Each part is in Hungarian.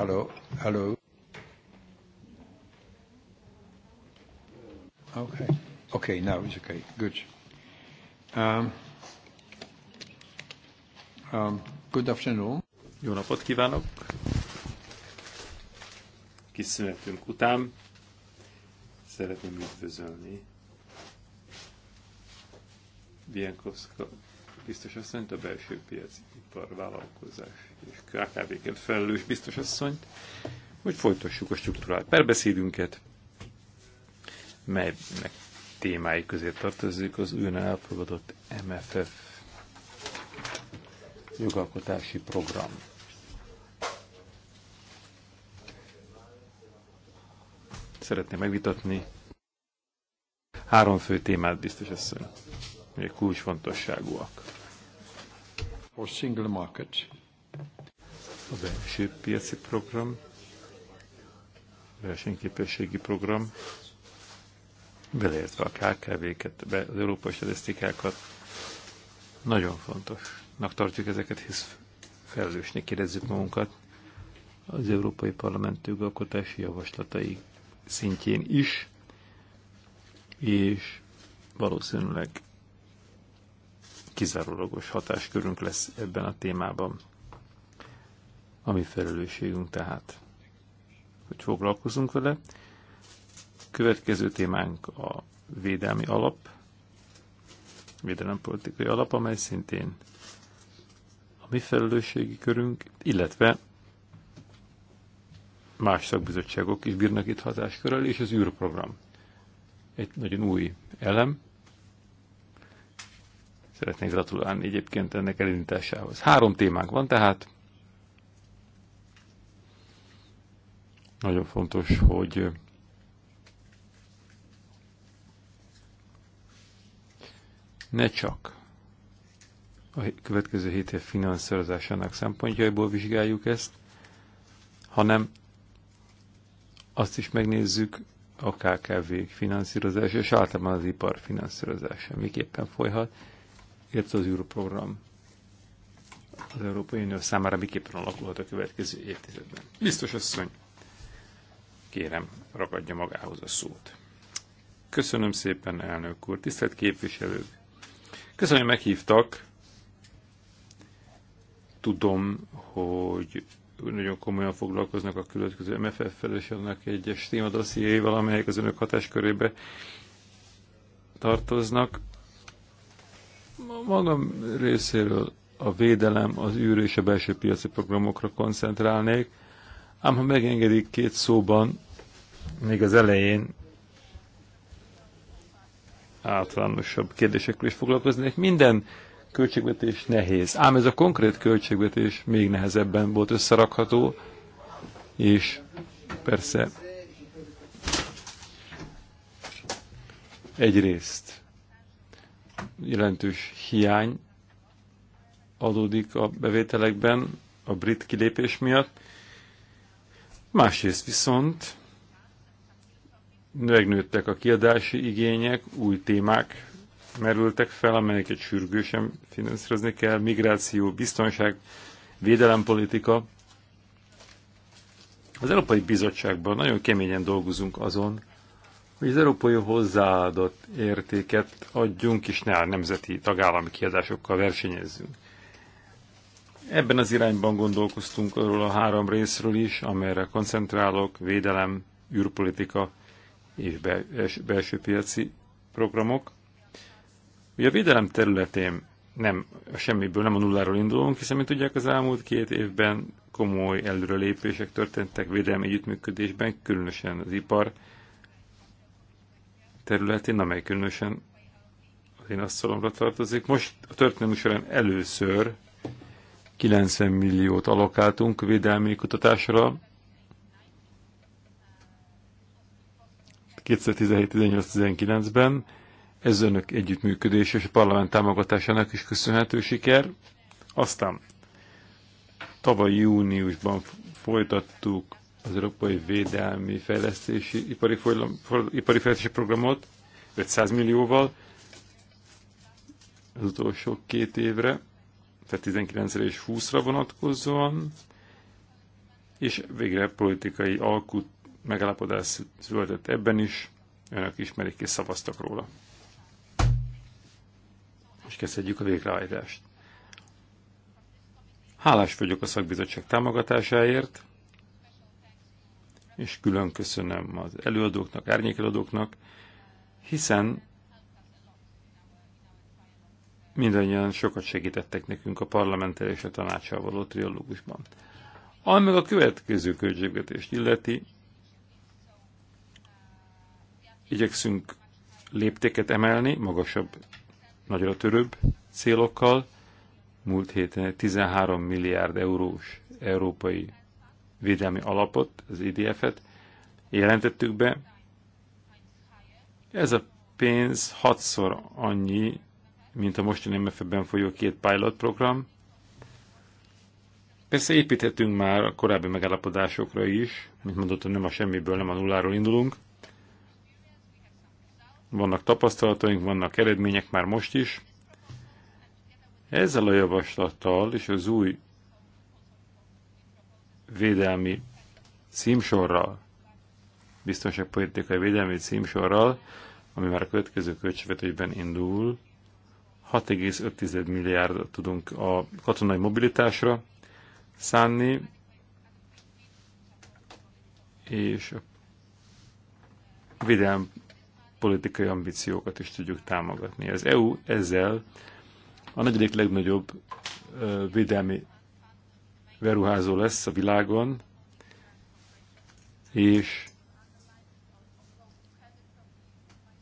Hello, hello. Okay, okay, now it's okay. Good. Um, um, good afternoon. Jó napot kívánok! Kis szünetünk után szeretném üdvözölni Bienkowska biztos asszonyt, a belső piaci vállalkozás és KKV-ket felelős biztos asszonyt, hogy folytassuk a struktúrált perbeszédünket, melynek témái közé tartozik az ön elfogadott MFF jogalkotási program. Szeretném megvitatni három fő témát biztos asszony, amelyek kulcsfontosságúak or single market. A belső piaci program, versenyképességi program, beleértve a KKV-ket, be, az európai statisztikákat, nagyon fontosnak tartjuk ezeket, hisz felelősnek érezzük magunkat az Európai Parlament jogalkotási javaslatai szintjén is, és valószínűleg kizárólagos hatáskörünk lesz ebben a témában. A mi felelősségünk tehát, hogy foglalkozunk vele. Következő témánk a védelmi alap, védelempolitikai alap, amely szintén a mi felelősségi körünk, illetve más szakbizottságok is bírnak itt hatáskörrel, és az űrprogram. Egy nagyon új elem, Szeretnék gratulálni egyébként ennek elindításához. Három témánk van tehát. Nagyon fontos, hogy ne csak a következő hét év finanszírozásának szempontjaiból vizsgáljuk ezt, hanem azt is megnézzük a KKV finanszírozása és általában az ipar finanszírozása miképpen folyhat, illetve az Europrogram az Európai Unió számára miképpen alakulhat a következő évtizedben. Biztos asszony, kérem, ragadja magához a szót. Köszönöm szépen, elnök úr, tisztelt képviselők! Köszönöm, hogy meghívtak. Tudom, hogy nagyon komolyan foglalkoznak a különböző MFF-fel egyes témadossziéival, amelyek az önök hatáskörébe tartoznak. Magam részéről a védelem, az űr és a belső piaci programokra koncentrálnék, ám ha megengedik két szóban, még az elején általánosabb kérdésekkel is foglalkoznék. Minden költségvetés nehéz, ám ez a konkrét költségvetés még nehezebben volt összerakható, és persze egyrészt jelentős hiány adódik a bevételekben a brit kilépés miatt. Másrészt viszont növegnőttek a kiadási igények, új témák merültek fel, amelyeket sürgősen finanszírozni kell, migráció, biztonság, védelempolitika. Az Európai Bizottságban nagyon keményen dolgozunk azon, hogy az európai hozzáadott értéket adjunk, és ne a nemzeti tagállami kiadásokkal versenyezzünk. Ebben az irányban gondolkoztunk arról a három részről is, amelyre koncentrálok, védelem, űrpolitika és belső piaci programok. Ugye a védelem területén nem a semmiből, nem a nulláról indulunk, hiszen, mint tudják, az elmúlt két évben komoly előrelépések történtek védelmi együttműködésben, különösen az ipar területén, amely különösen az én asztalomra tartozik. Most a történelmi során először 90 milliót alokáltunk védelmi kutatásra. 2017-18-19-ben ez önök együttműködés és a parlament támogatásának is köszönhető siker. Aztán tavaly júniusban folytattuk az Európai Védelmi Fejlesztési Ipari, Folyam, Ipari Fejlesztési Programot 500 millióval az utolsó két évre, tehát 19-re és 20-ra vonatkozóan, és végre politikai alkut megállapodás született ebben is, önök ismerik és szavaztak róla. És kezdjük a végrehajtást. Hálás vagyok a szakbizottság támogatásáért, és külön köszönöm az előadóknak, árnyékelőadóknak, hiszen mindannyian sokat segítettek nekünk a parlamenttel és a tanácsával való triológusban. Ami meg a következő költségvetést illeti, igyekszünk léptéket emelni, magasabb, nagyra törőbb célokkal. Múlt héten 13 milliárd eurós európai védelmi alapot, az IDF-et e jelentettük be. Ez a pénz hatszor annyi, mint a mostani MFF-ben folyó két pilot program. Persze építhetünk már a korábbi megállapodásokra is, mint mondottam, nem a semmiből, nem a nulláról indulunk. Vannak tapasztalataink, vannak eredmények már most is. Ezzel a javaslattal és az új védelmi címsorral, biztonságpolitikai védelmi címsorral, ami már a következő költségvetésben indul, 6,5 milliárdot tudunk a katonai mobilitásra szánni, és a védelmi politikai ambíciókat is tudjuk támogatni. Az EU ezzel a negyedik legnagyobb védelmi beruházó lesz a világon, és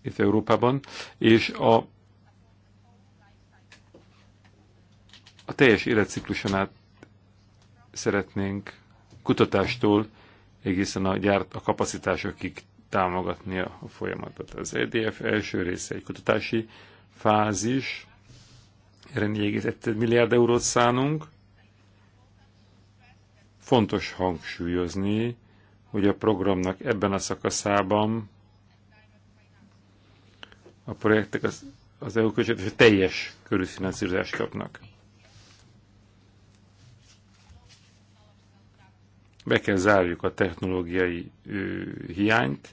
itt Európában, és a, a teljes életcikluson át szeretnénk kutatástól egészen a, gyárt, a kapacitásokig támogatni a folyamatot. Az EDF első része egy kutatási fázis, erre 4,1 milliárd eurót szánunk, Fontos hangsúlyozni, hogy a programnak ebben a szakaszában a projektek az, az EU költségvetés teljes körű finanszírozást kapnak. Be kell zárjuk a technológiai ö, hiányt.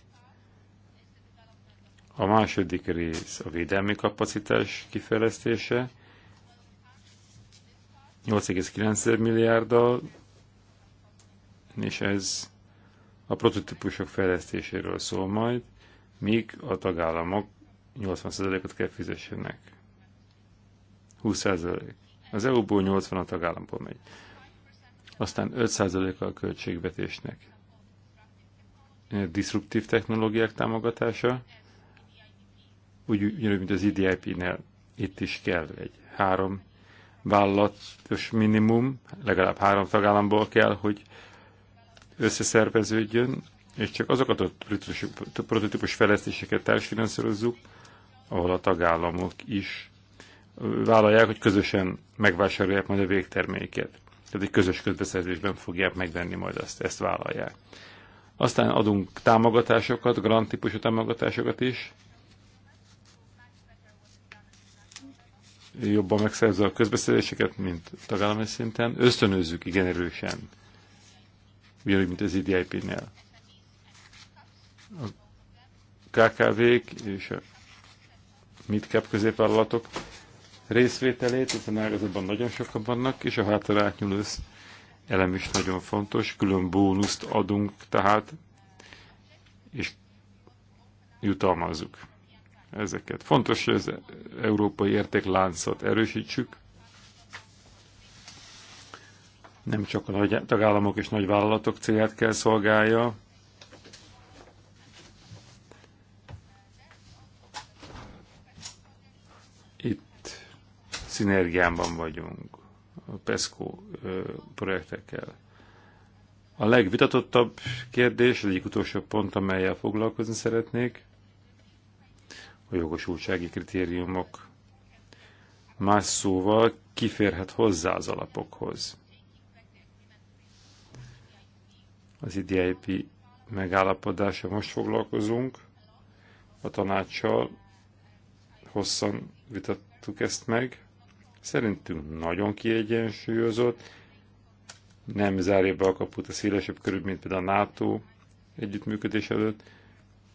A második rész a védelmi kapacitás kifejlesztése. 8,9 milliárddal és ez a prototípusok fejlesztéséről szól majd, míg a tagállamok 80%-ot kell fizessenek. 20%. Az EU-ból 80 a tagállamból megy. Aztán 5% a költségvetésnek. Disruptív technológiák támogatása, úgy, ugyanúgy, mint az IDIP-nél itt is kell egy három vállalatos minimum, legalább három tagállamból kell, hogy összeszerveződjön, és csak azokat a prototípus fejlesztéseket társfinanszírozzuk, ahol a tagállamok is vállalják, hogy közösen megvásárolják majd a végterméket. Tehát egy közös közbeszerzésben fogják megvenni majd azt, ezt vállalják. Aztán adunk támogatásokat, grant típusú támogatásokat is. Jobban megszerző a közbeszerzéseket, mint tagállami szinten. Ösztönözzük igen erősen ugyanúgy, mint az IDIP-nél. A KKV-k és a midcap középvállalatok részvételét, hiszen ágazatban nagyon sokan vannak, és a hátra átnyúló elem is nagyon fontos, külön bónuszt adunk tehát, és jutalmazzuk ezeket. Fontos, hogy az európai értékláncot erősítsük, nem csak a nagy tagállamok és nagy vállalatok célját kell szolgálja, itt szinergiában vagyunk a PESCO projektekkel. A legvitatottabb kérdés, az egyik utolsó pont, amelyel foglalkozni szeretnék, a jogosultsági kritériumok. Más szóval kiférhet hozzá az alapokhoz. az IDIP megállapodása most foglalkozunk a tanácssal, hosszan vitattuk ezt meg, szerintünk nagyon kiegyensúlyozott, nem zárja be a kaput a szélesebb körül, mint például a NATO együttműködés előtt,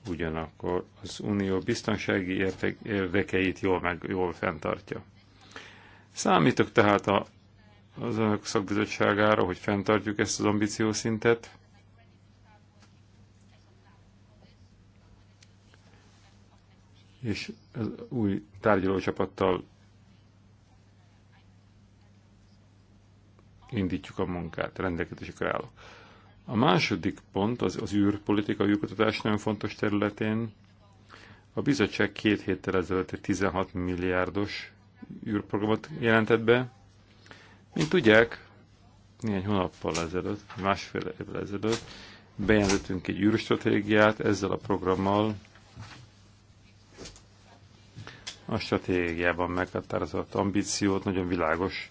ugyanakkor az unió biztonsági érdekeit jól, meg, jól fenntartja. Számítok tehát a, az önök szakbizottságára, hogy fenntartjuk ezt az ambíciószintet, és az új tárgyalócsapattal indítjuk a munkát, rendelkezésekre állok. A második pont az, az űrpolitika, űrkutatás nagyon fontos területén. A bizottság két héttel ezelőtt egy 16 milliárdos űrprogramot jelentett be. Mint tudják, néhány hónappal ezelőtt, másfél évvel ezelőtt bejelentettünk egy űrstratégiát, ezzel a programmal a stratégiában meghatározott ambíciót nagyon világos,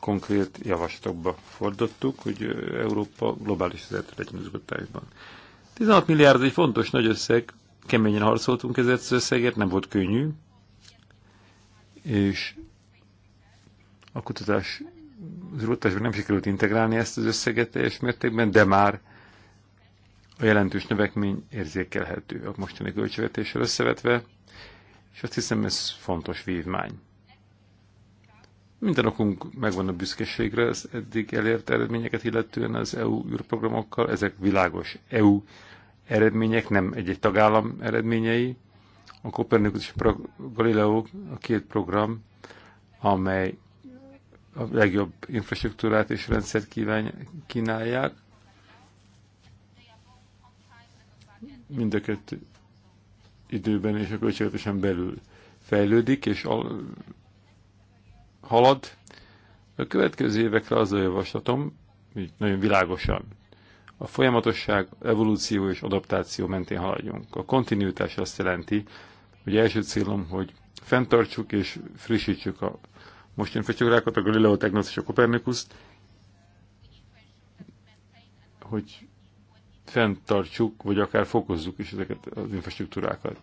konkrét javaslatokba fordottuk, hogy Európa globális vezető legyen üzletágban. 16 milliárd egy fontos nagy összeg, keményen harcoltunk ezért az összegért, nem volt könnyű, és a kutatás az kutatásban nem sikerült integrálni ezt az összeget teljes mértékben, de már a jelentős növekmény érzékelhető a mostani költségvetéssel összevetve, és azt hiszem ez fontos vívmány. Minden okunk megvan a büszkeségre az eddig elért eredményeket, illetően az EU űrprogramokkal. Ezek világos EU eredmények, nem egy-egy tagállam eredményei. A Copernicus és a Galileo a két program, amely a legjobb infrastruktúrát és rendszert kínálják. Mind a kettő időben és a költségvetésen belül fejlődik és halad. A következő évekre az a javaslatom, hogy nagyon világosan, a folyamatosság, evolúció és adaptáció mentén haladjunk. A kontinuitás azt jelenti, hogy első célom, hogy fenntartsuk és frissítsük a most én a Galileo Tegnosz és a Kopernikuszt, hogy fenntartsuk, vagy akár fokozzuk is ezeket az infrastruktúrákat.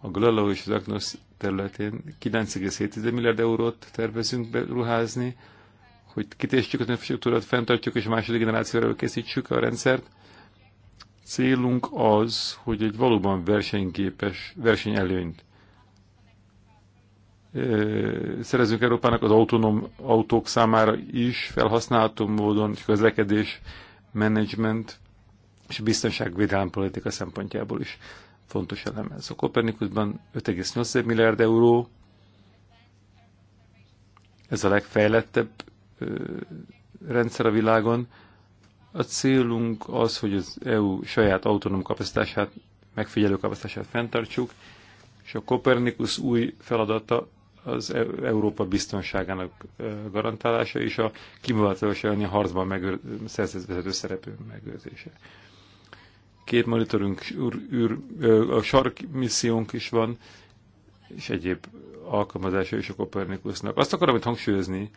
A Glalau és az Agnos területén 9,7 milliárd eurót tervezünk beruházni, hogy kitéstjük az infrastruktúrát, fenntartjuk és a második generációra készítsük a rendszert. Célunk az, hogy egy valóban versenyképes versenyelőnyt szerezünk Európának az autonóm autók számára is felhasználható módon, és közlekedés menedzsment és biztonságvédelem politika szempontjából is fontos elem ez. A Kopernikusban 5,8 milliárd euró, ez a legfejlettebb rendszer a világon. A célunk az, hogy az EU saját autonóm kapacitását, megfigyelő kapacitását fenntartsuk, és a Kopernikus új feladata az e Európa biztonságának garantálása és a kimutatása a harcban megőr, vezető szerepő megőrzése. Két monitorunk, űr, űr, a sark missziónk is van, és egyéb alkalmazása is a Kopernikusnak. Azt akarom itt hangsúlyozni,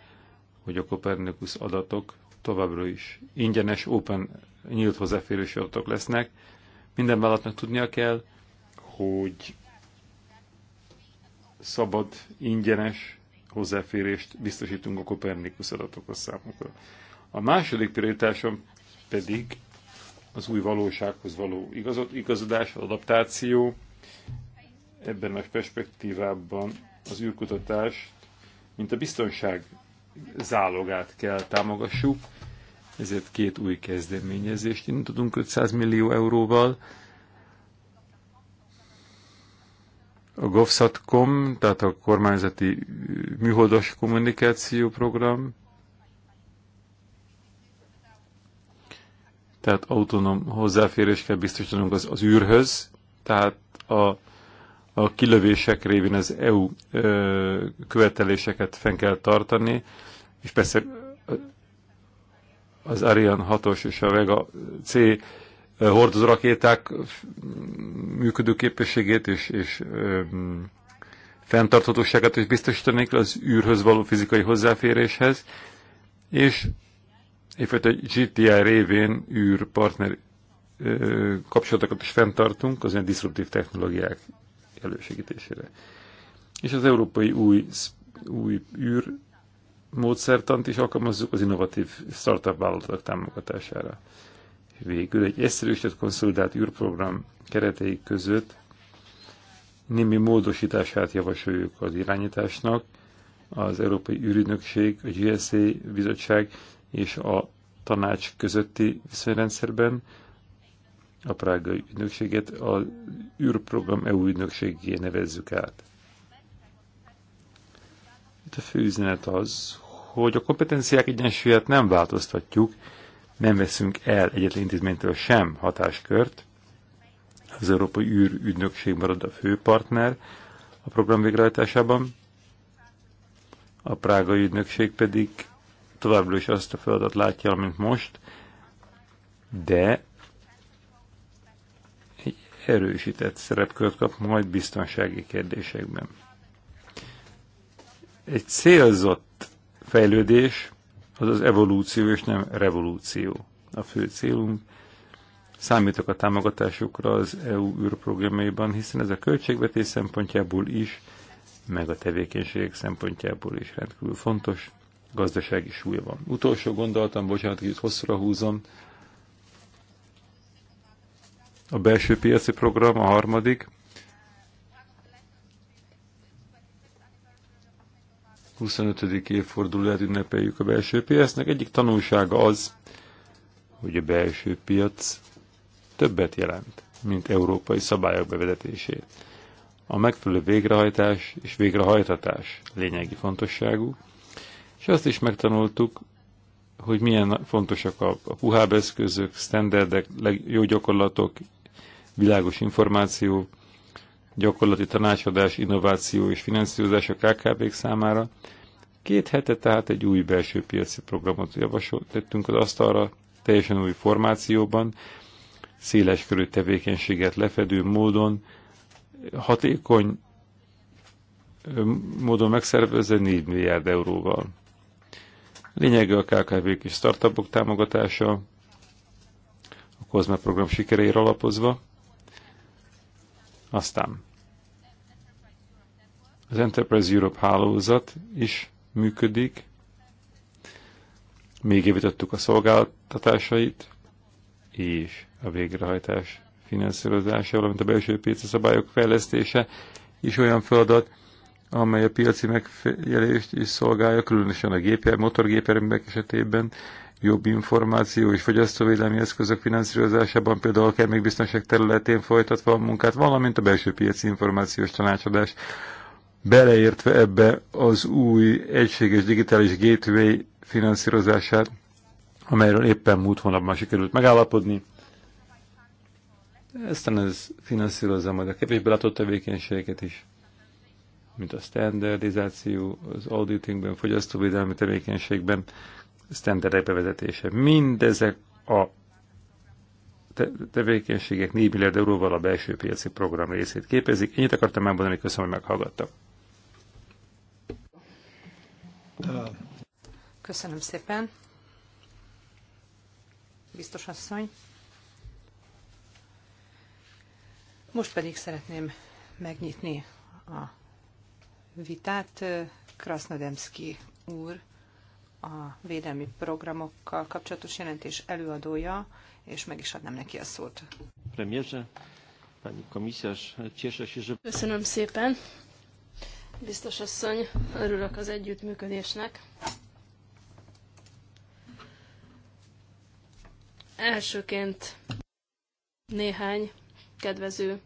hogy a Kopernikus adatok továbbra is ingyenes, open, nyílt hozzáférős adatok lesznek. Minden vállalatnak tudnia kell, hogy szabad, ingyenes hozzáférést biztosítunk a Kopernikus adatokhoz számukra. A második prioritásom pedig az új valósághoz való igazod, igazodás, adaptáció. Ebben a perspektívában az űrkutatás, mint a biztonság zálogát kell támogassuk, ezért két új kezdeményezést indítunk 500 millió euróval. A GovSatcom, tehát a kormányzati műholdas kommunikáció program, tehát autonóm hozzáférés kell biztosítanunk az, az űrhöz, tehát a, a kilövések révén az EU ö, követeléseket fenn kell tartani, és persze az Ariane 6-os és a Vega C hordozó rakéták működőképességét és, és ö, fenntarthatóságát is biztosítani kell az űrhöz való fizikai hozzáféréshez, és egyfajta GTI révén űr partner kapcsolatokat is fenntartunk az ilyen diszruptív technológiák elősegítésére. És az európai új, új űr módszertant is alkalmazzuk az innovatív startup vállalatok támogatására. Végül egy egyszerűsített konszolidált űrprogram keretei között némi módosítását javasoljuk az irányításnak, az Európai űrügynökség, a GSA bizottság és a tanács közötti viszonyrendszerben a prágai ügynökséget az űrprogram EU ügynökségé nevezzük át. Itt a fő üzenet az, hogy a kompetenciák egyensúlyát nem változtatjuk, nem veszünk el egyetlen intézménytől sem hatáskört. Az Európai ügynökség marad a fő partner a program végrehajtásában, a prágai ügynökség pedig továbbra is azt a feladat látja, mint most, de egy erősített szerepkört kap majd biztonsági kérdésekben. Egy célzott fejlődés, az az evolúció és nem revolúció. A fő célunk számítok a támogatásukra az EU űrprogramjaiban, hiszen ez a költségvetés szempontjából is, meg a tevékenységek szempontjából is rendkívül fontos gazdasági súlya van. Utolsó gondolatom, bocsánat, hogy hosszúra húzom, a belső piaci program, a harmadik, 25. évfordulóját ünnepeljük a belső piacnak. Egyik tanulsága az, hogy a belső piac többet jelent, mint európai szabályok bevezetését. A megfelelő végrehajtás és végrehajtatás lényegi fontosságú, és azt is megtanultuk, hogy milyen fontosak a, a puhább eszközök, standardek, jó gyakorlatok, világos információ, gyakorlati tanácsadás, innováció és finanszírozás a kkv számára. Két hete tehát egy új belső piaci programot javasoltettünk az asztalra, teljesen új formációban, széles körű tevékenységet lefedő módon, hatékony módon megszervezve 4 milliárd euróval. Lényege a KKV-k és startupok támogatása, a COSME program sikereire alapozva. Aztán az Enterprise Europe hálózat is működik, még javítottuk a szolgáltatásait, és a végrehajtás finanszírozása, valamint a belső piaci szabályok fejlesztése is olyan feladat, amely a piaci megfigyelést is szolgálja, különösen a gépjár, motorgépjárművek esetében, jobb információ és fogyasztóvédelmi eszközök finanszírozásában, például a kermékbiztonság területén folytatva a munkát, valamint a belső piaci információs tanácsadás, beleértve ebbe az új egységes digitális gateway finanszírozását, amelyről éppen múlt hónapban sikerült megállapodni. Aztán ez finanszírozza majd a kevésbé látott tevékenységeket is mint a standardizáció, az auditingben, fogyasztóvédelmi tevékenységben, standardek bevezetése. Mindezek a te tevékenységek 4 milliárd euróval a belső piaci program részét képezik. Ennyit akartam elmondani, köszönöm, hogy meghallgattak. Köszönöm szépen. Biztos asszony. Most pedig szeretném megnyitni a vitát. Krasnodemski úr a védelmi programokkal kapcsolatos jelentés előadója, és meg is adnám neki a szót. Premierze, pani komisarz, cieszę się, że... Köszönöm szépen. Biztos asszony, örülök az együttműködésnek. Elsőként néhány kedvező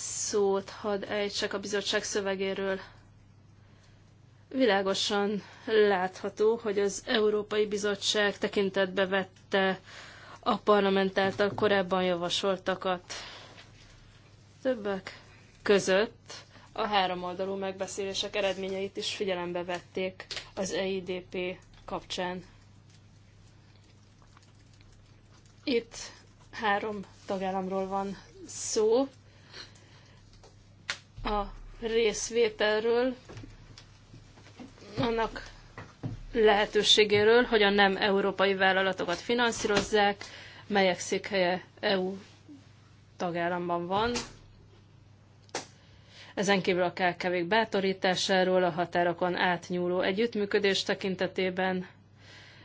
szót hadd ejtsek a bizottság szövegéről. Világosan látható, hogy az Európai Bizottság tekintetbe vette a parlament által korábban javasoltakat. Többek között a háromoldalú megbeszélések eredményeit is figyelembe vették az EIDP kapcsán. Itt három tagállamról van szó, a részvételről, annak lehetőségéről, hogy a nem európai vállalatokat finanszírozzák, melyek székhelye EU tagállamban van. Ezen kívül a kkv bátorításáról, a határokon átnyúló együttműködés tekintetében,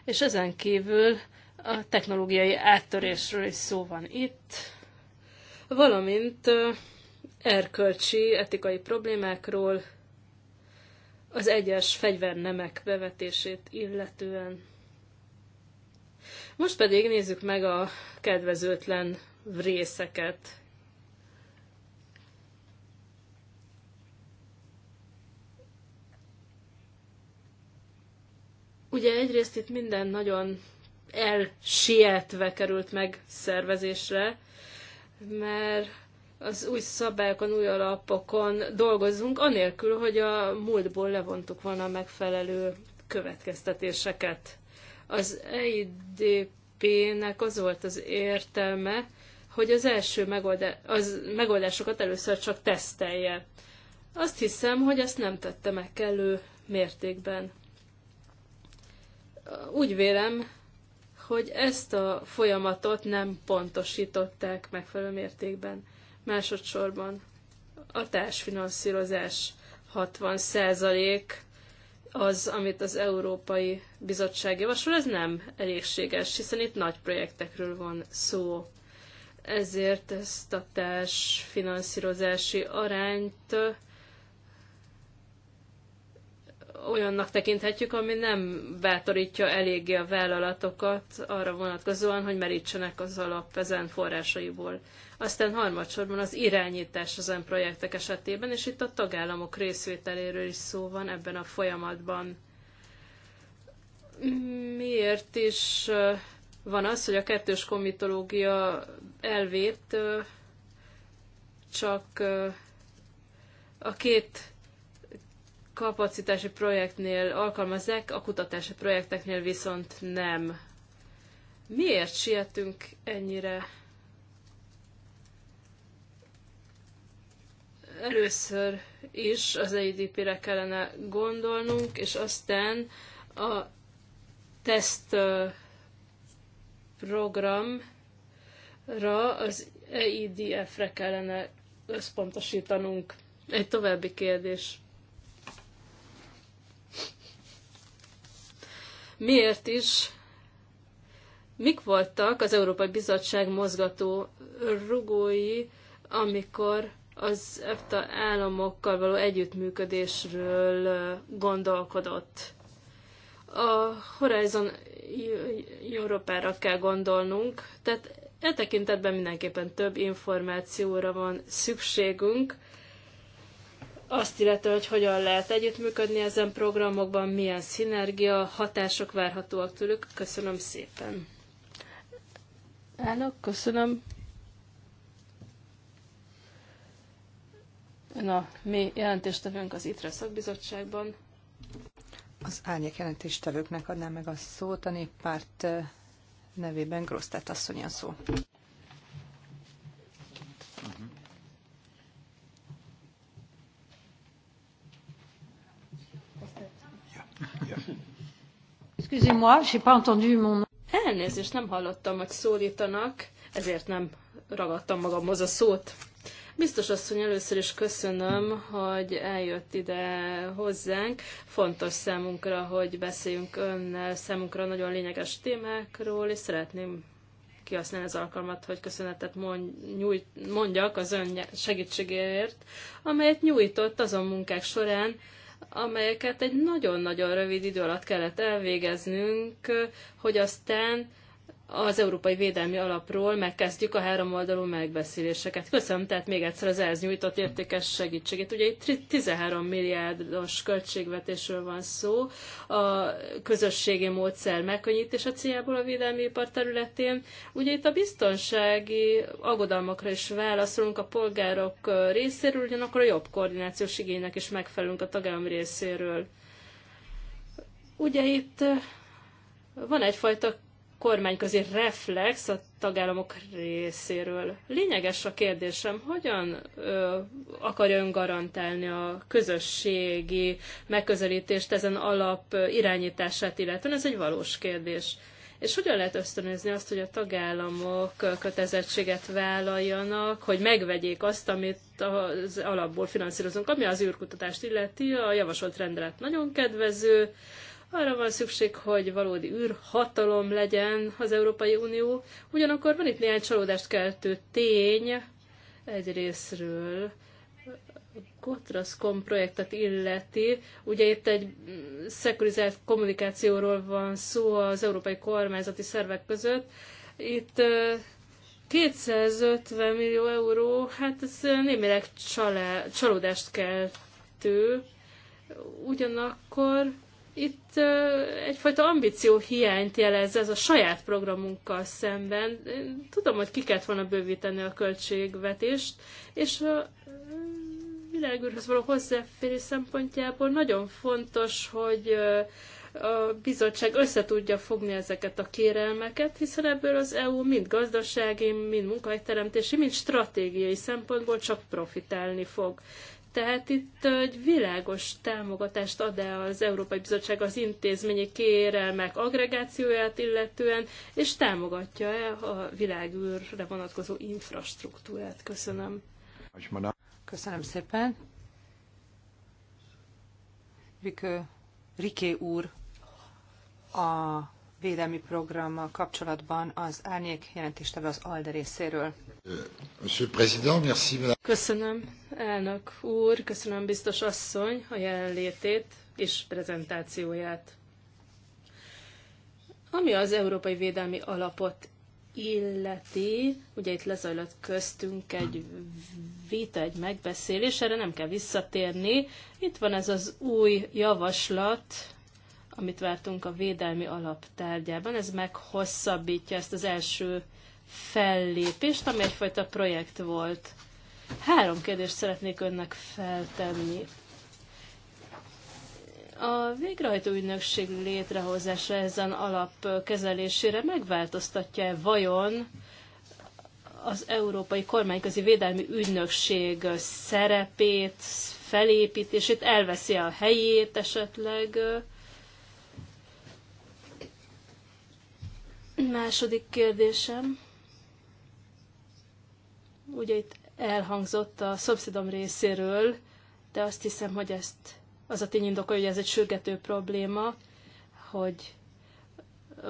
és ezen kívül a technológiai áttörésről is szó van itt, valamint erkölcsi, etikai problémákról, az egyes fegyvernemek bevetését illetően. Most pedig nézzük meg a kedvezőtlen részeket. Ugye egyrészt itt minden nagyon elsietve került meg szervezésre, mert az új szabályokon, új alapokon dolgozunk, anélkül, hogy a múltból levontuk volna a megfelelő következtetéseket. Az EIDP-nek az volt az értelme, hogy az első megoldás, az megoldásokat először csak tesztelje. Azt hiszem, hogy ezt nem tette meg kellő mértékben. Úgy vélem, hogy ezt a folyamatot nem pontosították megfelelő mértékben. Másodszorban a társfinanszírozás 60% az, amit az Európai Bizottság javasol, ez nem elégséges, hiszen itt nagy projektekről van szó. Ezért ezt a társfinanszírozási arányt olyannak tekinthetjük, ami nem bátorítja eléggé a vállalatokat arra vonatkozóan, hogy merítsenek az alap ezen forrásaiból. Aztán harmadsorban az irányítás az projektek esetében, és itt a tagállamok részvételéről is szó van ebben a folyamatban. Miért is van az, hogy a kettős komitológia elvét csak a két kapacitási projektnél alkalmazzák, a kutatási projekteknél viszont nem. Miért sietünk ennyire? Először is az EIDP-re kellene gondolnunk, és aztán a teszt programra az EIDF-re kellene összpontosítanunk. Egy további kérdés. Miért is? Mik voltak az Európai Bizottság mozgató rugói, amikor az EFTA államokkal való együttműködésről gondolkodott. A Horizon Európára kell gondolnunk, tehát e tekintetben mindenképpen több információra van szükségünk, azt illetően, hogy hogyan lehet együttműködni ezen programokban, milyen szinergia, hatások várhatóak tőlük. Köszönöm szépen. Állok, köszönöm. Na, mi jelentéstevőnk az ITRE szakbizottságban. Az árnyék jelentéstevőknek adnám meg a szót, a néppárt nevében Grosztát asszony a szó. moi pas entendu mon... Elnézést, nem hallottam, hogy szólítanak, ezért nem ragadtam magamhoz a szót. Biztos asszony, először is köszönöm, hogy eljött ide hozzánk. Fontos számunkra, hogy beszéljünk önnel, számunkra nagyon lényeges témákról, és szeretném kihasználni az alkalmat, hogy köszönetet mondjak az ön segítségéért, amelyet nyújtott azon munkák során, amelyeket egy nagyon-nagyon rövid idő alatt kellett elvégeznünk, hogy aztán az Európai Védelmi Alapról megkezdjük a háromoldalú megbeszéléseket. Köszönöm tehát még egyszer az ehhez nyújtott értékes segítségét. Ugye itt 13 milliárdos költségvetésről van szó, a közösségi módszer megkönnyítése céljából a védelmi ipar területén. Ugye itt a biztonsági aggodalmakra is válaszolunk a polgárok részéről, ugyanakkor a jobb koordinációs igénynek is megfelelünk a tagállam részéről. Ugye itt van egyfajta kormányközi reflex a tagállamok részéről. Lényeges a kérdésem, hogyan ö, akarja ön garantálni a közösségi megközelítést ezen alap irányítását, illetően ez egy valós kérdés. És hogyan lehet ösztönözni azt, hogy a tagállamok kötelezettséget vállaljanak, hogy megvegyék azt, amit az alapból finanszírozunk, ami az űrkutatást illeti, a javasolt rendelet nagyon kedvező, arra van szükség, hogy valódi űrhatalom legyen az Európai Unió. Ugyanakkor van itt néhány csalódást keltő tény egy részről. Gotrascom projektet illeti. Ugye itt egy szekurizált kommunikációról van szó az európai kormányzati szervek között. Itt 250 millió euró, hát ez némileg csalódást keltő. Ugyanakkor itt egyfajta ambíció hiányt jelez ez a saját programunkkal szemben. Én tudom, hogy ki kellett volna bővíteni a költségvetést, és a világűrhöz való hozzáférés szempontjából nagyon fontos, hogy a bizottság összetudja fogni ezeket a kérelmeket, hiszen ebből az EU mind gazdasági, mind munkahelyteremtési, mind stratégiai szempontból csak profitálni fog. Tehát itt egy világos támogatást ad el az Európai Bizottság az intézményi kérelmek agregációját illetően, és támogatja-e a világűrre vonatkozó infrastruktúrát? Köszönöm. Köszönöm szépen. Rikő, Riké úr a védelmi programmal kapcsolatban az árnyék jelentéstevő az ALDE részéről. Euh, köszönöm, elnök úr, köszönöm biztos asszony a jelenlétét és prezentációját. Ami az Európai Védelmi Alapot illeti, ugye itt lezajlott köztünk egy vita, egy megbeszélés, erre nem kell visszatérni. Itt van ez az új javaslat, amit vártunk a védelmi alaptárgyában. Ez meghosszabbítja ezt az első fellépést, ami egyfajta projekt volt. Három kérdést szeretnék önnek feltenni. A végrehajtó ügynökség létrehozása ezen alap kezelésére megváltoztatja -e vajon az Európai Kormányközi Védelmi Ügynökség szerepét, felépítését, elveszi a helyét esetleg? Második kérdésem. Ugye itt elhangzott a szomszédom részéről, de azt hiszem, hogy ezt az a tény indokolja, hogy ez egy sürgető probléma, hogy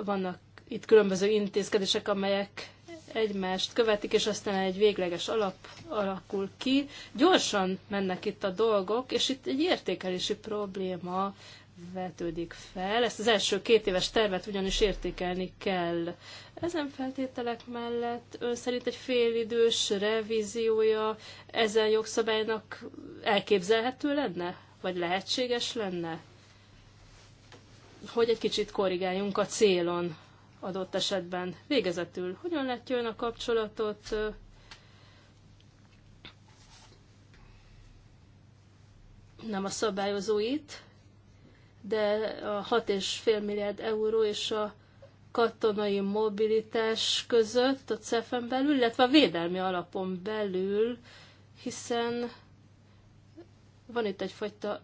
vannak itt különböző intézkedések, amelyek egymást követik, és aztán egy végleges alap alakul ki. Gyorsan mennek itt a dolgok, és itt egy értékelési probléma vetődik fel. Ezt az első két éves tervet ugyanis értékelni kell. Ezen feltételek mellett ön szerint egy félidős revíziója ezen jogszabálynak elképzelhető lenne? Vagy lehetséges lenne? Hogy egy kicsit korrigáljunk a célon adott esetben. Végezetül, hogyan látja ön a kapcsolatot nem a szabályozóit, de a 6,5 milliárd euró és a katonai mobilitás között a CEF-en belül, illetve a védelmi alapon belül, hiszen van itt egyfajta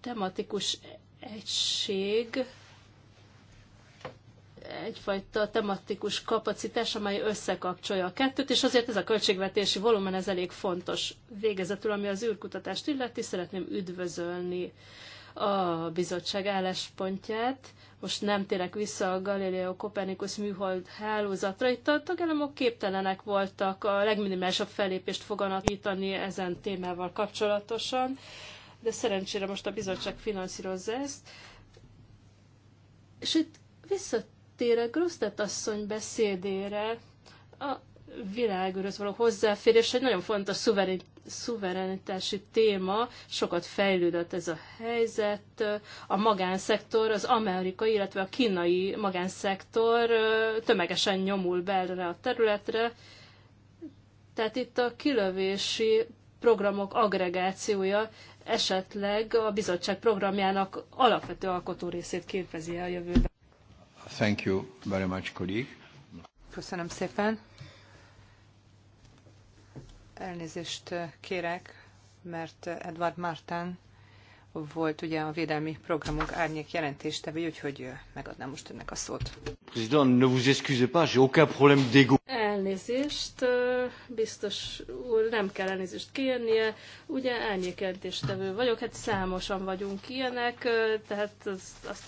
tematikus egység, egyfajta tematikus kapacitás, amely összekapcsolja a kettőt, és azért ez a költségvetési volumen ez elég fontos végezetül, ami az űrkutatást illeti, szeretném üdvözölni a bizottság álláspontját. Most nem térek vissza a Galileo Copernicus műhold hálózatra. Itt a tagállamok képtelenek voltak a legminimálisabb fellépést foganatítani ezen témával kapcsolatosan, de szerencsére most a bizottság finanszírozza ezt. És itt visszatérek Grosztet asszony beszédére, a világörös való hozzáférés egy nagyon fontos szuverén, szuverenitási téma, sokat fejlődött ez a helyzet. A magánszektor, az amerikai, illetve a kínai magánszektor tömegesen nyomul be erre a területre. Tehát itt a kilövési programok agregációja esetleg a bizottság programjának alapvető alkotó részét képezi a jövőben. Thank you very much, colleague. Köszönöm szépen. Elnézést kérek, mert Edward Martin volt ugye a védelmi programunk árnyék jelentéstevő, úgyhogy megadnám most önnek a szót. ne vous excusez pas, j'ai aucun problème d'ego. Elnézést, biztos úr, nem kell elnézést kérnie. Ugye árnyék jelentéstevő vagyok, hát számosan vagyunk ilyenek, tehát az, az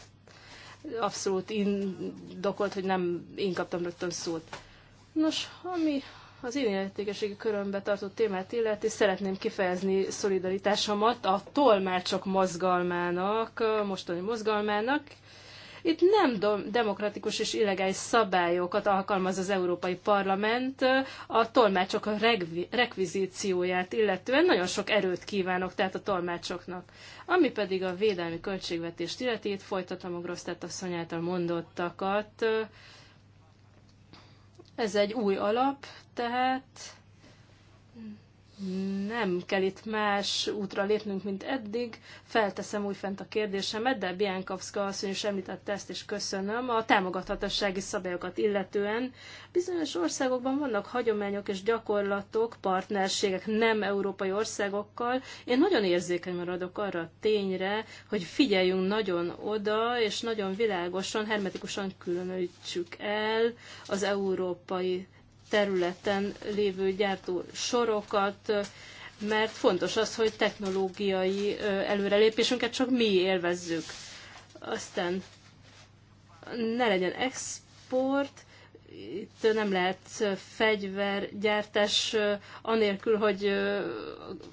abszolút indokolt, hogy nem én kaptam rögtön szót. Nos, ami az én illetékeségi körömbe tartott témát illeti szeretném kifejezni szolidaritásomat a tolmácsok mozgalmának, mostani mozgalmának. Itt nem demokratikus és illegális szabályokat alkalmaz az Európai Parlament a tolmácsok rekvizícióját illetően. Nagyon sok erőt kívánok tehát a tolmácsoknak. Ami pedig a védelmi költségvetést illeti, itt folytatom a Grosztát asszony által mondottakat ez egy új alap, tehát nem kell itt más útra lépnünk, mint eddig. Felteszem újfent a kérdésemet, de Biankovska asszony is említette ezt, és köszönöm. A támogathatossági szabályokat illetően bizonyos országokban vannak hagyományok és gyakorlatok, partnerségek nem európai országokkal. Én nagyon érzékeny maradok arra a tényre, hogy figyeljünk nagyon oda, és nagyon világosan, hermetikusan különítsük el az európai területen lévő gyártó sorokat, mert fontos az, hogy technológiai előrelépésünket csak mi élvezzük. Aztán ne legyen export, itt nem lehet fegyvergyártás, anélkül, hogy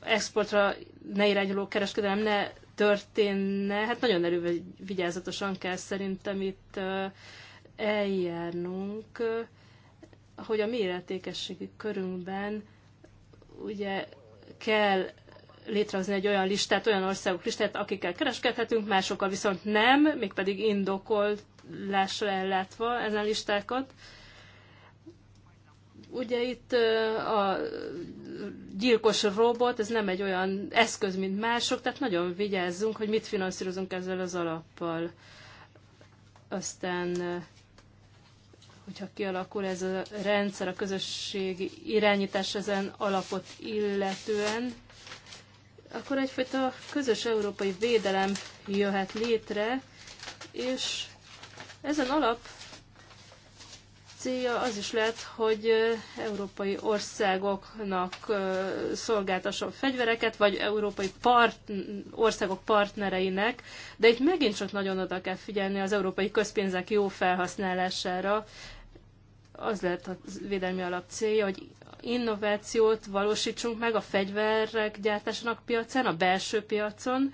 exportra ne irányuló kereskedelem ne történne. Hát nagyon elővigyázatosan kell szerintem itt eljárnunk hogy a mi illetékességi körünkben ugye kell létrehozni egy olyan listát, olyan országok listát, akikkel kereskedhetünk, másokkal viszont nem, mégpedig indokolásra ellátva ezen listákat. Ugye itt a gyilkos robot, ez nem egy olyan eszköz, mint mások, tehát nagyon vigyázzunk, hogy mit finanszírozunk ezzel az alappal. Aztán hogyha kialakul ez a rendszer, a közösségi irányítás ezen alapot illetően, akkor egyfajta közös európai védelem jöhet létre, és ezen alap célja az is lehet, hogy európai országoknak szolgáltasson fegyvereket, vagy európai part, országok partnereinek, de itt megint csak nagyon oda kell figyelni az európai közpénzek jó felhasználására, az lehet a védelmi alap célja, hogy innovációt valósítsunk meg a fegyverek gyártásának piacán, a belső piacon.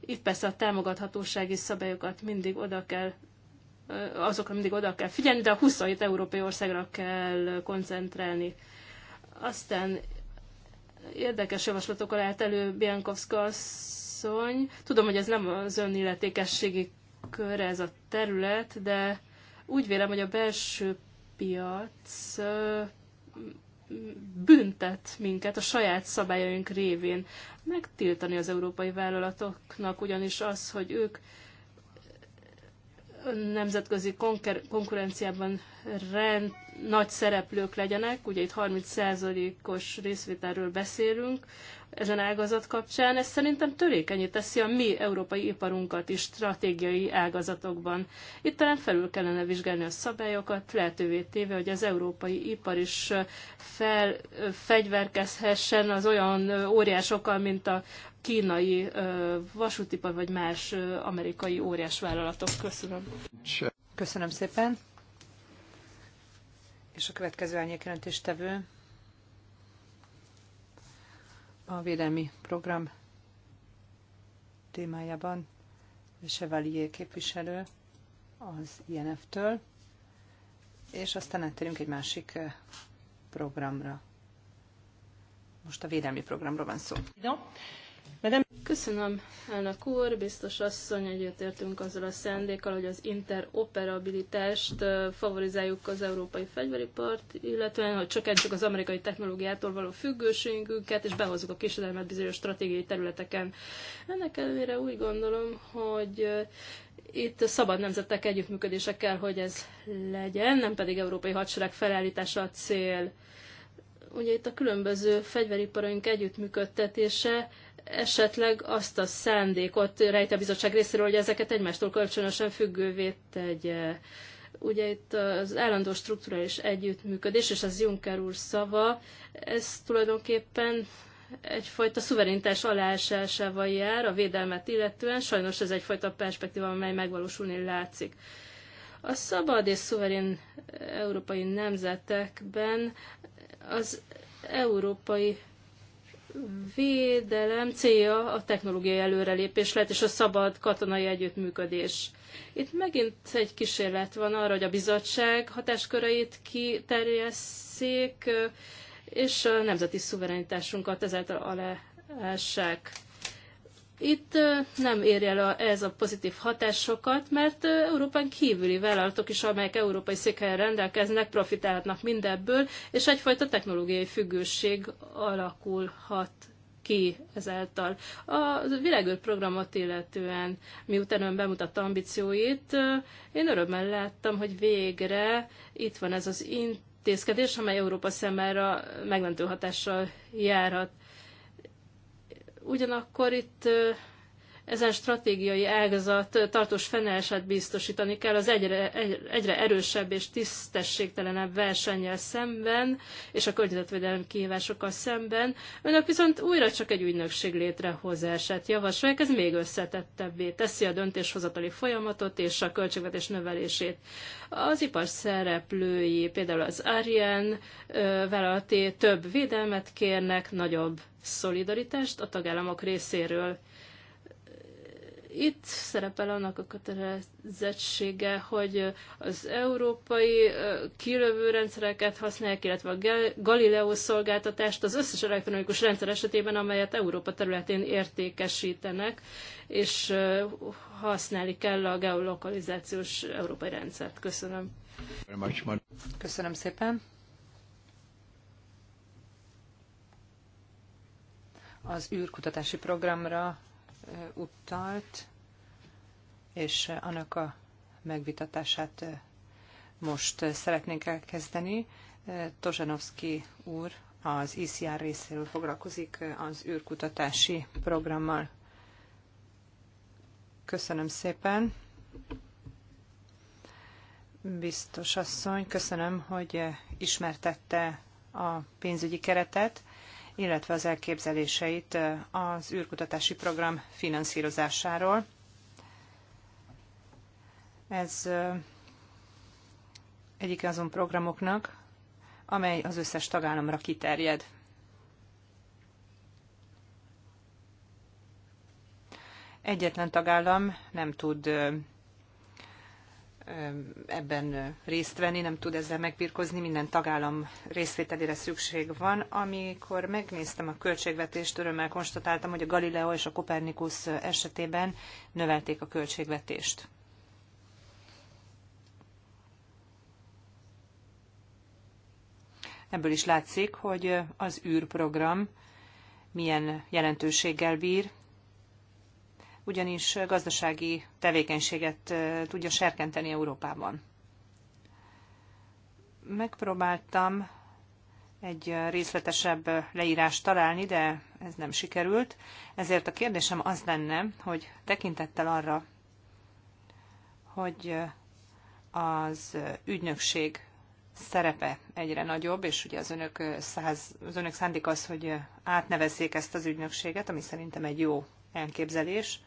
Itt persze a támogathatósági szabályokat mindig oda kell azokra mindig oda kell figyelni, de a 27 európai országra kell koncentrálni. Aztán érdekes javaslatokkal állt elő Biankovska asszony. Tudom, hogy ez nem az ön illetékességi kör ez a terület, de úgy vélem, hogy a belső piac büntet minket a saját szabályaink révén. Megtiltani az európai vállalatoknak ugyanis az, hogy ők nemzetközi konkurenciában rend, nagy szereplők legyenek, ugye itt 30%-os részvételről beszélünk, ezen ágazat kapcsán, ez szerintem törékenyé teszi a mi európai iparunkat is stratégiai ágazatokban. Itt talán felül kellene vizsgálni a szabályokat, lehetővé téve, hogy az európai ipar is felfegyverkezhessen az olyan óriásokkal, mint a kínai vasútipar vagy más amerikai óriás vállalatok. Köszönöm. Köszönöm szépen. És a következő elnyékjelentéstevő a védelmi program témájában Sevalier képviselő az INF-től, és aztán áttérünk egy másik programra. Most a védelmi programról van szó. Köszönöm, elnök úr, biztos asszony, egyetértünk azzal a szándékkal, hogy az interoperabilitást favorizáljuk az európai fegyveripart, illetve hogy csökkentsük az amerikai technológiától való függőségünket, és behozzuk a kísérletet bizonyos stratégiai területeken. Ennek ellenére úgy gondolom, hogy itt szabad nemzetek együttműködése kell, hogy ez legyen, nem pedig európai hadsereg felállítása a cél. Ugye itt a különböző fegyveriparaink együttműködtetése esetleg azt a szándékot rejt a bizottság részéről, hogy ezeket egymástól kölcsönösen függővé tegye. Ugye itt az állandó strukturális együttműködés, és ez Juncker úr szava, ez tulajdonképpen egyfajta szuverenitás aláásásával jár a védelmet illetően, sajnos ez egyfajta perspektíva, amely megvalósulni látszik. A szabad és szuverén európai nemzetekben az európai védelem célja a technológiai előrelépés lehet, és a szabad katonai együttműködés. Itt megint egy kísérlet van arra, hogy a bizottság hatásköreit kiterjesszék, és a nemzeti szuverenitásunkat ezáltal aláássák. Itt nem érje el ez a pozitív hatásokat, mert Európán kívüli vállalatok is, amelyek európai székhelyen rendelkeznek, profitálhatnak mindebből, és egyfajta technológiai függőség alakulhat ki ezáltal. A világőr programot illetően, miután ön bemutatta ambícióit, én örömmel láttam, hogy végre itt van ez az intézkedés, amely Európa szemére megmentő hatással járhat. Ugyanakkor itt ezen stratégiai ágazat tartós fennállását biztosítani kell az egyre, egyre erősebb és tisztességtelenebb versennyel szemben, és a környezetvédelmi kihívásokkal szemben. Önök viszont újra csak egy ügynökség létrehozását javasolják, ez még összetettebbé teszi a döntéshozatali folyamatot és a költségvetés növelését. Az ipar szereplői, például az Arjen vállalaté több védelmet kérnek, nagyobb szolidaritást a tagállamok részéről itt szerepel annak a kötelezettsége, hogy az európai kilövő rendszereket használják, illetve a Galileo szolgáltatást az összes elektronikus rendszer esetében, amelyet Európa területén értékesítenek, és használni kell a geolokalizációs európai rendszert. Köszönöm. Köszönöm szépen. Az űrkutatási programra utalt, és annak a megvitatását most szeretnénk elkezdeni. Tozsanovszki úr az ICR e részéről foglalkozik az űrkutatási programmal. Köszönöm szépen. Biztos asszony, köszönöm, hogy ismertette a pénzügyi keretet illetve az elképzeléseit az űrkutatási program finanszírozásáról. Ez egyik azon programoknak, amely az összes tagállamra kiterjed. Egyetlen tagállam nem tud ebben részt venni, nem tud ezzel megbirkózni, minden tagállam részvételére szükség van. Amikor megnéztem a költségvetést, örömmel konstatáltam, hogy a Galileo és a Kopernikus esetében növelték a költségvetést. Ebből is látszik, hogy az űrprogram milyen jelentőséggel bír, ugyanis gazdasági tevékenységet tudja serkenteni Európában. Megpróbáltam egy részletesebb leírást találni, de ez nem sikerült. Ezért a kérdésem az lenne, hogy tekintettel arra, hogy az ügynökség szerepe egyre nagyobb, és ugye az önök, száz, az önök szándék az, hogy átnevezzék ezt az ügynökséget, ami szerintem egy jó elképzelés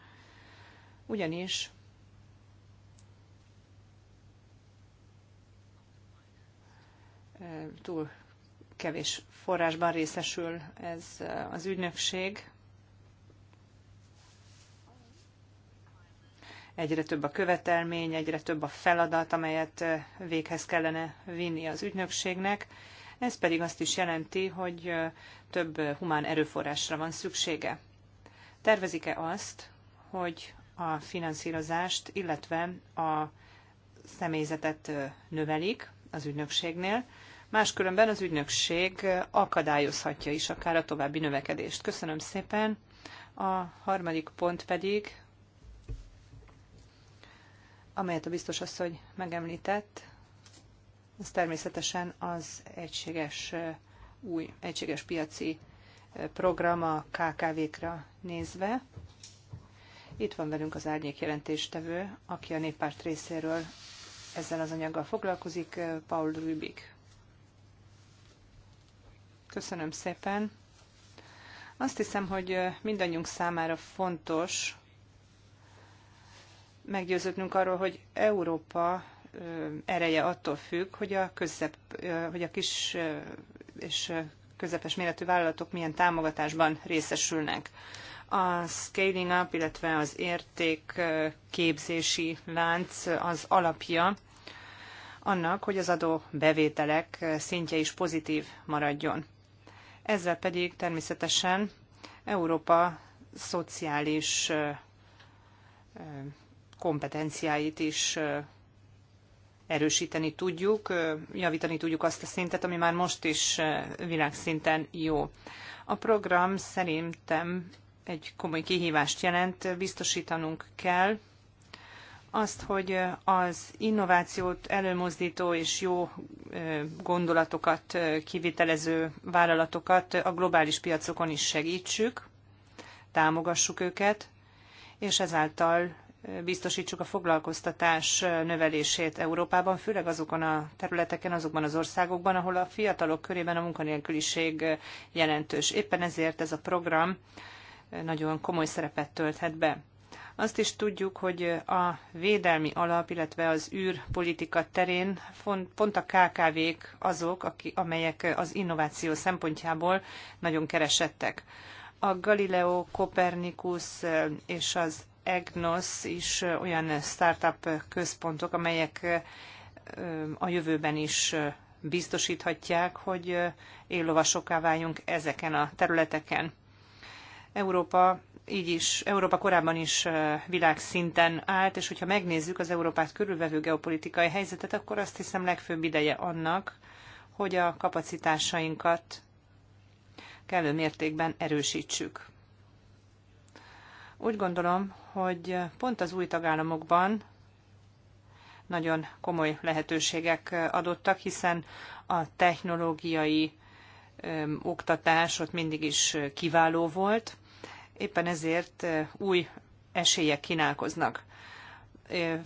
ugyanis túl kevés forrásban részesül ez az ügynökség. Egyre több a követelmény, egyre több a feladat, amelyet véghez kellene vinni az ügynökségnek. Ez pedig azt is jelenti, hogy több humán erőforrásra van szüksége. Tervezik-e azt, hogy a finanszírozást, illetve a személyzetet növelik az ügynökségnél. Máskülönben az ügynökség akadályozhatja is akár a további növekedést. Köszönöm szépen. A harmadik pont pedig, amelyet a biztos asszony megemlített, az természetesen az egységes új egységes piaci program a KKV-kra nézve. Itt van velünk az árnyék jelentéstevő, aki a néppárt részéről ezzel az anyaggal foglalkozik, eh, Paul Rübik. Köszönöm szépen. Azt hiszem, hogy eh, mindannyiunk számára fontos meggyőződnünk arról, hogy Európa eh, ereje attól függ, hogy a, közep, hogy a kis és közepes méretű vállalatok milyen támogatásban részesülnek a scaling up, illetve az értékképzési lánc az alapja annak, hogy az adó bevételek szintje is pozitív maradjon. Ezzel pedig természetesen Európa szociális kompetenciáit is erősíteni tudjuk, javítani tudjuk azt a szintet, ami már most is világszinten jó. A program szerintem egy komoly kihívást jelent. Biztosítanunk kell azt, hogy az innovációt előmozdító és jó gondolatokat kivitelező vállalatokat a globális piacokon is segítsük, támogassuk őket, és ezáltal biztosítsuk a foglalkoztatás növelését Európában, főleg azokon a területeken, azokban az országokban, ahol a fiatalok körében a munkanélküliség jelentős. Éppen ezért ez a program nagyon komoly szerepet tölthet be. Azt is tudjuk, hogy a védelmi alap, illetve az űrpolitika terén pont a KKV-k azok, amelyek az innováció szempontjából nagyon keresettek. A Galileo, Copernicus eh, és az EGNOS is eh, olyan startup központok, amelyek eh, a jövőben is biztosíthatják, hogy éllovasokká váljunk ezeken a területeken. Európa így is, Európa korábban is világszinten állt, és hogyha megnézzük az Európát körülvevő geopolitikai helyzetet, akkor azt hiszem legfőbb ideje annak, hogy a kapacitásainkat kellő mértékben erősítsük. Úgy gondolom, hogy pont az új tagállamokban nagyon komoly lehetőségek adottak, hiszen a technológiai oktatás ott mindig is kiváló volt, éppen ezért új esélyek kínálkoznak.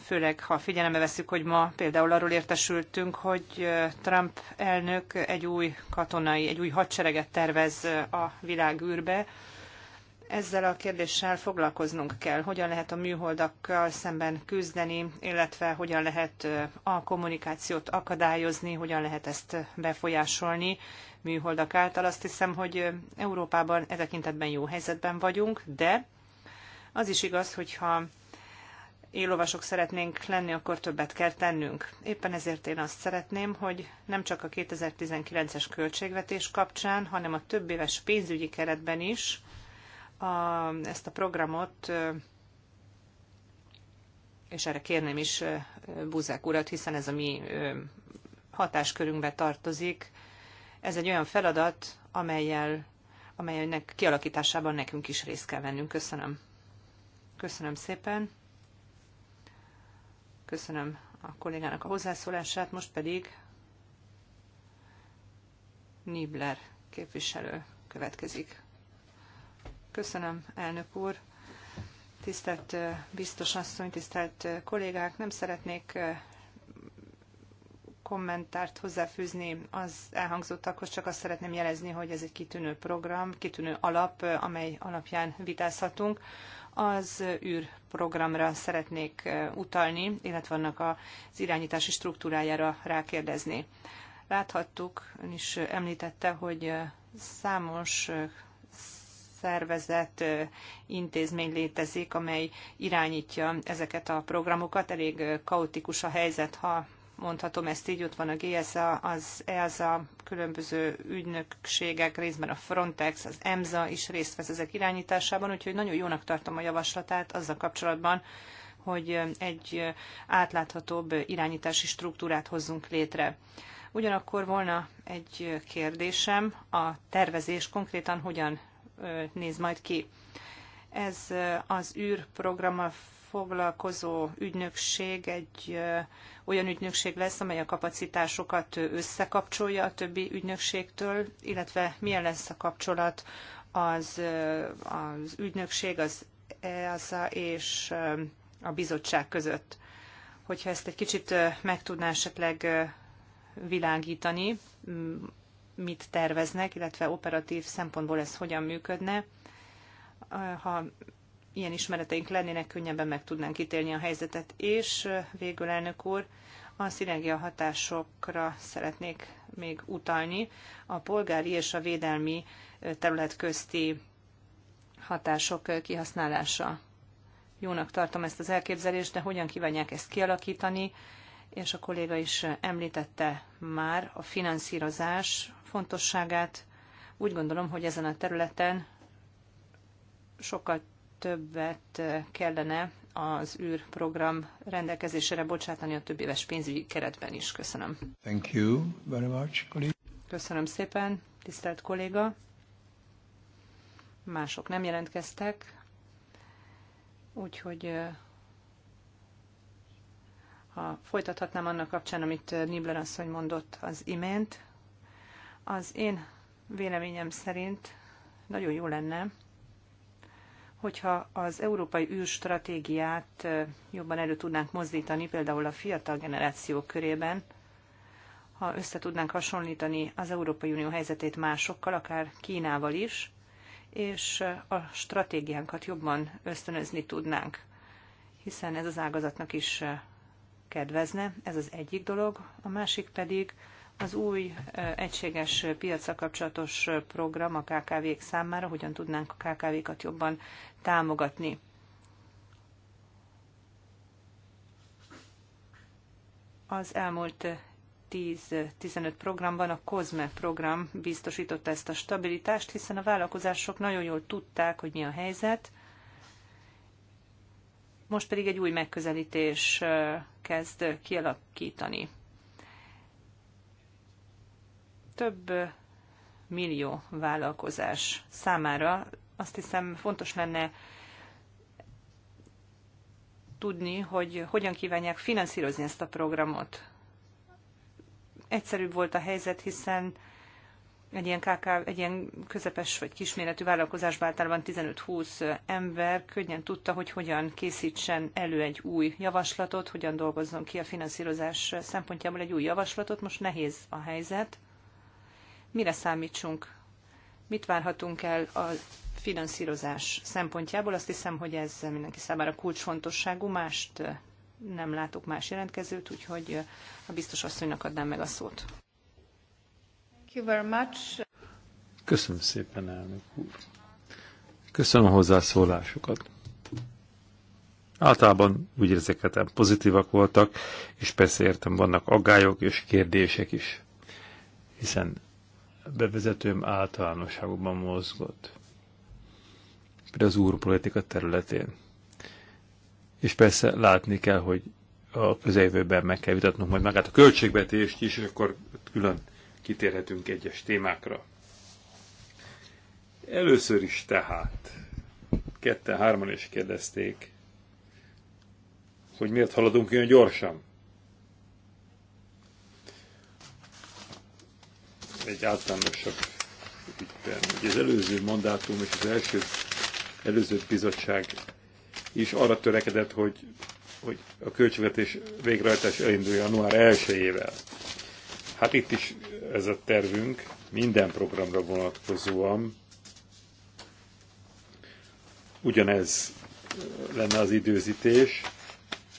Főleg, ha figyelembe veszük, hogy ma például arról értesültünk, hogy Trump elnök egy új katonai, egy új hadsereget tervez a világűrbe, ezzel a kérdéssel foglalkoznunk kell. Hogyan lehet a műholdakkal szemben küzdeni, illetve hogyan lehet a kommunikációt akadályozni, hogyan lehet ezt befolyásolni műholdak által. Azt hiszem, hogy Európában e tekintetben jó helyzetben vagyunk, de az is igaz, hogyha élovasok szeretnénk lenni, akkor többet kell tennünk. Éppen ezért én azt szeretném, hogy nem csak a 2019-es költségvetés kapcsán, hanem a több éves pénzügyi keretben is a, ezt a programot, és erre kérném is Buzák urat, hiszen ez a mi hatáskörünkbe tartozik. Ez egy olyan feladat, amelyel, amelynek kialakításában nekünk is részt kell vennünk. Köszönöm. Köszönöm szépen. Köszönöm a kollégának a hozzászólását, most pedig Nibler képviselő következik. Köszönöm, elnök úr. Tisztelt biztos asszony, tisztelt kollégák, nem szeretnék kommentárt hozzáfűzni az elhangzottakhoz, csak azt szeretném jelezni, hogy ez egy kitűnő program, kitűnő alap, amely alapján vitázhatunk. Az űrprogramra szeretnék utalni, illetve annak az irányítási struktúrájára rákérdezni. Láthattuk, ön is említette, hogy számos szervezet, intézmény létezik, amely irányítja ezeket a programokat. Elég kaotikus a helyzet, ha mondhatom ezt így, ott van a GSA, az EASA, különböző ügynökségek, részben a Frontex, az EMSA is részt vesz ezek irányításában, úgyhogy nagyon jónak tartom a javaslatát azzal kapcsolatban, hogy egy átláthatóbb irányítási struktúrát hozzunk létre. Ugyanakkor volna egy kérdésem, a tervezés konkrétan hogyan néz majd ki. Ez az űrprogrammal foglalkozó ügynökség egy olyan ügynökség lesz, amely a kapacitásokat összekapcsolja a többi ügynökségtől, illetve milyen lesz a kapcsolat az, az ügynökség, az EASA és a bizottság között. Hogyha ezt egy kicsit meg tudná esetleg világítani, mit terveznek, illetve operatív szempontból ez hogyan működne. Ha ilyen ismereteink lennének, könnyebben meg tudnánk ítélni a helyzetet. És végül, elnök úr, a szinergia hatásokra szeretnék még utalni. A polgári és a védelmi terület közti hatások kihasználása. Jónak tartom ezt az elképzelést, de hogyan kívánják ezt kialakítani, és a kolléga is említette már, a finanszírozás fontosságát. Úgy gondolom, hogy ezen a területen sokkal többet kellene az űrprogram rendelkezésére bocsátani a több éves pénzügyi keretben is. Köszönöm. Thank you very much, Köszönöm szépen, tisztelt kolléga. Mások nem jelentkeztek, úgyhogy ha folytathatnám annak kapcsán, amit Nibler asszony mondott az imént, az én véleményem szerint nagyon jó lenne, hogyha az európai űrstratégiát jobban elő tudnánk mozdítani, például a fiatal generáció körében, ha össze tudnánk hasonlítani az Európai Unió helyzetét másokkal, akár Kínával is, és a stratégiánkat jobban ösztönözni tudnánk, hiszen ez az ágazatnak is kedvezne, ez az egyik dolog, a másik pedig, az új egységes piacra kapcsolatos program a KKV-k számára, hogyan tudnánk a KKV-kat jobban támogatni. Az elmúlt 10-15 programban a COSME program biztosította ezt a stabilitást, hiszen a vállalkozások nagyon jól tudták, hogy mi a helyzet. Most pedig egy új megközelítés kezd kialakítani több millió vállalkozás számára azt hiszem fontos lenne tudni, hogy hogyan kívánják finanszírozni ezt a programot. Egyszerűbb volt a helyzet, hiszen egy ilyen, KK, egy ilyen közepes vagy kisméretű vállalkozásban általában 15-20 ember könnyen tudta, hogy hogyan készítsen elő egy új javaslatot, hogyan dolgozzon ki a finanszírozás szempontjából egy új javaslatot. Most nehéz a helyzet mire számítsunk, mit várhatunk el a finanszírozás szempontjából. Azt hiszem, hogy ez mindenki számára kulcsfontosságú, mást nem látok más jelentkezőt, úgyhogy a biztos asszonynak adnám meg a szót. Thank you very much. Köszönöm szépen, elnök úr. Köszönöm a hozzászólásokat. Általában úgy érzékeltem, pozitívak voltak, és persze értem, vannak aggályok és kérdések is, hiszen bevezetőm általánosságban mozgott. Például az úrpolitika területén. És persze látni kell, hogy a közeljövőben meg kell vitatnunk majd magát a költségvetést is, és akkor külön kitérhetünk egyes témákra. Először is tehát, ketten, hárman is kérdezték, hogy miért haladunk ilyen gyorsan. egy általánosabb ügyben. Ugye az előző mandátum és az első előző bizottság is arra törekedett, hogy, hogy a költségvetés végrehajtás elindul január 1-ével. Hát itt is ez a tervünk minden programra vonatkozóan. Ugyanez lenne az időzítés,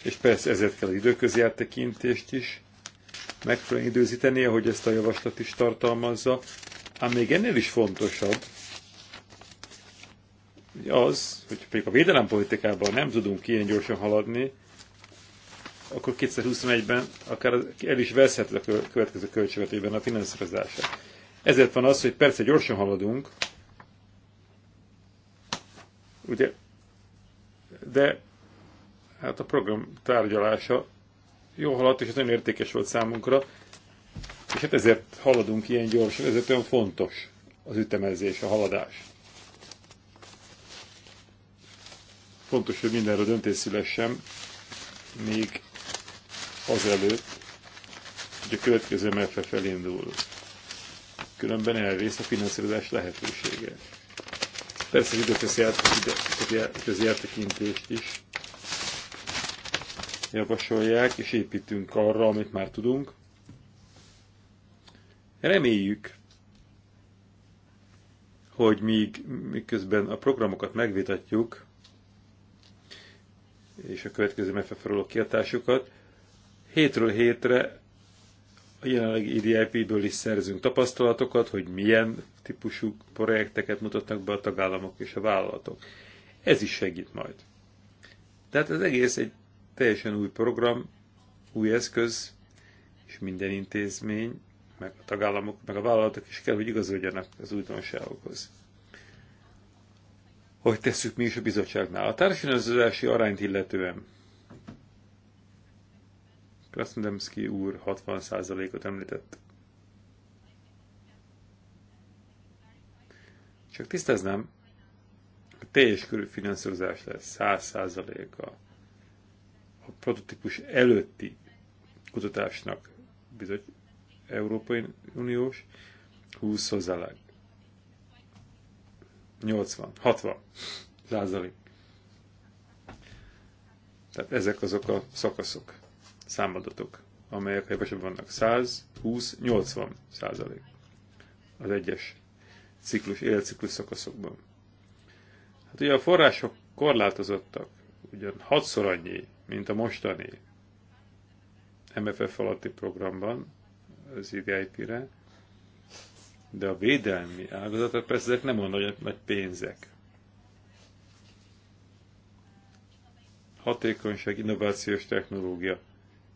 és persze ezért kell az időközi áttekintést is megfelelően időzíteni, hogy ezt a javaslat is tartalmazza. Ám még ennél is fontosabb az, hogy például a védelempolitikában nem tudunk ilyen gyorsan haladni, akkor 2021-ben akár el is veszhet a következő költségvetésben a finanszírozása. Ezért van az, hogy persze gyorsan haladunk, ugye, de hát a program tárgyalása jó haladt, és ez nagyon értékes volt számunkra. És hát ezért haladunk ilyen gyorsan, ezért olyan fontos az ütemezés, a haladás. Fontos, hogy mindenről döntés szülessem, még azelőtt, hogy a következő MFF felindul. Különben elvész a finanszírozás lehetősége. Persze ide áttekintést is, javasolják, és építünk arra, amit már tudunk. Reméljük, hogy míg miközben a programokat megvitatjuk, és a következő megfelelő kiadásukat, hétről hétre a jelenlegi EDIP-ből is szerzünk tapasztalatokat, hogy milyen típusú projekteket mutatnak be a tagállamok és a vállalatok. Ez is segít majd. Tehát az egész egy Teljesen új program, új eszköz, és minden intézmény, meg a tagállamok, meg a vállalatok is kell, hogy igazodjanak az újdonságokhoz. Hogy tesszük mi is a bizottságnál. A társadalmazási arányt illetően Krasnodemszki úr 60%-ot említett. Csak tisztáznám, a teljes körű finanszírozás lesz 100%-a a prototípus előtti kutatásnak bizony Európai Uniós 20 hozzáleg. 80, 60 százalék. Tehát ezek azok a szakaszok, számadatok, amelyek kevesebb vannak. 100, 20, 80 százalék az egyes ciklus, életciklus szakaszokban. Hát ugye a források korlátozottak, ugyan hatszor annyi mint a mostani MFF alatti programban az IVIP-re, de a védelmi ágazatok persze ezek nem olyan nagy, nagy pénzek. Hatékonyság, innovációs technológia.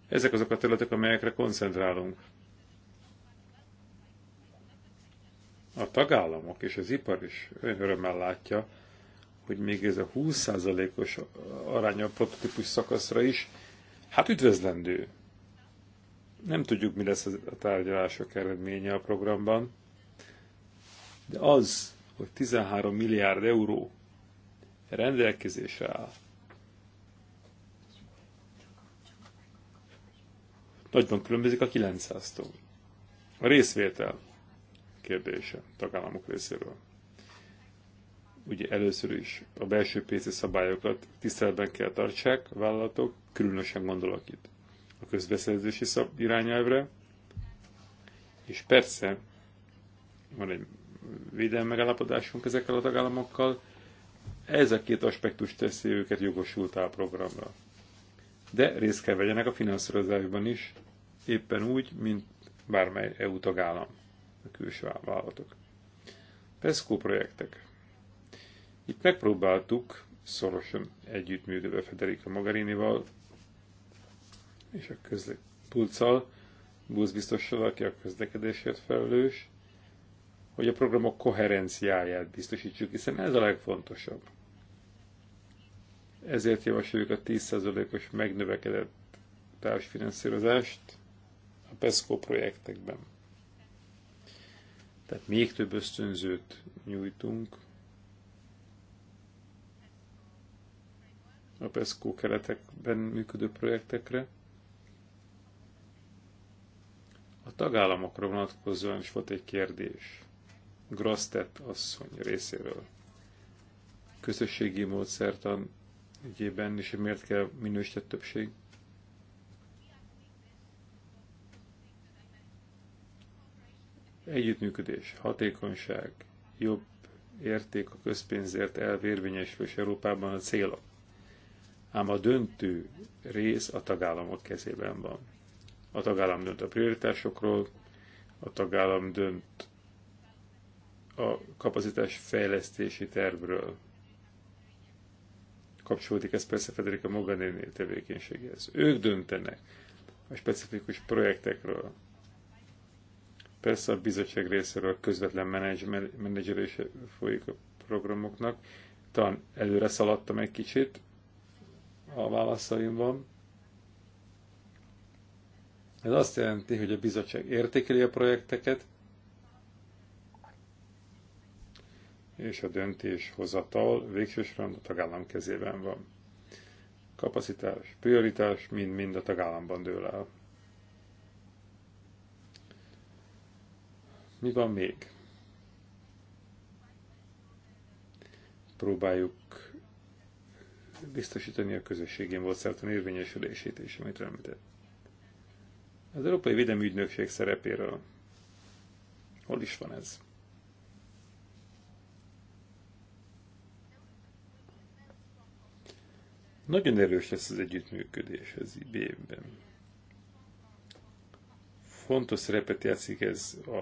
Ezek azok a területek, amelyekre koncentrálunk. A tagállamok és az ipar is örömmel látja, hogy még ez a 20%-os arány a prototípus szakaszra is, hát üdvözlendő. Nem tudjuk, mi lesz a tárgyalások eredménye a programban, de az, hogy 13 milliárd euró rendelkezésre áll, nagyban különbözik a 900-tól. A részvétel kérdése tagállamok részéről ugye először is a belső PC szabályokat tiszteletben kell tartsák a vállalatok, különösen gondolok itt a közbeszerzési szab irányelvre, és persze van egy védelmi megállapodásunk ezekkel a tagállamokkal, ez a két aspektus teszi őket jogosultá a programra. De részt kell vegyenek a finanszírozásban is, éppen úgy, mint bármely EU tagállam, a külső vállalatok. PESCO projektek. Itt megpróbáltuk szorosan együttműködve Federica Magarinival és a közle buszbiztossal, aki a közlekedésért felelős, hogy a programok koherenciáját biztosítsuk, hiszen ez a legfontosabb. Ezért javasoljuk a 10%-os megnövekedett társfinanszírozást a PESCO projektekben. Tehát még több ösztönzőt nyújtunk a PESCO keretekben működő projektekre. A tagállamokra vonatkozóan is volt egy kérdés. Grasztett asszony részéről. Közösségi módszertan ügyében is miért kell minősített többség? Együttműködés, hatékonyság, jobb érték a közpénzért elvérvényesülés Európában a célok ám a döntő rész a tagállamok kezében van. A tagállam dönt a prioritásokról, a tagállam dönt a kapacitás fejlesztési tervről. Kapcsolódik ez persze Federica Mogherini tevékenységéhez. Ők döntenek a specifikus projektekről. Persze a bizottság részéről közvetlen menedzserése folyik a programoknak. Talán előre szaladtam egy kicsit, a válaszaimban. Ez azt jelenti, hogy a bizottság értékeli a projekteket, és a döntéshozatal végsősorban a tagállam kezében van. Kapacitás, prioritás mind-mind a tagállamban dől el. Mi van még? Próbáljuk biztosítani a közösségén volt szerten érvényesülését is, amit említett. Az Európai Védelmi Ügynökség szerepéről hol is van ez? Nagyon erős lesz az együttműködés az IBM-ben. Fontos szerepet játszik ez a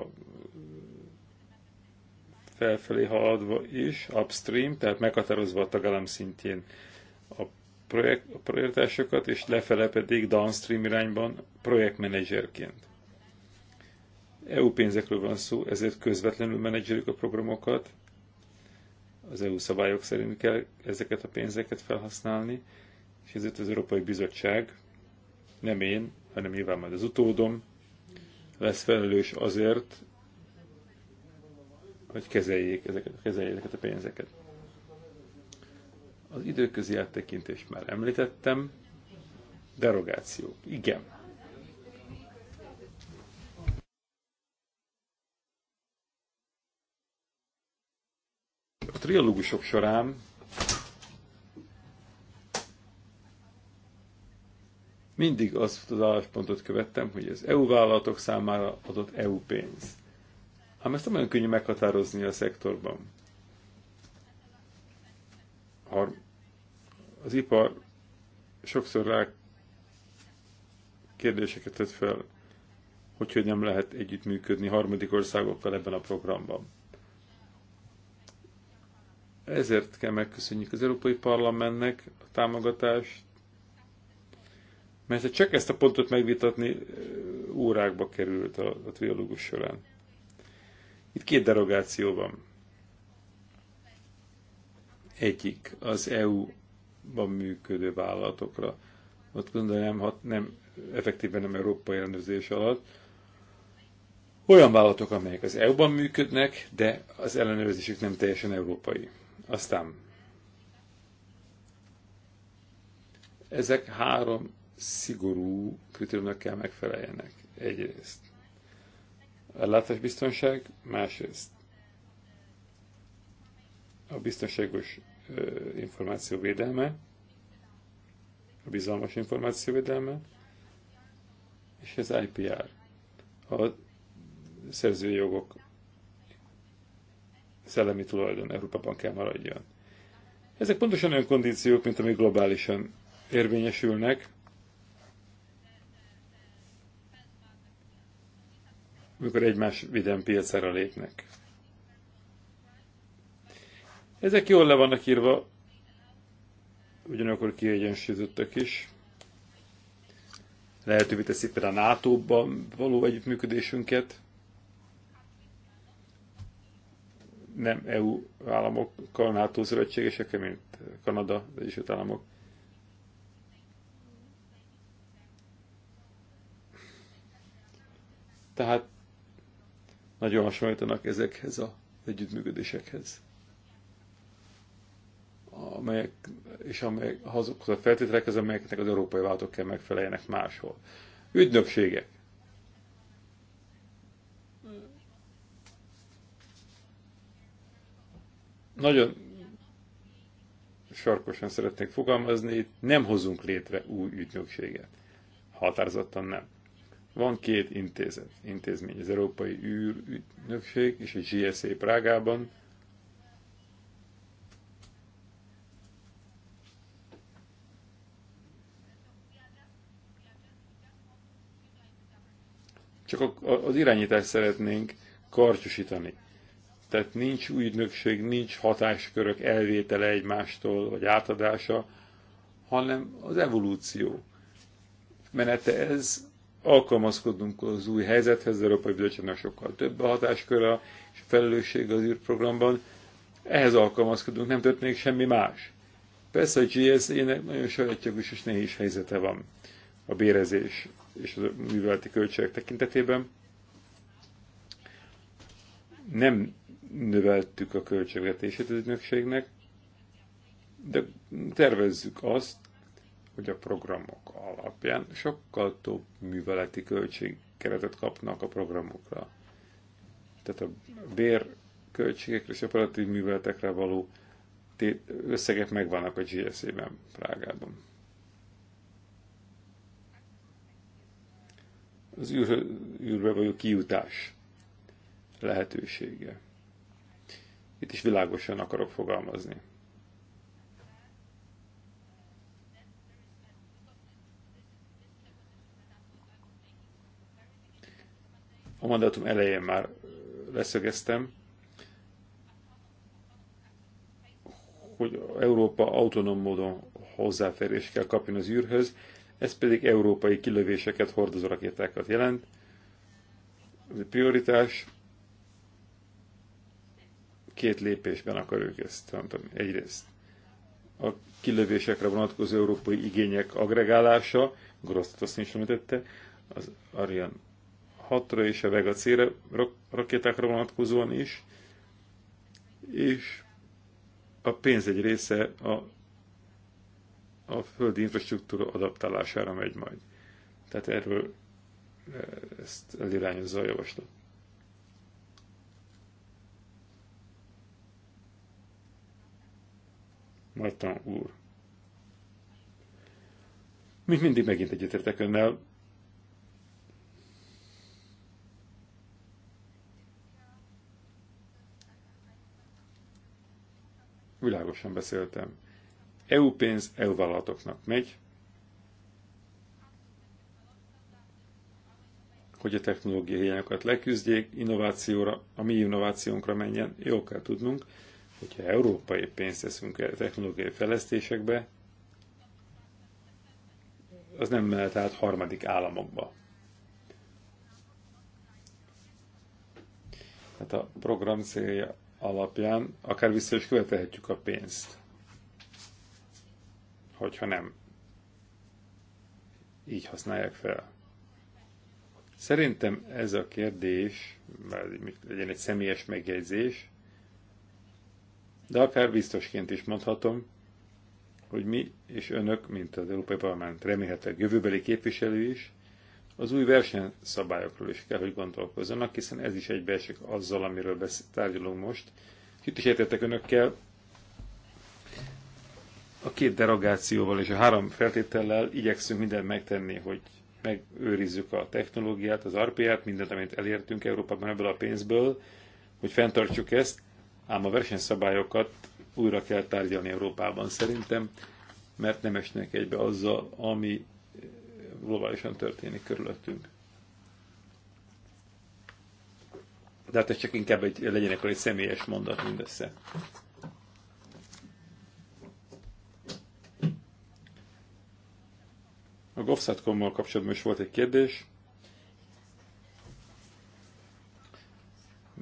felfelé haladva is, upstream, tehát meghatározva a tagállam szintjén a, projekt, a projektásokat, és lefele pedig downstream irányban projektmenedzserként. EU pénzekről van szó, ezért közvetlenül menedzserük a programokat, az EU szabályok szerint kell ezeket a pénzeket felhasználni, és ezért az Európai Bizottság, nem én, hanem nyilván majd az utódom, lesz felelős azért, hogy kezeljék ezeket, kezeljék ezeket a pénzeket. Az időközi áttekintést már említettem. Derogációk. Igen. A trialógusok során mindig azt az álláspontot követtem, hogy az EU vállalatok számára adott EU pénz. Ám ezt nem olyan könnyű meghatározni a szektorban az ipar sokszor rá kérdéseket tett fel, hogy hogy nem lehet együttműködni harmadik országokkal ebben a programban. Ezért kell megköszönjük az Európai Parlamentnek a támogatást, mert csak ezt a pontot megvitatni órákba került a, a triológus során. Itt két derogáció van egyik az EU-ban működő vállalatokra. Ott gondolom, ha nem, effektíven nem európai ellenőrzés alatt, olyan vállalatok, amelyek az EU-ban működnek, de az ellenőrzésük nem teljesen európai. Aztán ezek három szigorú kritériumnak kell megfeleljenek. Egyrészt látásbiztonság, másrészt a biztonságos információ védelme, a bizalmas információ védelme, és az IPR, a szerzői jogok szellemi tulajdon Európában kell maradjon. Ezek pontosan olyan kondíciók, mint amik globálisan érvényesülnek, mikor egymás vidám piacára lépnek. Ezek jól le vannak írva, ugyanakkor kiegyensúlyozottak is. Lehetővé teszi például a NATO-ban való együttműködésünket. Nem EU államokkal, NATO szövetségesekkel, mint Kanada, az Egyesült Államok. Tehát nagyon hasonlítanak ezekhez az együttműködésekhez amelyek, és amelyek azokhoz a feltételekhez, amelyeknek az európai váltók kell megfeleljenek máshol. Ügynökségek. Nagyon sarkosan szeretnék fogalmazni, itt nem hozunk létre új ügynökséget. Határozottan nem. Van két intézet, intézmény, az Európai űrügynökség és a GSA Prágában, csak az irányítást szeretnénk karcsúsítani. Tehát nincs új ügynökség, nincs hatáskörök elvétele egymástól, vagy átadása, hanem az evolúció menete ez, alkalmazkodunk az új helyzethez, az Európai Bizottságnak sokkal több a hatásköre és a felelősség az űrprogramban, ehhez alkalmazkodunk, nem történik semmi más. Persze a GSZ-nek nagyon sajátjogos és nehéz helyzete van a bérezés és a műveleti költségek tekintetében nem növeltük a költségvetését az ügynökségnek, de tervezzük azt, hogy a programok alapján sokkal több műveleti költségkeretet kapnak a programokra. Tehát a bérköltségekre és operatív műveletekre való összegek megvannak a GSZ-ben, Prágában. az űr, űrbe való kijutás lehetősége. Itt is világosan akarok fogalmazni. A mandátum elején már leszögeztem, hogy Európa autonóm módon hozzáférés kell kapni az űrhöz, ez pedig európai kilövéseket, hordozó rakétákat jelent. Ez egy prioritás két lépésben akarjuk ezt. Mondtam. Egyrészt a kilövésekre vonatkozó európai igények agregálása, Grosztot azt is említette, az Ariane 6-ra és a Vega C-re rakétákra vonatkozóan is, és a pénz egy része a a földi infrastruktúra adaptálására megy majd. Tehát erről e, ezt elirányozza a javaslat. Martin úr. Mint mindig megint egyetértek önnel. Világosan beszéltem EU pénz EU vállalatoknak megy, hogy a technológiai hiányokat leküzdjék, innovációra, a mi innovációnkra menjen. Jó kell tudnunk, hogyha európai pénzt teszünk el technológiai fejlesztésekbe, az nem mehet át harmadik államokba. Tehát a program célja alapján akár vissza is követelhetjük a pénzt hogyha nem így használják fel. Szerintem ez a kérdés, legyen egy személyes megjegyzés, de akár biztosként is mondhatom, hogy mi és önök, mint az Európai Parlament remélhetőleg jövőbeli képviselő is, az új versenyszabályokról is kell, hogy gondolkozzanak, hiszen ez is egybeesik azzal, amiről tárgyalunk most. Itt is értettek önökkel, a két derogációval és a három feltétellel igyekszünk mindent megtenni, hogy megőrizzük a technológiát, az RPA-t, mindent, amit elértünk Európában ebből a pénzből, hogy fenntartsuk ezt, ám a versenyszabályokat újra kell tárgyalni Európában szerintem, mert nem esnek egybe azzal, ami globálisan történik körülöttünk. De hát ez csak inkább egy, legyenek egy személyes mondat mindössze. A GovSatcom-mal kapcsolatban is volt egy kérdés.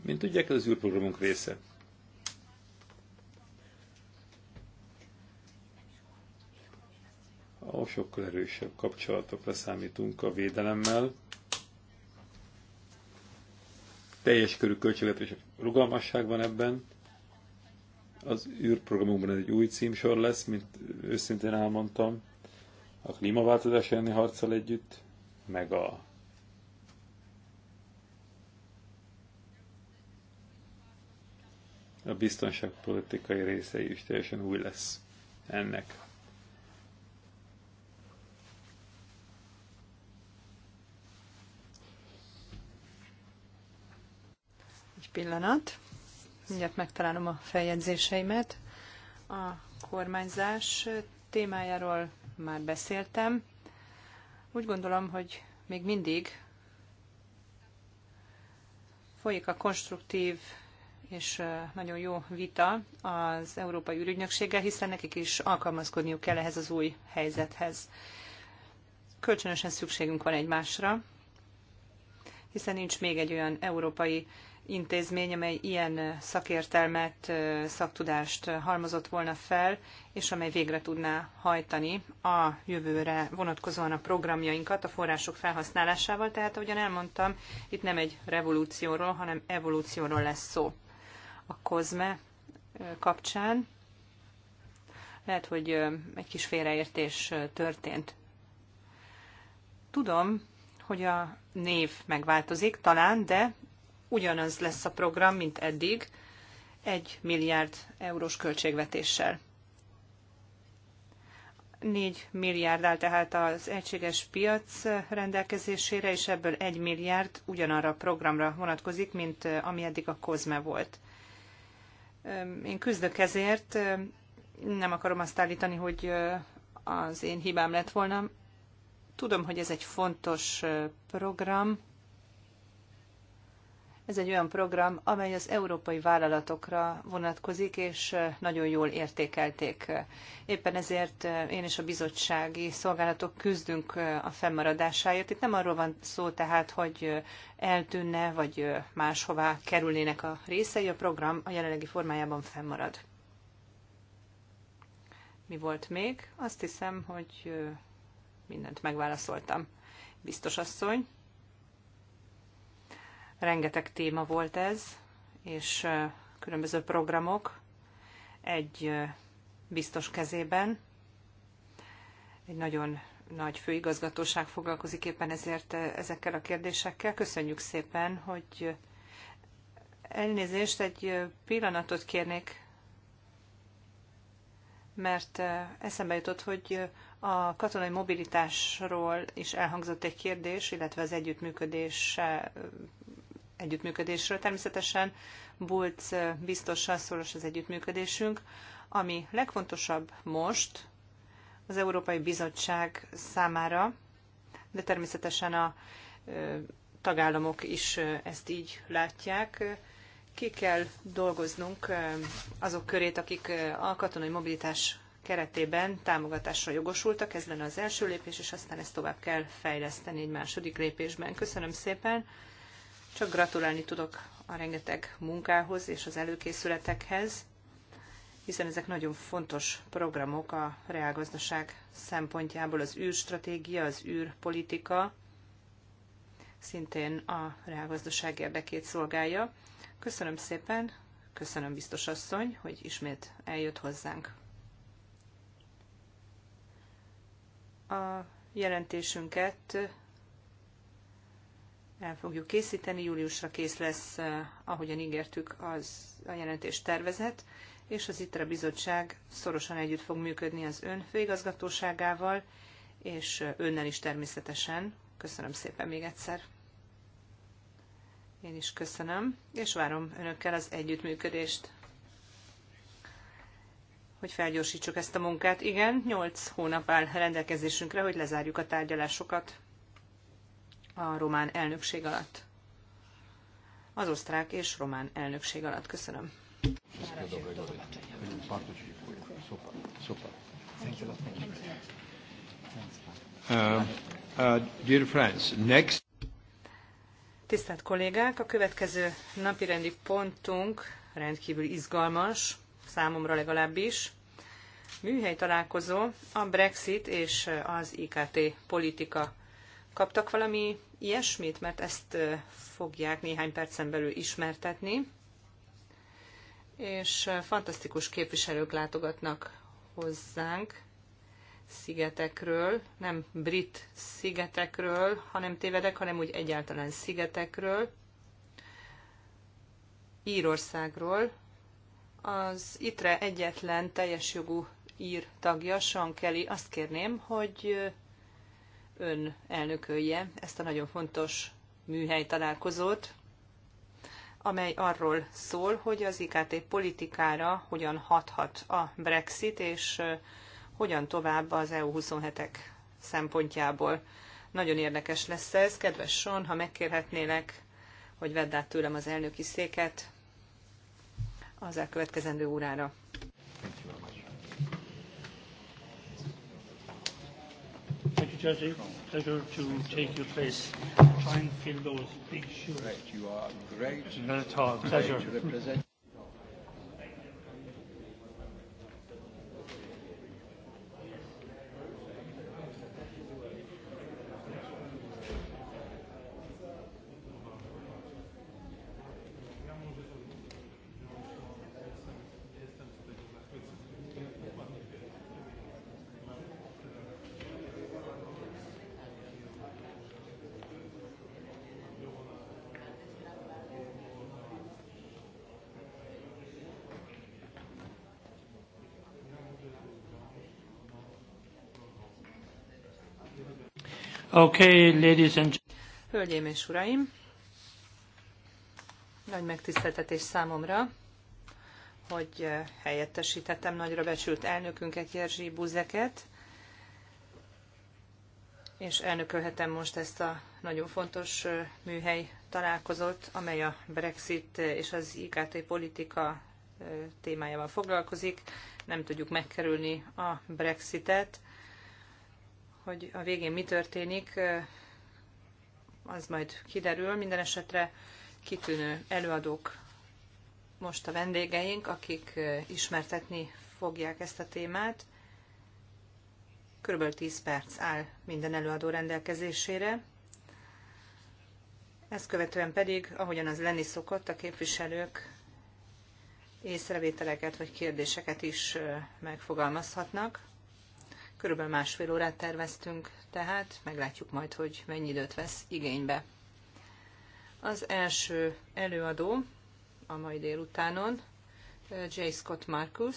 Mint tudják, ez az űrprogramunk része. ahol sokkal erősebb kapcsolatokra számítunk a védelemmel. Teljes körű költségvetés rugalmasság van ebben. Az űrprogramunkban ez egy új címsor lesz, mint őszintén elmondtam a klímaváltozás elleni harccal együtt, meg a a biztonságpolitikai része is teljesen új lesz ennek. Egy pillanat. Mindjárt megtalálom a feljegyzéseimet. A kormányzás témájáról már beszéltem. Úgy gondolom, hogy még mindig folyik a konstruktív és nagyon jó vita az Európai Ürügynökséggel, hiszen nekik is alkalmazkodniuk kell ehhez az új helyzethez. Kölcsönösen szükségünk van egymásra, hiszen nincs még egy olyan európai intézmény, amely ilyen szakértelmet, szaktudást halmozott volna fel, és amely végre tudná hajtani a jövőre vonatkozóan a programjainkat a források felhasználásával. Tehát, ahogyan elmondtam, itt nem egy revolúcióról, hanem evolúcióról lesz szó. A kozme kapcsán lehet, hogy egy kis félreértés történt. Tudom, hogy a név megváltozik, talán, de ugyanaz lesz a program, mint eddig, egy milliárd eurós költségvetéssel. 4 milliárd áll tehát az egységes piac rendelkezésére, és ebből 1 milliárd ugyanarra a programra vonatkozik, mint ami eddig a COSME volt. Én küzdök ezért, nem akarom azt állítani, hogy az én hibám lett volna. Tudom, hogy ez egy fontos program, ez egy olyan program, amely az európai vállalatokra vonatkozik, és nagyon jól értékelték. Éppen ezért én és a bizottsági szolgálatok küzdünk a fennmaradásáért. Itt nem arról van szó tehát, hogy eltűnne, vagy máshová kerülnének a részei, a program a jelenlegi formájában fennmarad. Mi volt még? Azt hiszem, hogy mindent megválaszoltam. Biztos asszony. Rengeteg téma volt ez, és különböző programok egy biztos kezében. Egy nagyon nagy főigazgatóság foglalkozik éppen ezért ezekkel a kérdésekkel. Köszönjük szépen, hogy elnézést, egy pillanatot kérnék, mert eszembe jutott, hogy a katonai mobilitásról is elhangzott egy kérdés, illetve az együttműködés együttműködésről. Természetesen Bulc eh, biztossal szoros az együttműködésünk. Ami legfontosabb most az Európai Bizottság számára, de természetesen a eh, tagállamok is eh, ezt így látják, ki kell dolgoznunk azok körét, akik a katonai mobilitás keretében támogatásra jogosultak. Ez lenne az első lépés, és aztán ezt tovább kell fejleszteni egy második lépésben. Köszönöm szépen! Csak gratulálni tudok a rengeteg munkához és az előkészületekhez, hiszen ezek nagyon fontos programok a reálgazdaság szempontjából, az űrstratégia, az űrpolitika szintén a reálgazdaság érdekét szolgálja. Köszönöm szépen, köszönöm biztos asszony, hogy ismét eljött hozzánk. A jelentésünket el fogjuk készíteni, júliusra kész lesz, eh, ahogyan ígértük, az a jelentés tervezet, és az ITRA bizottság szorosan együtt fog működni az ön főigazgatóságával, és eh, önnel is természetesen. Köszönöm szépen még egyszer. Én is köszönöm, és várom önökkel az együttműködést. Hogy felgyorsítsuk ezt a munkát. Igen, 8 hónap áll rendelkezésünkre, hogy lezárjuk a tárgyalásokat a román elnökség alatt. Az osztrák és román elnökség alatt. Köszönöm. Uh, uh, next. Tisztelt kollégák, a következő napirendi pontunk rendkívül izgalmas, számomra legalábbis. Műhely találkozó, a Brexit és az IKT politika. Kaptak valami ilyesmit, mert ezt fogják néhány percen belül ismertetni, és fantasztikus képviselők látogatnak hozzánk szigetekről, nem brit szigetekről, hanem tévedek, hanem úgy egyáltalán szigetekről, Írországról. Az ITRE egyetlen teljes jogú ír tagja, Sean Kelly, azt kérném, hogy ön elnökölje ezt a nagyon fontos műhely találkozót, amely arról szól, hogy az IKT politikára hogyan hathat a Brexit, és hogyan tovább az EU27-ek szempontjából. Nagyon érdekes lesz ez. Kedves Son, ha megkérhetnélek, hogy vedd át tőlem az elnöki széket az elkövetkezendő órára. pleasure, pleasure to take your place. Try and fill those big shoes. Great, you are great. Not at all. Pleasure. Okay, ladies and... Hölgyeim és uraim, nagy megtiszteltetés számomra, hogy eh, helyettesítettem nagyra becsült elnökünket, Jerzy Buzeket, és elnökölhetem most ezt a nagyon fontos eh, műhely találkozót, amely a Brexit eh, és az IKT politika témájával foglalkozik. Nem tudjuk megkerülni a Brexitet, hogy a végén mi történik, az majd kiderül. Minden esetre kitűnő előadók most a vendégeink, akik ismertetni fogják ezt a témát. Körülbelül 10 perc áll minden előadó rendelkezésére. Ezt követően pedig, ahogyan az lenni szokott, a képviselők észrevételeket vagy kérdéseket is megfogalmazhatnak. Körülbelül másfél órát terveztünk, tehát meglátjuk majd, hogy mennyi időt vesz igénybe. Az első előadó a mai délutánon J. Scott Marcus,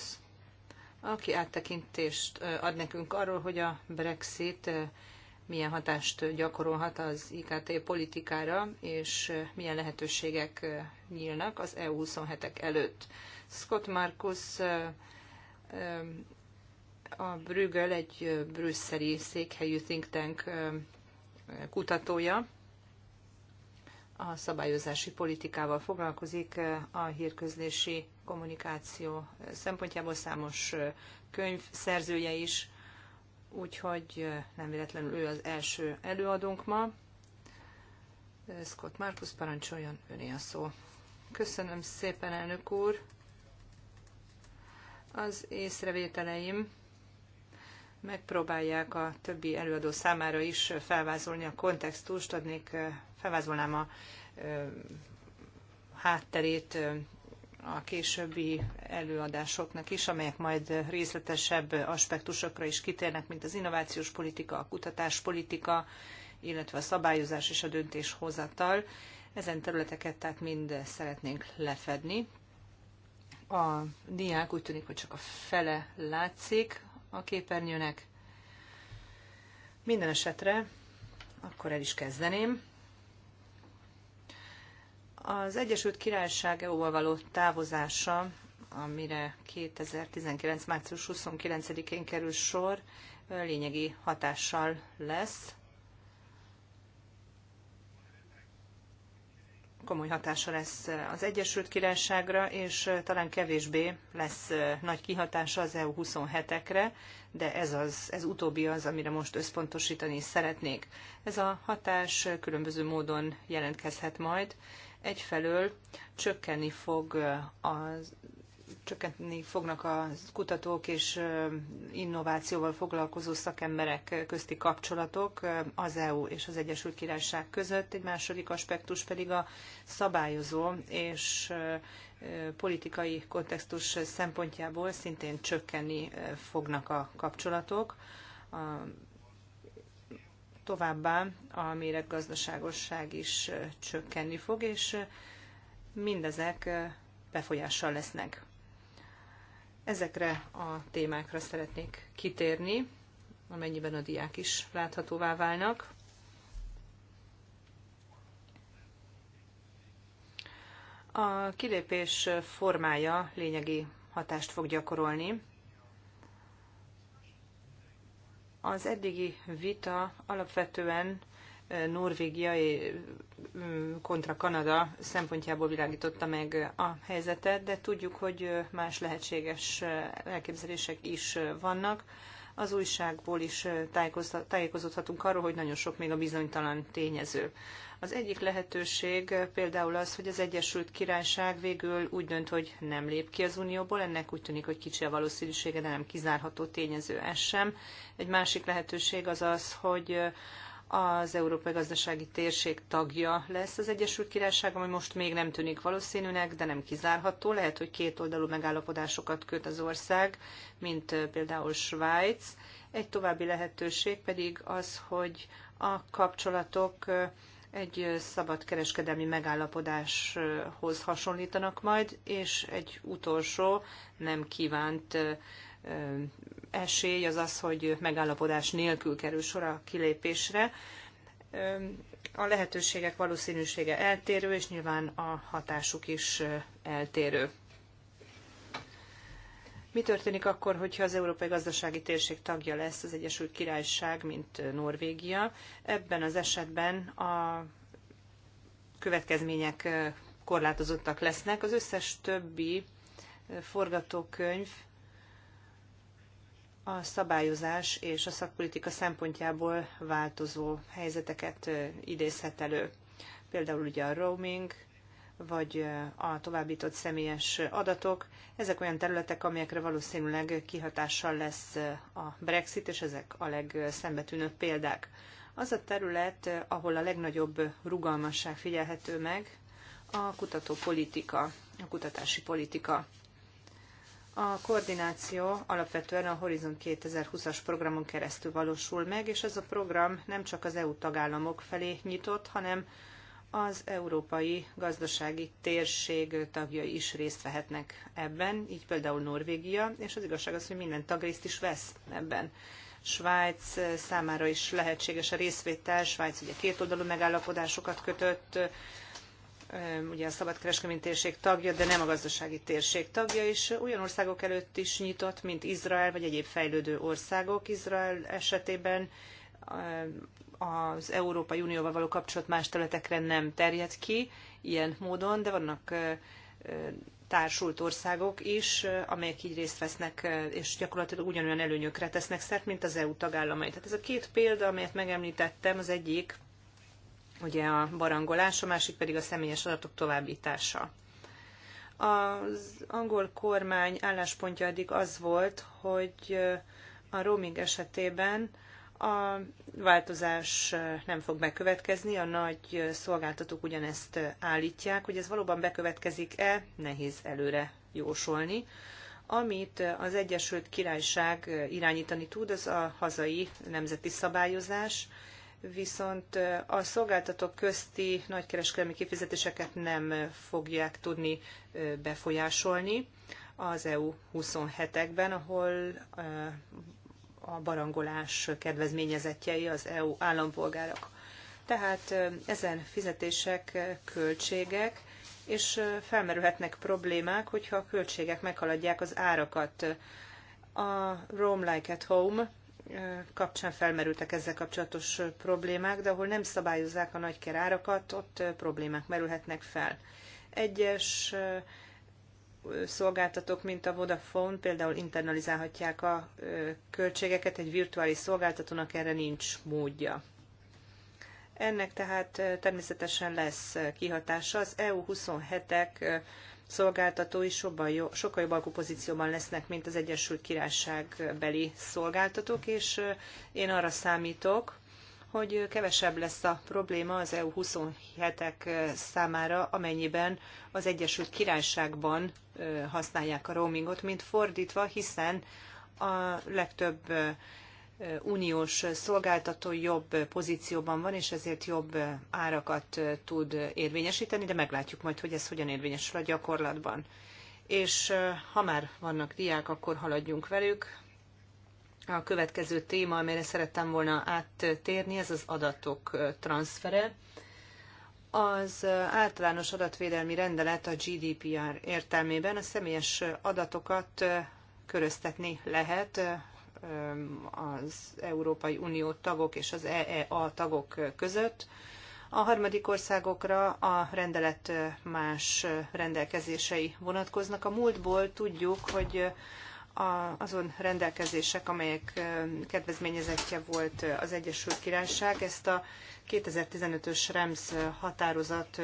aki áttekintést ad nekünk arról, hogy a Brexit milyen hatást gyakorolhat az IKT politikára, és milyen lehetőségek nyílnak az EU 27-ek előtt. Scott Marcus a Brüggel egy brüsszeli székhelyű think tank kutatója, a szabályozási politikával foglalkozik a hírközlési kommunikáció szempontjából számos könyv szerzője is, úgyhogy nem véletlenül ő az első előadónk ma. Scott Markus parancsoljon, öné a szó. Köszönöm szépen, elnök úr! Az észrevételeim megpróbálják a többi előadó számára is felvázolni a kontextust, adnék, felvázolnám a hátterét a későbbi előadásoknak is, amelyek majd részletesebb aspektusokra is kitérnek, mint az innovációs politika, a kutatáspolitika, illetve a szabályozás és a döntéshozatal. Ezen területeket tehát mind szeretnénk lefedni. A diák úgy tűnik, hogy csak a fele látszik, a képernyőnek. Minden esetre akkor el is kezdeném. Az Egyesült Királyság EU-val való távozása, amire 2019. március 29-én kerül sor, lényegi hatással lesz komoly hatása lesz az Egyesült Királyságra, és talán kevésbé lesz nagy kihatása az EU 27-ekre, de ez, az, ez utóbbi az, amire most összpontosítani szeretnék. Ez a hatás különböző módon jelentkezhet majd. Egyfelől csökkenni fog az csökkenteni fognak a kutatók és innovációval foglalkozó szakemberek közti kapcsolatok az EU és az Egyesült Királyság között. Egy második aspektus pedig a szabályozó és politikai kontextus szempontjából szintén csökkenni fognak a kapcsolatok. Továbbá a méreggazdaságosság is csökkenni fog, és mindezek befolyással lesznek Ezekre a témákra szeretnék kitérni, amennyiben a diák is láthatóvá válnak. A kilépés formája lényegi hatást fog gyakorolni. Az eddigi vita alapvetően Norvégia mm, kontra Kanada szempontjából világította meg a helyzetet, de tudjuk, hogy más lehetséges eh, elképzelések is eh, vannak. Az újságból is eh, tájékozódhatunk arról, hogy nagyon sok még a bizonytalan tényező. Az egyik lehetőség például az, hogy az Egyesült Királyság végül úgy dönt, hogy nem lép ki az Unióból, ennek úgy tűnik, hogy kicsi a valószínűsége, de nem kizárható tényező ez sem. Egy másik lehetőség az az, hogy az Európai Gazdasági Térség tagja lesz az Egyesült Királyság, ami most még nem tűnik valószínűnek, de nem kizárható. Lehet, hogy kétoldalú megállapodásokat köt az ország, mint például Svájc. Egy további lehetőség pedig az, hogy a kapcsolatok egy szabad kereskedelmi megállapodáshoz hasonlítanak majd, és egy utolsó nem kívánt esély az az, hogy megállapodás nélkül kerül sor a kilépésre. A lehetőségek valószínűsége eltérő, és nyilván a hatásuk is eltérő. Mi történik akkor, hogyha az Európai Gazdasági Térség tagja lesz az Egyesült Királyság, mint Norvégia? Ebben az esetben a következmények korlátozottak lesznek. Az összes többi forgatókönyv a szabályozás és a szakpolitika szempontjából változó helyzeteket idézhet elő. Például ugye a roaming, vagy a továbbított személyes adatok. Ezek olyan területek, amelyekre valószínűleg kihatással lesz a Brexit, és ezek a legszembetűnőbb példák. Az a terület, ahol a legnagyobb rugalmasság figyelhető meg, a kutatópolitika, a kutatási politika. A koordináció alapvetően a Horizon 2020-as programon keresztül valósul meg, és ez a program nem csak az EU tagállamok felé nyitott, hanem az európai gazdasági térség tagjai is részt vehetnek ebben, így például Norvégia, és az igazság az, hogy minden tag részt is vesz ebben. Svájc számára is lehetséges a részvétel, Svájc ugye kétoldalú megállapodásokat kötött, ugye a szabadkereskedelmi térség tagja, de nem a gazdasági térség tagja, és olyan országok előtt is nyitott, mint Izrael vagy egyéb fejlődő országok. Izrael esetében az Európai Unióval való kapcsolat más területekre nem terjed ki ilyen módon, de vannak társult országok is, amelyek így részt vesznek, és gyakorlatilag ugyanolyan előnyökre tesznek szert, mint az EU tagállamai. Tehát ez a két példa, amelyet megemlítettem, az egyik ugye a barangolás, a másik pedig a személyes adatok továbbítása. Az angol kormány álláspontja eddig az volt, hogy a roaming esetében a változás nem fog bekövetkezni, a nagy szolgáltatók ugyanezt állítják, hogy ez valóban bekövetkezik-e, nehéz előre jósolni. Amit az Egyesült Királyság irányítani tud, az a hazai nemzeti szabályozás, viszont a szolgáltatók közti nagykereskedelmi kifizetéseket nem fogják tudni befolyásolni az EU 27-ekben, ahol a barangolás kedvezményezetjei az EU állampolgárok. Tehát ezen fizetések költségek, és felmerülhetnek problémák, hogyha a költségek meghaladják az árakat. A Roam Like at Home kapcsán felmerültek ezzel kapcsolatos problémák, de ahol nem szabályozzák a nagyker árakat, ott problémák merülhetnek fel. Egyes szolgáltatók, mint a Vodafone, például internalizálhatják a költségeket, egy virtuális szolgáltatónak erre nincs módja. Ennek tehát természetesen lesz kihatása. Az EU 27-ek szolgáltatói sokkal jobb alkupozícióban lesznek, mint az Egyesült Királyság beli szolgáltatók, és én arra számítok, hogy kevesebb lesz a probléma az EU 27-ek számára, amennyiben az Egyesült Királyságban használják a roamingot, mint fordítva, hiszen a legtöbb uniós szolgáltató jobb pozícióban van, és ezért jobb árakat tud érvényesíteni, de meglátjuk majd, hogy ez hogyan érvényesül a gyakorlatban. És ha már vannak diák, akkor haladjunk velük. A következő téma, amire szerettem volna áttérni, ez az adatok transfere. Az általános adatvédelmi rendelet a GDPR értelmében a személyes adatokat köröztetni lehet az Európai Unió tagok és az EEA tagok között. A harmadik országokra a rendelet más rendelkezései vonatkoznak. A múltból tudjuk, hogy azon rendelkezések, amelyek kedvezményezettje volt az Egyesült Királyság. Ezt a 2015-ös REMS határozat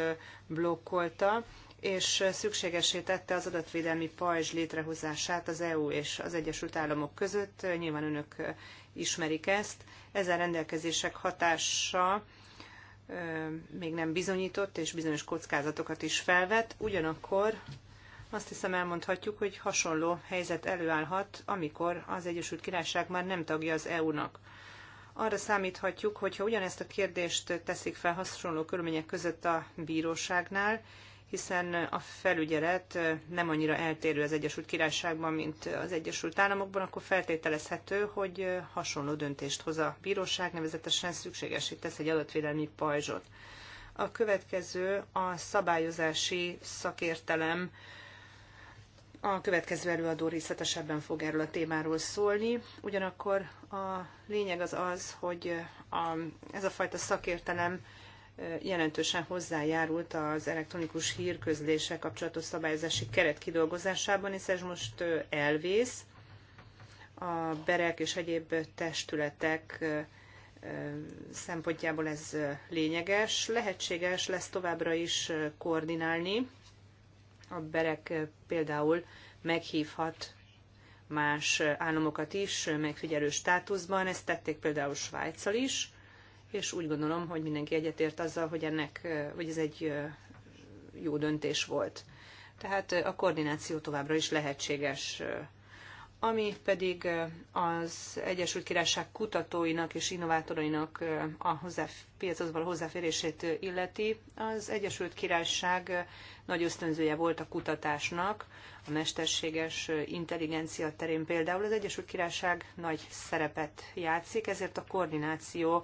blokkolta, és szükségesé tette az adatvédelmi pajzs létrehozását az EU és az Egyesült Államok között. Nyilván önök ismerik ezt. Ezen rendelkezések hatása még nem bizonyított, és bizonyos kockázatokat is felvet. Ugyanakkor azt hiszem elmondhatjuk, hogy hasonló helyzet előállhat, amikor az Egyesült Királyság már nem tagja az EU-nak. Arra számíthatjuk, hogy ha ugyanezt a kérdést teszik fel hasonló körülmények között a bíróságnál, hiszen a felügyelet nem annyira eltérő az Egyesült Királyságban, mint az Egyesült Államokban, akkor feltételezhető, hogy hasonló döntést hoz a bíróság, nevezetesen szükségesé tesz egy adatvédelmi pajzsot. A következő a szabályozási szakértelem. A következő előadó részletesebben fog erről a témáról szólni. Ugyanakkor a lényeg az az, hogy a, ez a fajta szakértelem jelentősen hozzájárult az elektronikus hírközléssel kapcsolatos szabályozási keret kidolgozásában, hiszen ez most elvész. A berek és egyéb testületek szempontjából ez lényeges. Lehetséges lesz továbbra is koordinálni. A berek például meghívhat más államokat is megfigyelő státuszban, ezt tették például Svájccal is és úgy gondolom, hogy mindenki egyetért azzal, hogy ennek, hogy ez egy jó döntés volt. Tehát a koordináció továbbra is lehetséges ami pedig az Egyesült Királyság kutatóinak és innovátorainak a piachoz való hozzáférését illeti. Az Egyesült Királyság nagy ösztönzője volt a kutatásnak, a mesterséges intelligencia terén például az Egyesült Királyság nagy szerepet játszik, ezért a koordináció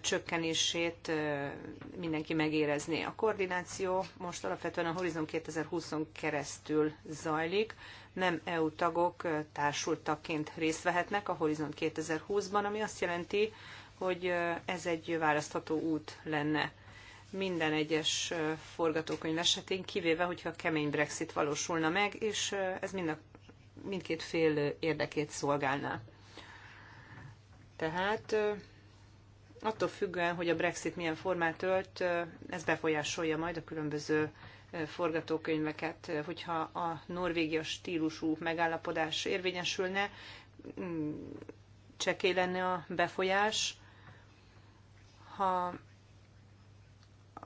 csökkenését mindenki megérezné. A koordináció most alapvetően a Horizon 2020-on keresztül zajlik, nem EU tagok társultaként részt vehetnek a Horizon 2020-ban, ami azt jelenti, hogy ez egy választható út lenne minden egyes forgatókönyv esetén, kivéve, hogyha kemény Brexit valósulna meg, és ez mind a, mindkét fél érdekét szolgálná. Tehát attól függően, hogy a Brexit milyen formát ölt, ez befolyásolja majd a különböző forgatókönyveket, hogyha a norvégia stílusú megállapodás érvényesülne, mm, csekély lenne a befolyás. Ha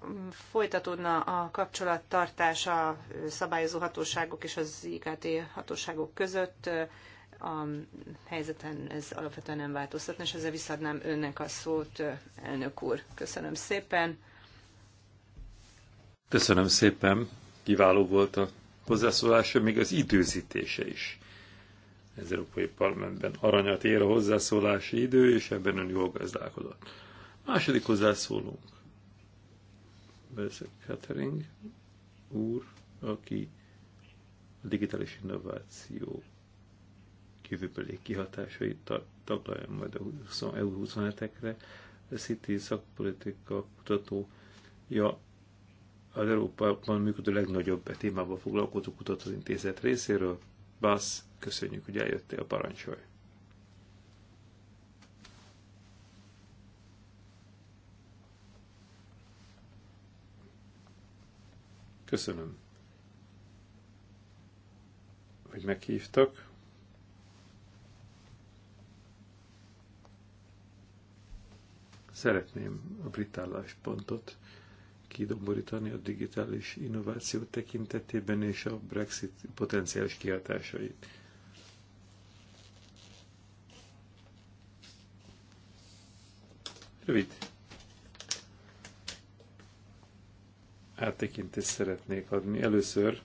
mm, folytatódna a kapcsolattartás a szabályozó hatóságok és az IKT hatóságok között, a helyzeten ez alapvetően nem változtatna, és ezzel visszadnám önnek a szót, elnök úr. Köszönöm szépen. Köszönöm szépen. Kiváló volt a hozzászólása, még az időzítése is. Az Európai Parlamentben aranyat ér a hozzászólási idő, és ebben ön jól gazdálkodott. Második hozzászólunk. Beszek Kettering úr, aki a digitális innováció jövőbeli kihatásait taglalja majd a EU 27-ekre. A City szakpolitika kutatója az Európában működő legnagyobb e témával foglalkozó kutatóintézet részéről. Bász, köszönjük, hogy eljöttél, a parancsolj! Köszönöm, hogy meghívtak. Szeretném a brit álláspontot kidomborítani a digitális innováció tekintetében és a Brexit potenciális kihatásait. Rövid áttekintést szeretnék adni. Először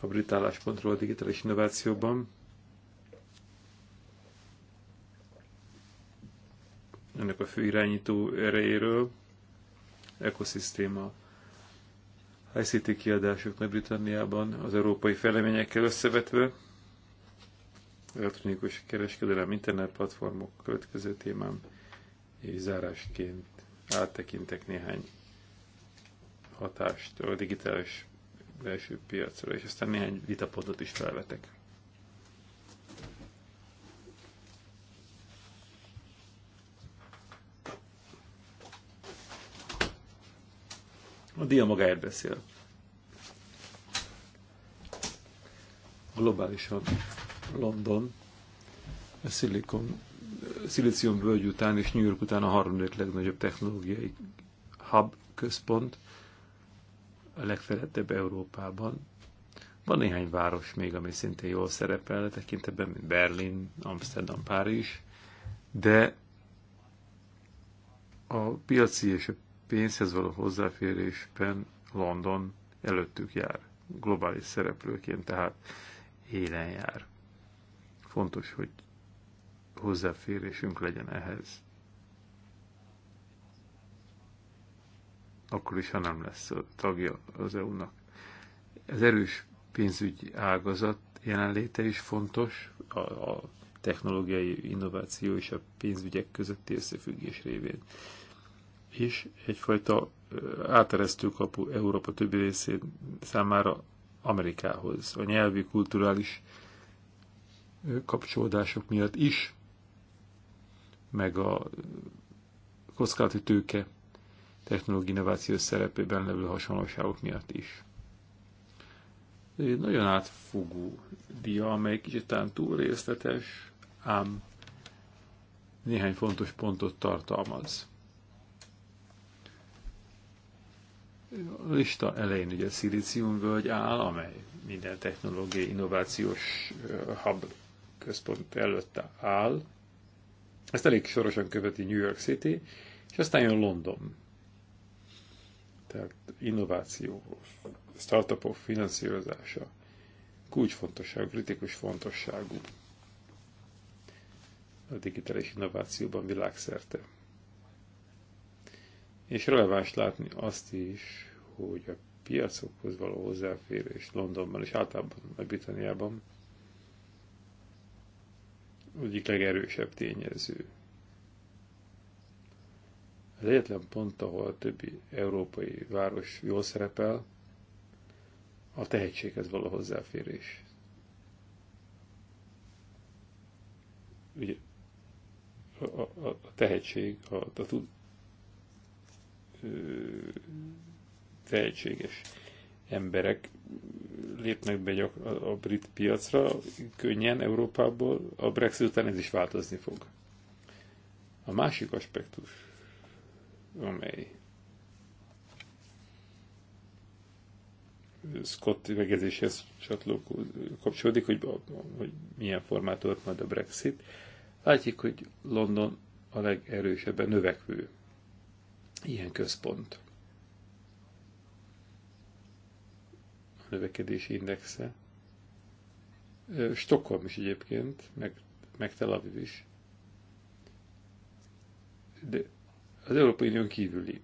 a brit álláspontról a digitális innovációban, főirányító erejéről, ekoszisztéma ICT kiadások Nagy-Britanniában az európai fejleményekkel összevetve, elektronikus kereskedelem, internetplatformok következő témám, és zárásként áttekintek néhány hatást a digitális belső piacra, és aztán néhány vitapontot is felvetek. A díja magáért beszél. Globálisan London, a Silicon, Szilícium völgy után és New York után a harmadik legnagyobb technológiai hub központ, a legfelettebb Európában. Van néhány város még, ami szintén jól szerepel, tekintetben, mint Berlin, Amsterdam, Párizs, de a piaci és a pénzhez való hozzáférésben London előttük jár. Globális szereplőként, tehát élen jár. Fontos, hogy hozzáférésünk legyen ehhez. Akkor is, ha nem lesz a tagja az EU-nak. Az erős pénzügyi ágazat jelenléte is fontos, a, a technológiai innováció és a pénzügyek közötti összefüggés révén is egyfajta áteresztő kapu Európa többi részén számára Amerikához. A nyelvi, kulturális kapcsolódások miatt is, meg a kockázati tőke technológiai innováció szerepében levő hasonlóságok miatt is. egy nagyon átfogó dia, amely kicsit talán túl részletes, ám néhány fontos pontot tartalmaz. A lista elején ugye a völgy áll, amely minden technológiai innovációs hub központ előtt áll. Ezt elég sorosan követi New York City, és aztán jön London. Tehát innováció, startupok finanszírozása, kulcsfontosságú, kritikus fontosságú a digitális innovációban világszerte és releváns látni azt is, hogy a piacokhoz való hozzáférés Londonban és általában Nagy-Britanniában egyik legerősebb tényező. Az egyetlen pont, ahol a többi európai város jól szerepel, a tehetséghez való hozzáférés. Ugye a, a, a tehetség, a, a, tehetséges emberek lépnek be a, a brit piacra könnyen Európából, a Brexit után ez is változni fog. A másik aspektus, amely Scott üvegezéshez kapcsolódik, hogy, hogy milyen formát majd a Brexit. Látjuk, hogy London a legerősebben növekvő ilyen központ. A növekedési indexe. Stockholm is egyébként, meg, meg Tel Aviv is. De az Európai Unión kívüli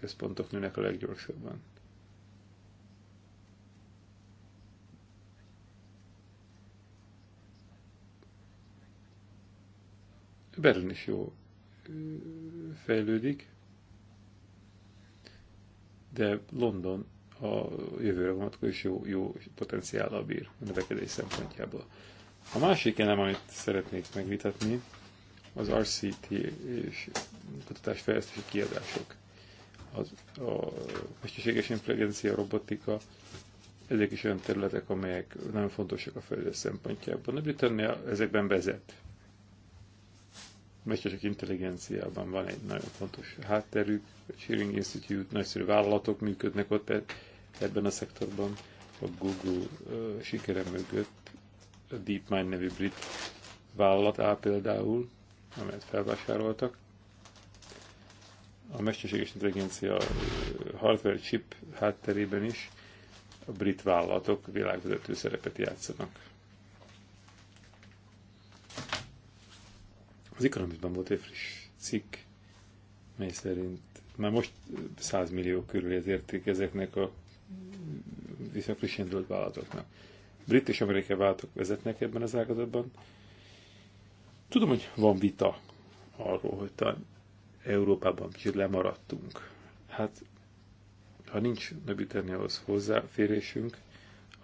központok nőnek a leggyorsabban. Berlin is jó fejlődik, de London a jövőre vonatkozó is jó, jó potenciállal bír a növekedés szempontjából. A másik elem, amit szeretnék megvitatni, az RCT és kutatásfejlesztési kiadások. Az, a mesterséges intelligencia, robotika, ezek is olyan területek, amelyek nagyon fontosak a fejlődés szempontjából. A Britannia ezekben vezet mesterséges intelligenciában van egy nagyon fontos hátterük, a Shearing Institute, nagyszerű vállalatok működnek ott e- ebben a szektorban, a Google uh, sikere mögött a DeepMind nevű brit vállalat áll például, amelyet felvásároltak. A mesterséges intelligencia hardware chip hátterében is a brit vállalatok világvezető szerepet játszanak. Az Economistban volt egy friss cikk, mely szerint már most 100 millió körül az érték ezeknek a indult vállalatoknak. Brit és amerikai vállalatok vezetnek ebben az ágazatban. Tudom, hogy van vita arról, hogy talán Európában kicsit lemaradtunk. Hát, ha nincs nagyüteni ahhoz hozzáférésünk,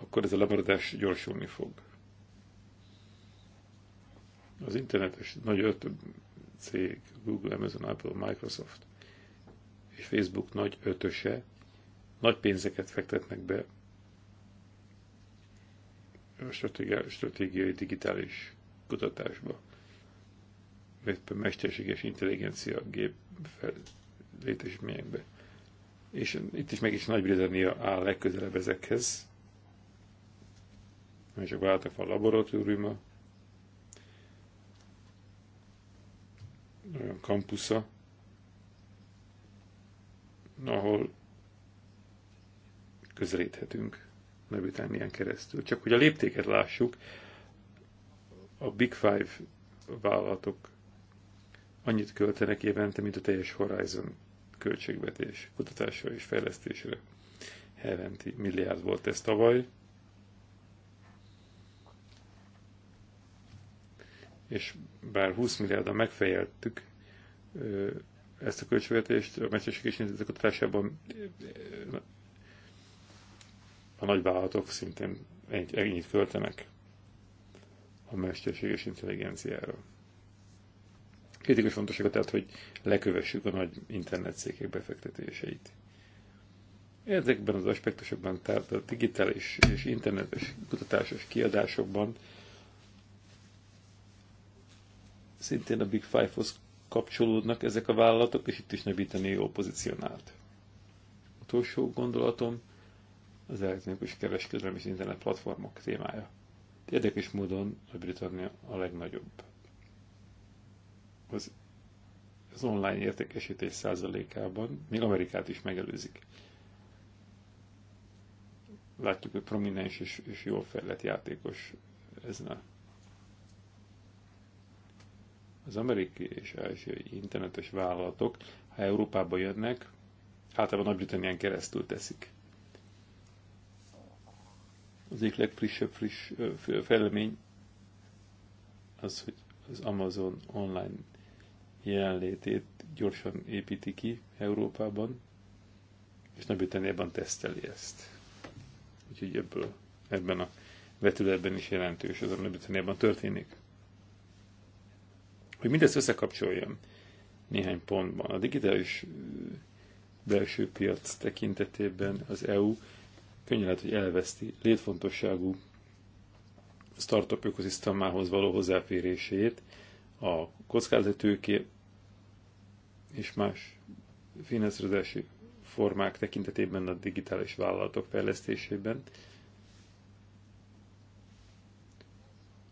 akkor ez a lemaradás gyorsulni fog. Az internetes nagy öt cég, Google, Amazon, Apple, Microsoft és Facebook nagy ötöse nagy pénzeket fektetnek be a stratégiai, stratégiai digitális kutatásba. Például mesterséges intelligencia gép létesítményekbe. És itt is meg is Nagy-Britannia áll legközelebb ezekhez. mert csak váltak a laboratóriuma, kampusza, ahol közelíthetünk Nagy-Británián keresztül. Csak hogy a léptéket lássuk, a Big Five vállalatok annyit költenek évente, mint a teljes Horizon költségvetés kutatásra és fejlesztésre. 70 milliárd volt ez tavaly, és bár 20 milliárdan megfejeltük ezt a költségvetést, a mesterséges intézetek kutatásában a nagyvállalatok szintén ennyit költenek a mesterséges intelligenciára. Kritikus fontossága tehát, hogy lekövessük a nagy internet cégek befektetéseit. Ezekben az aspektusokban, tehát a digitális és internetes kutatásos kiadásokban szintén a Big Five-hoz kapcsolódnak ezek a vállalatok, és itt is nevíteni jó pozícionált. Utolsó gondolatom az elektronikus kereskedelem és internet platformok témája. Érdekes módon a Britannia a legnagyobb. Az, az online értékesítés százalékában még Amerikát is megelőzik. Látjuk, hogy prominens és, és jól fejlett játékos ezen a az amerikai és ázsiai internetes vállalatok, ha Európába jönnek, általában Nagy-Britannián keresztül teszik. Az egyik legfrissebb friss fejlemény az, hogy az Amazon online jelenlétét gyorsan építi ki Európában, és Nagy-Britanniában teszteli ezt. Úgyhogy ebből, ebben a vetületben is jelentős az, ami Nagy-Britanniában történik. Hogy mindezt összekapcsoljam néhány pontban. A digitális belső piac tekintetében az EU könnyen lehet, hogy elveszti létfontosságú startup ökoszisztémához való hozzáférését, a kockázatőké és más finanszírozási formák tekintetében a digitális vállalatok fejlesztésében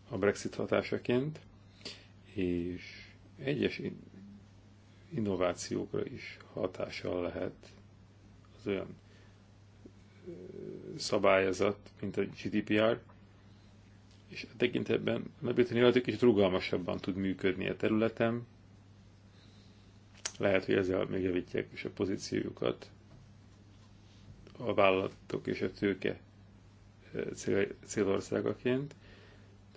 a Brexit hatásaként, és egyes innovációkra is hatással lehet az olyan szabályozat, mint a GDPR, és a tekintetben Nagy-Britannia egy kicsit rugalmasabban tud működni a területem, Lehet, hogy ezzel még javítják is a pozíciójukat a vállalatok és a tőke cél, célországaként.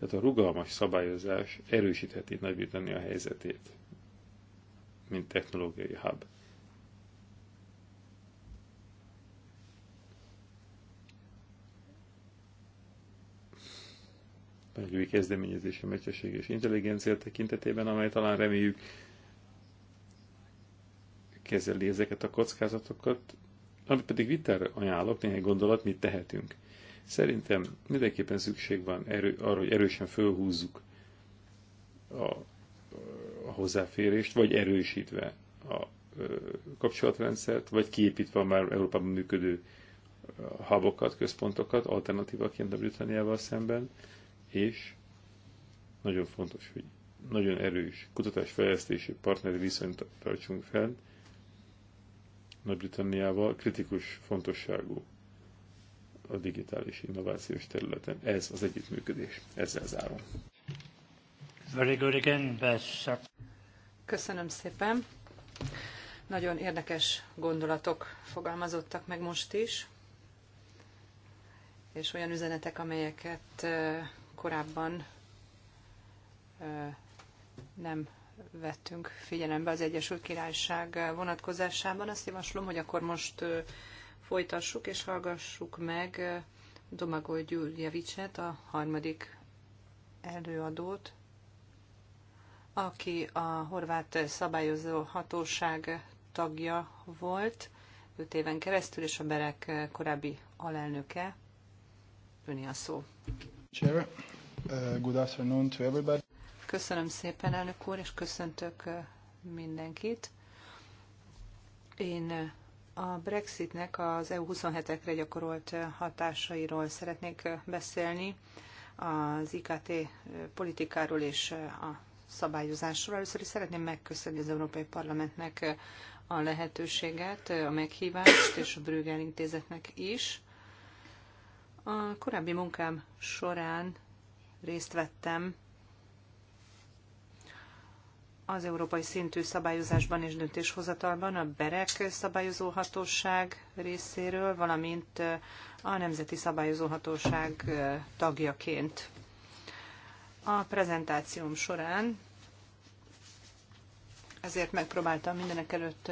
Tehát a rugalmas szabályozás erősítheti nagy a helyzetét, mint technológiai hub. egy új kezdeményezés a mecsesség és intelligencia tekintetében, amely talán reméljük kezeli ezeket a kockázatokat, amit pedig Vitter ajánlok néhány gondolat, mit tehetünk Szerintem mindenképpen szükség van erő, arra, hogy erősen fölhúzzuk a, a hozzáférést, vagy erősítve a ö, kapcsolatrendszert, vagy kiépítve a már Európában működő habokat, központokat, alternatívaként a Britanniával szemben, és nagyon fontos, hogy nagyon erős kutatásfejlesztési partneri viszonyt tartsunk fel Nagy-Britanniával, kritikus fontosságú a digitális innovációs területen. Ez az együttműködés. Ezzel zárom. Very good again, Köszönöm szépen. Nagyon érdekes gondolatok fogalmazottak meg most is, és olyan üzenetek, amelyeket korábban nem vettünk figyelembe az Egyesült Királyság vonatkozásában. Azt javaslom, hogy akkor most folytassuk és hallgassuk meg Domagoj Gyurjevicset, a harmadik előadót, aki a horvát szabályozó hatóság tagja volt, öt éven keresztül, és a Berek korábbi alelnöke. Öni a szó. Uh, good afternoon to everybody. Köszönöm szépen, elnök úr, és köszöntök mindenkit. Én a Brexitnek az EU 27-ekre gyakorolt hatásairól szeretnék beszélni, az IKT politikáról és a szabályozásról. Először is szeretném megköszönni az Európai Parlamentnek a lehetőséget, a meghívást, és a Brügel Intézetnek is. A korábbi munkám során részt vettem az európai szintű szabályozásban és döntéshozatalban a BEREK szabályozóhatóság részéről, valamint a Nemzeti Szabályozóhatóság tagjaként. A prezentációm során ezért megpróbáltam mindenek előtt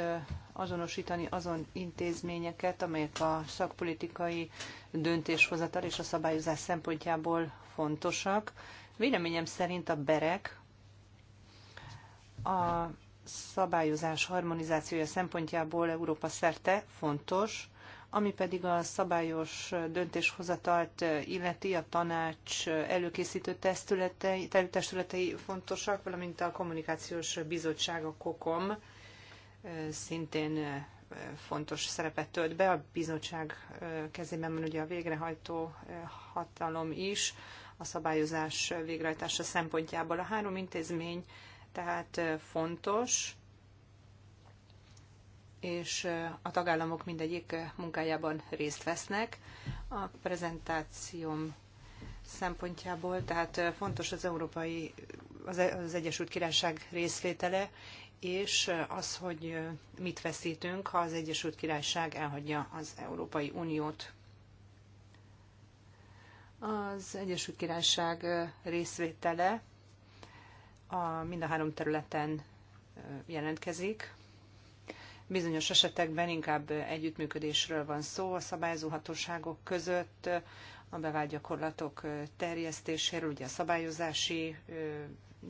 azonosítani azon intézményeket, amelyek a szakpolitikai döntéshozatal és a szabályozás szempontjából fontosak. Véleményem szerint a BEREK a szabályozás harmonizációja szempontjából Európa szerte fontos, ami pedig a szabályos döntéshozatalt illeti a tanács előkészítő testületei, testületei fontosak, valamint a kommunikációs bizottság, a Cocom szintén fontos szerepet tölt be. A bizottság kezében van ugye a végrehajtó hatalom is, a szabályozás végrehajtása szempontjából. A három intézmény tehát fontos, és a tagállamok mindegyik munkájában részt vesznek. A prezentációm szempontjából, tehát fontos az Európai, e-, az Egyesült Királyság részvétele, és az, hogy mit veszítünk, ha az Egyesült Királyság elhagyja az Európai Uniót. Az Egyesült Királyság részvétele a, mind a három területen jelentkezik. Bizonyos esetekben inkább együttműködésről van szó a szabályozóhatóságok között, a bevált gyakorlatok terjesztéséről, ugye a szabályozási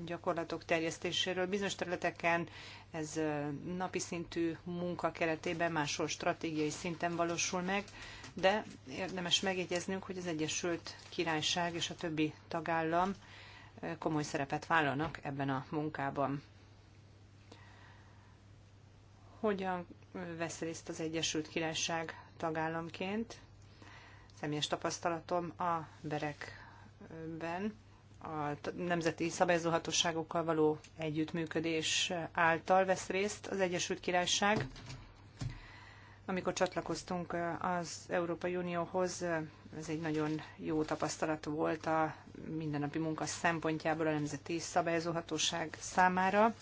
gyakorlatok terjesztéséről. Bizonyos területeken ez napi szintű munka keretében, máshol stratégiai szinten valósul meg, de érdemes megjegyeznünk, hogy az Egyesült Királyság és a többi tagállam komoly szerepet vállalnak ebben a munkában. Hogyan vesz részt az Egyesült Királyság tagállamként? Személyes tapasztalatom a berekben a nemzeti szabályozóhatóságokkal való együttműködés által vesz részt az Egyesült Királyság. Amikor csatlakoztunk eh, az Európai Unióhoz, eh, ez egy nagyon jó tapasztalat volt a mindennapi munka szempontjából a Nemzeti Szabályozóhatóság számára.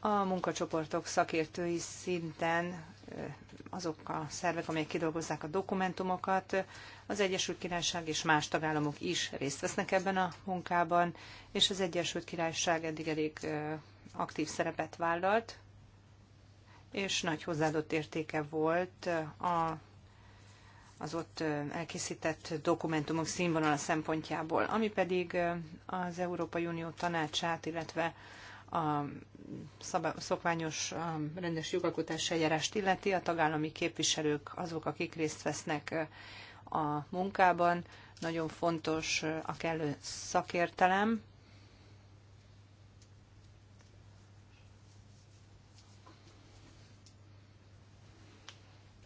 A munkacsoportok szakértői szinten eh, azok a szervek, amelyek kidolgozzák a dokumentumokat, az Egyesült Királyság és más tagállamok is részt vesznek ebben a munkában, és az Egyesült Királyság eddig elég aktív szerepet vállalt és nagy hozzáadott értéke volt a, az ott elkészített dokumentumok színvonala szempontjából, ami pedig az Európai Unió tanácsát, illetve a szokványos a rendes jogalkotási eljárást illeti, a tagállami képviselők azok, akik részt vesznek a munkában. Nagyon fontos a kellő szakértelem,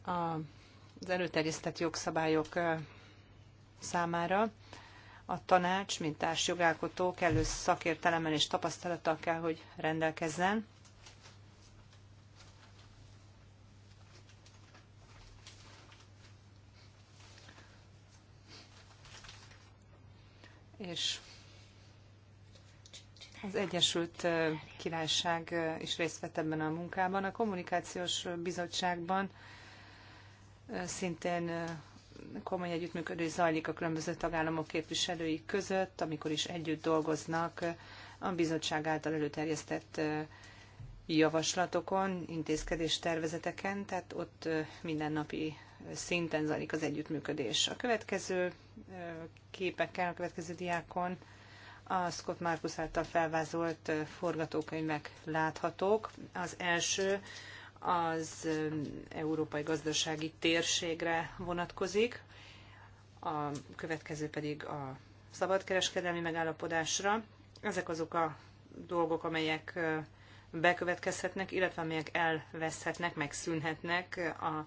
az előterjesztett jogszabályok számára a tanács, mint társjogalkotó kellő szakértelemmel és tapasztalattal kell, hogy rendelkezzen. És az Egyesült Királyság is részt vett ebben a munkában. A kommunikációs bizottságban szintén komoly együttműködés zajlik a különböző tagállamok képviselői között, amikor is együtt dolgoznak a bizottság által előterjesztett javaslatokon, intézkedés tervezeteken, tehát ott mindennapi szinten zajlik az együttműködés. A következő képekkel a következő diákon a Scott Marcus által felvázolt forgatókönyvek láthatók. Az első az európai gazdasági térségre vonatkozik, a következő pedig a szabadkereskedelmi megállapodásra. Ezek azok a dolgok, amelyek bekövetkezhetnek, illetve amelyek elveszhetnek, megszűnhetnek a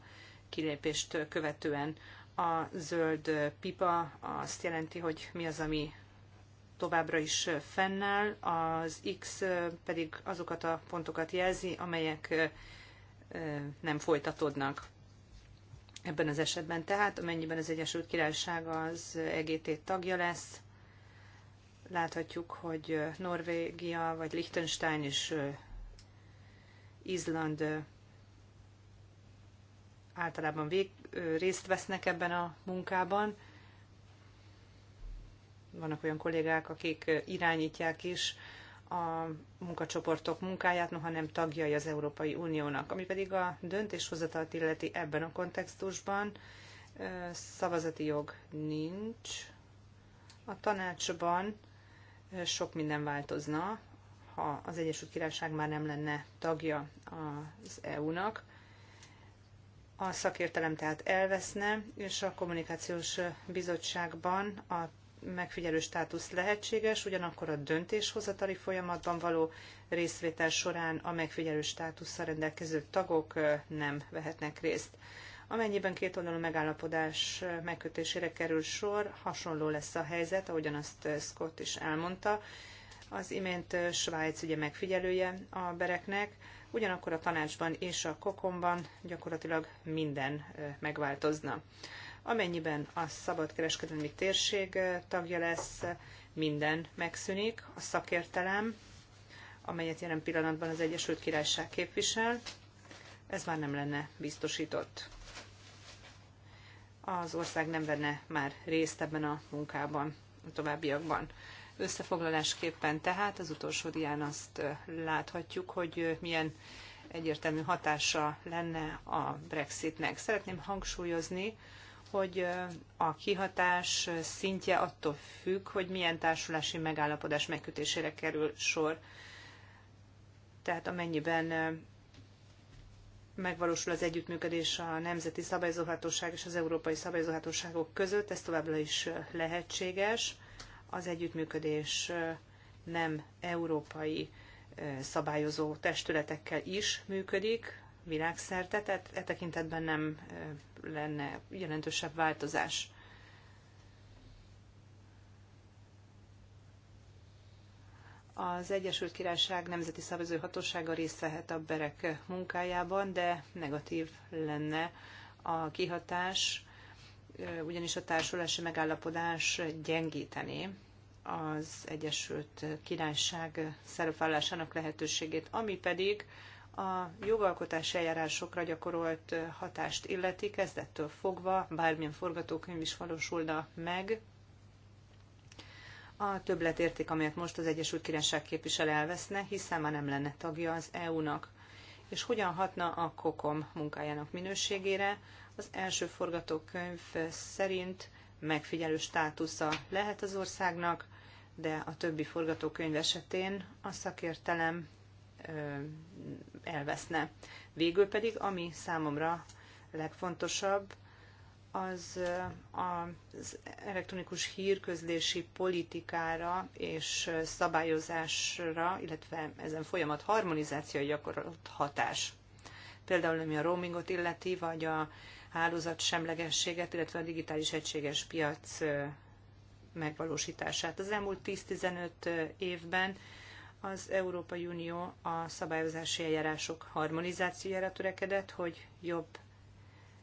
kilépést követően. A zöld pipa azt jelenti, hogy mi az, ami továbbra is fennáll, az X pedig azokat a pontokat jelzi, amelyek nem folytatódnak. Ebben az esetben tehát, amennyiben az Egyesült Királyság az EGT tagja lesz, láthatjuk, hogy Norvégia vagy Liechtenstein és Izland általában vég, részt vesznek ebben a munkában. Vannak olyan kollégák, akik irányítják is a munkacsoportok munkáját, noha nem tagjai az Európai Uniónak, ami pedig a döntéshozatalt illeti ebben a kontextusban szavazati jog nincs. A tanácsban sok minden változna, ha az Egyesült Királyság már nem lenne tagja az EU-nak. A szakértelem tehát elveszne, és a kommunikációs bizottságban a megfigyelő státusz lehetséges, ugyanakkor a döntéshozatali folyamatban való részvétel során a megfigyelő státusszal rendelkező tagok nem vehetnek részt. Amennyiben kétoldalú megállapodás megkötésére kerül sor, hasonló lesz a helyzet, ahogyan azt Scott is elmondta. Az imént Svájc ugye megfigyelője a bereknek, ugyanakkor a tanácsban és a kokonban gyakorlatilag minden megváltozna. Amennyiben a szabadkereskedelmi térség tagja lesz, minden megszűnik, a szakértelem, amelyet jelen pillanatban az Egyesült Királyság képvisel, ez már nem lenne biztosított. Az ország nem venne már részt ebben a munkában a továbbiakban. Összefoglalásképpen tehát az utolsó dián azt láthatjuk, hogy milyen egyértelmű hatása lenne a Brexitnek. Szeretném hangsúlyozni, hogy a kihatás szintje attól függ, hogy milyen társulási megállapodás megkötésére kerül sor. Tehát amennyiben megvalósul az együttműködés a Nemzeti Szabályozóhatóság és az Európai Szabályozóhatóságok között, ez továbbra is lehetséges. Az együttműködés nem európai szabályozó testületekkel is működik, világszerte, tehát e tekintetben nem lenne jelentősebb változás. Az Egyesült Királyság Nemzeti Szavazóhatósága részt vehet a berek munkájában, de negatív lenne a kihatás, ugyanis a társulási megállapodás gyengítené az Egyesült Királyság szerepvállásának lehetőségét, ami pedig a jogalkotási eljárásokra gyakorolt hatást illeti, kezdettől fogva bármilyen forgatókönyv is valósulna meg, a többletérték, amelyet most az Egyesült Királyság képvisel elveszne, hiszen már nem lenne tagja az EU-nak. És hogyan hatna a kokom munkájának minőségére? Az első forgatókönyv szerint megfigyelő státusza lehet az országnak, de a többi forgatókönyv esetén a szakértelem elveszne. Végül pedig, ami számomra legfontosabb, az az elektronikus hírközlési politikára és szabályozásra, illetve ezen folyamat harmonizáció gyakorolt hatás. Például ami a roamingot illeti, vagy a hálózat semlegességet, illetve a digitális egységes piac megvalósítását. Az elmúlt 10-15 évben az Európai Unió a szabályozási eljárások harmonizációjára törekedett, hogy jobb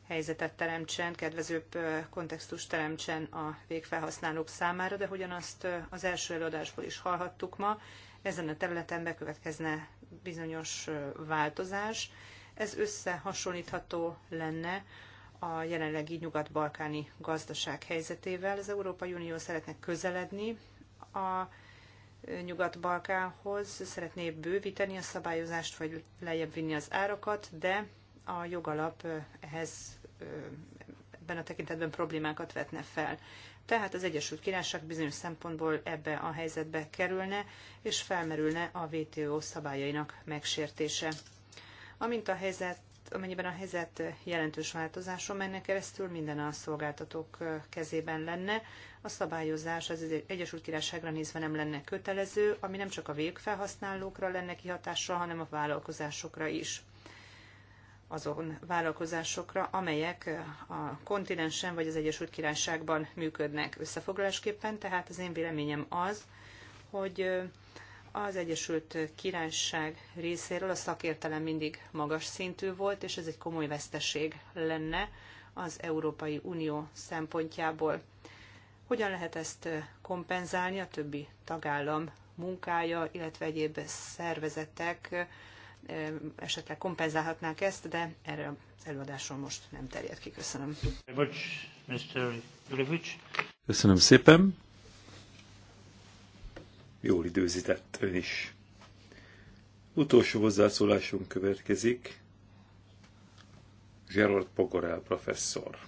helyzetet teremtsen, kedvezőbb kontextust teremtsen a végfelhasználók számára, de hogyan azt az első előadásból is hallhattuk ma, ezen a területen bekövetkezne bizonyos változás. Ez összehasonlítható lenne a jelenlegi nyugat-balkáni gazdaság helyzetével. Az Európai Unió szeretne közeledni a Nyugat-Balkánhoz, szeretné bővíteni a szabályozást, vagy lejjebb vinni az árakat, de a jogalap ehhez ebben a tekintetben problémákat vetne fel. Tehát az Egyesült Királyság bizonyos szempontból ebbe a helyzetbe kerülne, és felmerülne a WTO szabályainak megsértése. Amint a helyzet amennyiben a helyzet jelentős változáson menne keresztül, minden a szolgáltatók kezében lenne. A szabályozás az Egyesült Királyságra nézve nem lenne kötelező, ami nem csak a végfelhasználókra lenne kihatással, hanem a vállalkozásokra is azon vállalkozásokra, amelyek a kontinensen vagy az Egyesült Királyságban működnek összefoglalásképpen. Tehát az én véleményem az, hogy az Egyesült Királyság részéről a szakértelem mindig magas szintű volt, és ez egy komoly veszteség lenne az Európai Unió szempontjából. Hogyan lehet ezt kompenzálni a többi tagállam munkája, illetve egyéb szervezetek eh, esetleg kompenzálhatnák ezt, de erre az előadásról most nem terjed ki. Köszönöm. Köszönöm szépen. Jól időzített ön is. Utolsó hozzászólásunk következik. Gerard Pogorel professzor,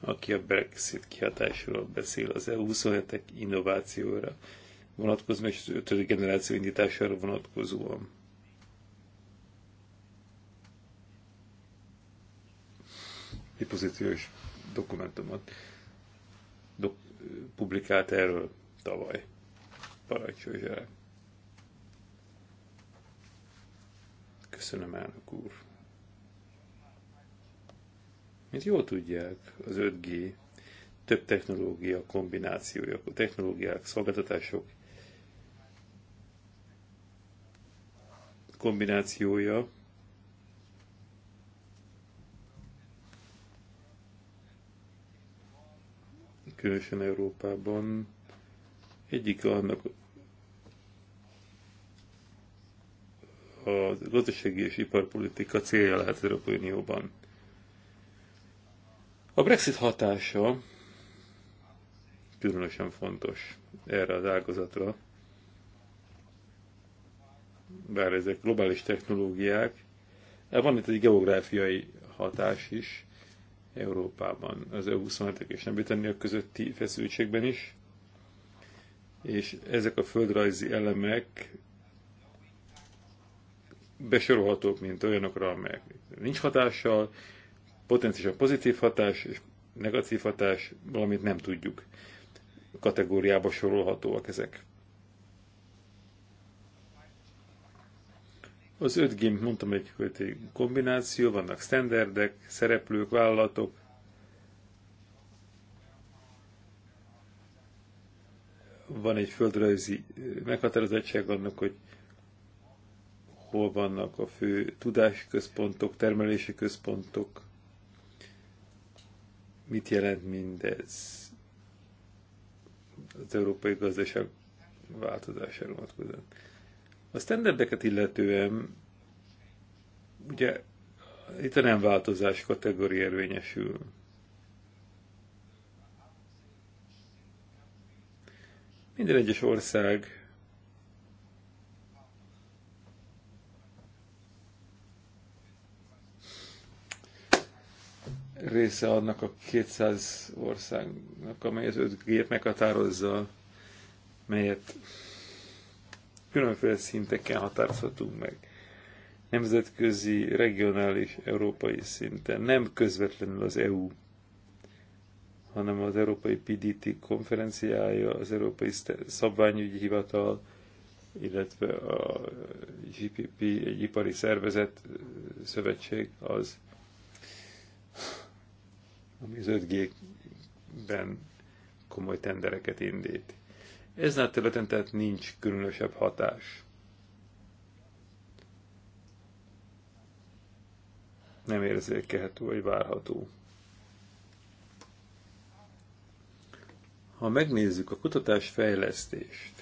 aki a Brexit kihatásról beszél az EU27-ek innovációra vonatkozóan és az ötödik generáció indítására vonatkozóan. Egy pozíciós dokumentumot Do- publikált erről tavaly parancsolja Köszönöm, elnök úr. Mint jól tudják, az 5G több technológia kombinációja, a technológiák, szolgáltatások kombinációja, különösen Európában egyik annak a gazdasági és iparpolitika célja lehet az Európai Unióban. A Brexit hatása különösen fontos erre az ágazatra, bár ezek globális technológiák, van itt egy geográfiai hatás is Európában, az EU27 és nem közötti feszültségben is, és ezek a földrajzi elemek besorolhatók, mint olyanokra, amelyek nincs hatással, potenciálisan pozitív hatás és negatív hatás, valamit nem tudjuk. Kategóriába sorolhatóak ezek. Az 5G, mondtam, egy kombináció, vannak standardek, szereplők, vállalatok, van egy földrajzi meghatározottság annak, hogy hol vannak a fő központok, termelési központok, mit jelent mindez az európai gazdaság változására vonatkozóan. A standardeket illetően ugye itt a nem változás kategória érvényesül. Minden egyes ország része annak a 200 országnak, amely az 5 g meghatározza, melyet különféle szinteken határozhatunk meg. Nemzetközi, regionális, európai szinten. Nem közvetlenül az EU, hanem az Európai PDT konferenciája, az Európai Szabványügyi Hivatal, illetve a GPP, egy ipari szervezet, szövetség, az ami az 5G-ben komoly tendereket indít. Ezen a területen tehát nincs különösebb hatás. Nem érzékelhető vagy várható. Ha megnézzük a kutatás fejlesztést,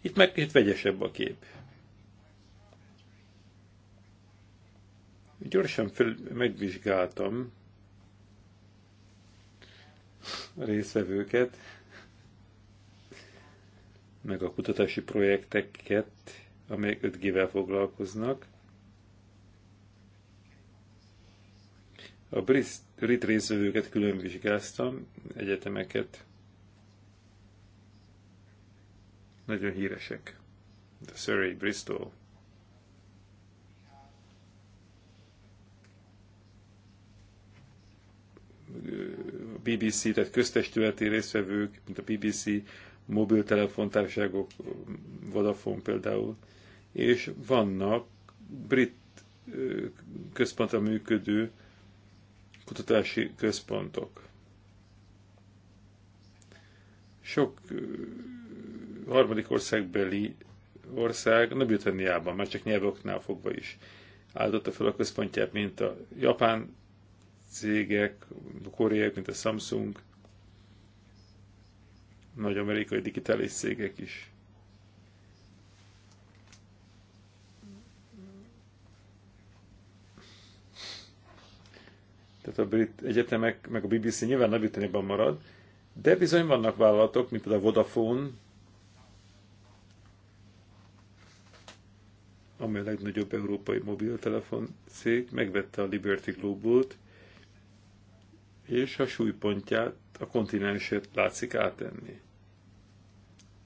itt meg itt vegyesebb a kép. Gyorsan fel, megvizsgáltam részvevőket, meg a kutatási projekteket, amelyek 5G-vel foglalkoznak. A brit részvevőket külön vizsgáztam, egyetemeket. Nagyon híresek. The Surrey, Bristol, BBC, tehát köztestületi résztvevők, mint a BBC, mobiltelefontárságok, Vodafone például, és vannak brit központra működő kutatási központok. Sok harmadik országbeli ország, nem britanniában már csak nyelvoknál fogva is áldotta fel a központját, mint a Japán, cégek, a koreaiak, mint a Samsung, nagy amerikai digitális cégek is. Tehát a brit egyetemek, meg a BBC nyilván Nagy-Britanniában marad, de bizony vannak vállalatok, mint például a Vodafone, ami a legnagyobb európai mobiltelefon cég, megvette a Liberty Global-t, és a súlypontját a kontinensért látszik átenni.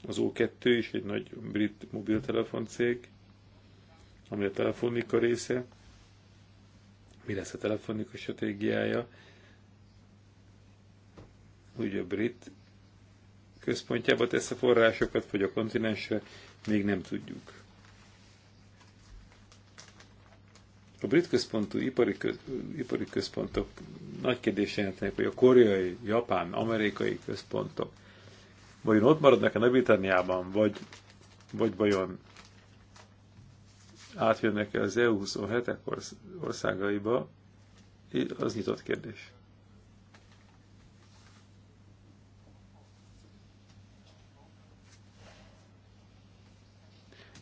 Az O2 is egy nagy brit cég, ami a telefonika része. Mi lesz a telefonika stratégiája? Úgy a brit központjába tesz a forrásokat, vagy a kontinensre, még nem tudjuk. A brit központú ipari, köz, ipari központok nagy kérdés jelentenek, hogy a koreai, japán, amerikai központok vajon ott maradnak-e Nagy-Britanniában, vagy, vagy vajon átjönnek -e az EU-27 orsz országaiba, az nyitott kérdés.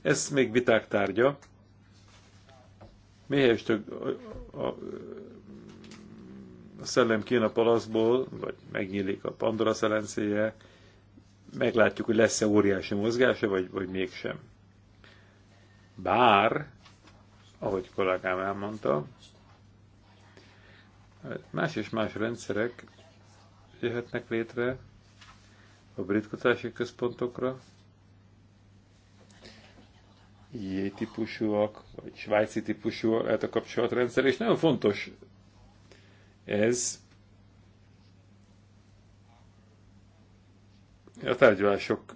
Ez még viták tárgya. Méhest a, a, a szellem kín a palaszból, vagy megnyílik a Pandora szelencéje, meglátjuk, hogy lesz-e óriási mozgása, vagy, vagy mégsem. Bár, ahogy kollégám elmondta, más és más rendszerek jöhetnek létre a brit központokra, ilyen típusúak vagy svájci típusú lehet a kapcsolatrendszer, és nagyon fontos ez a tárgyalások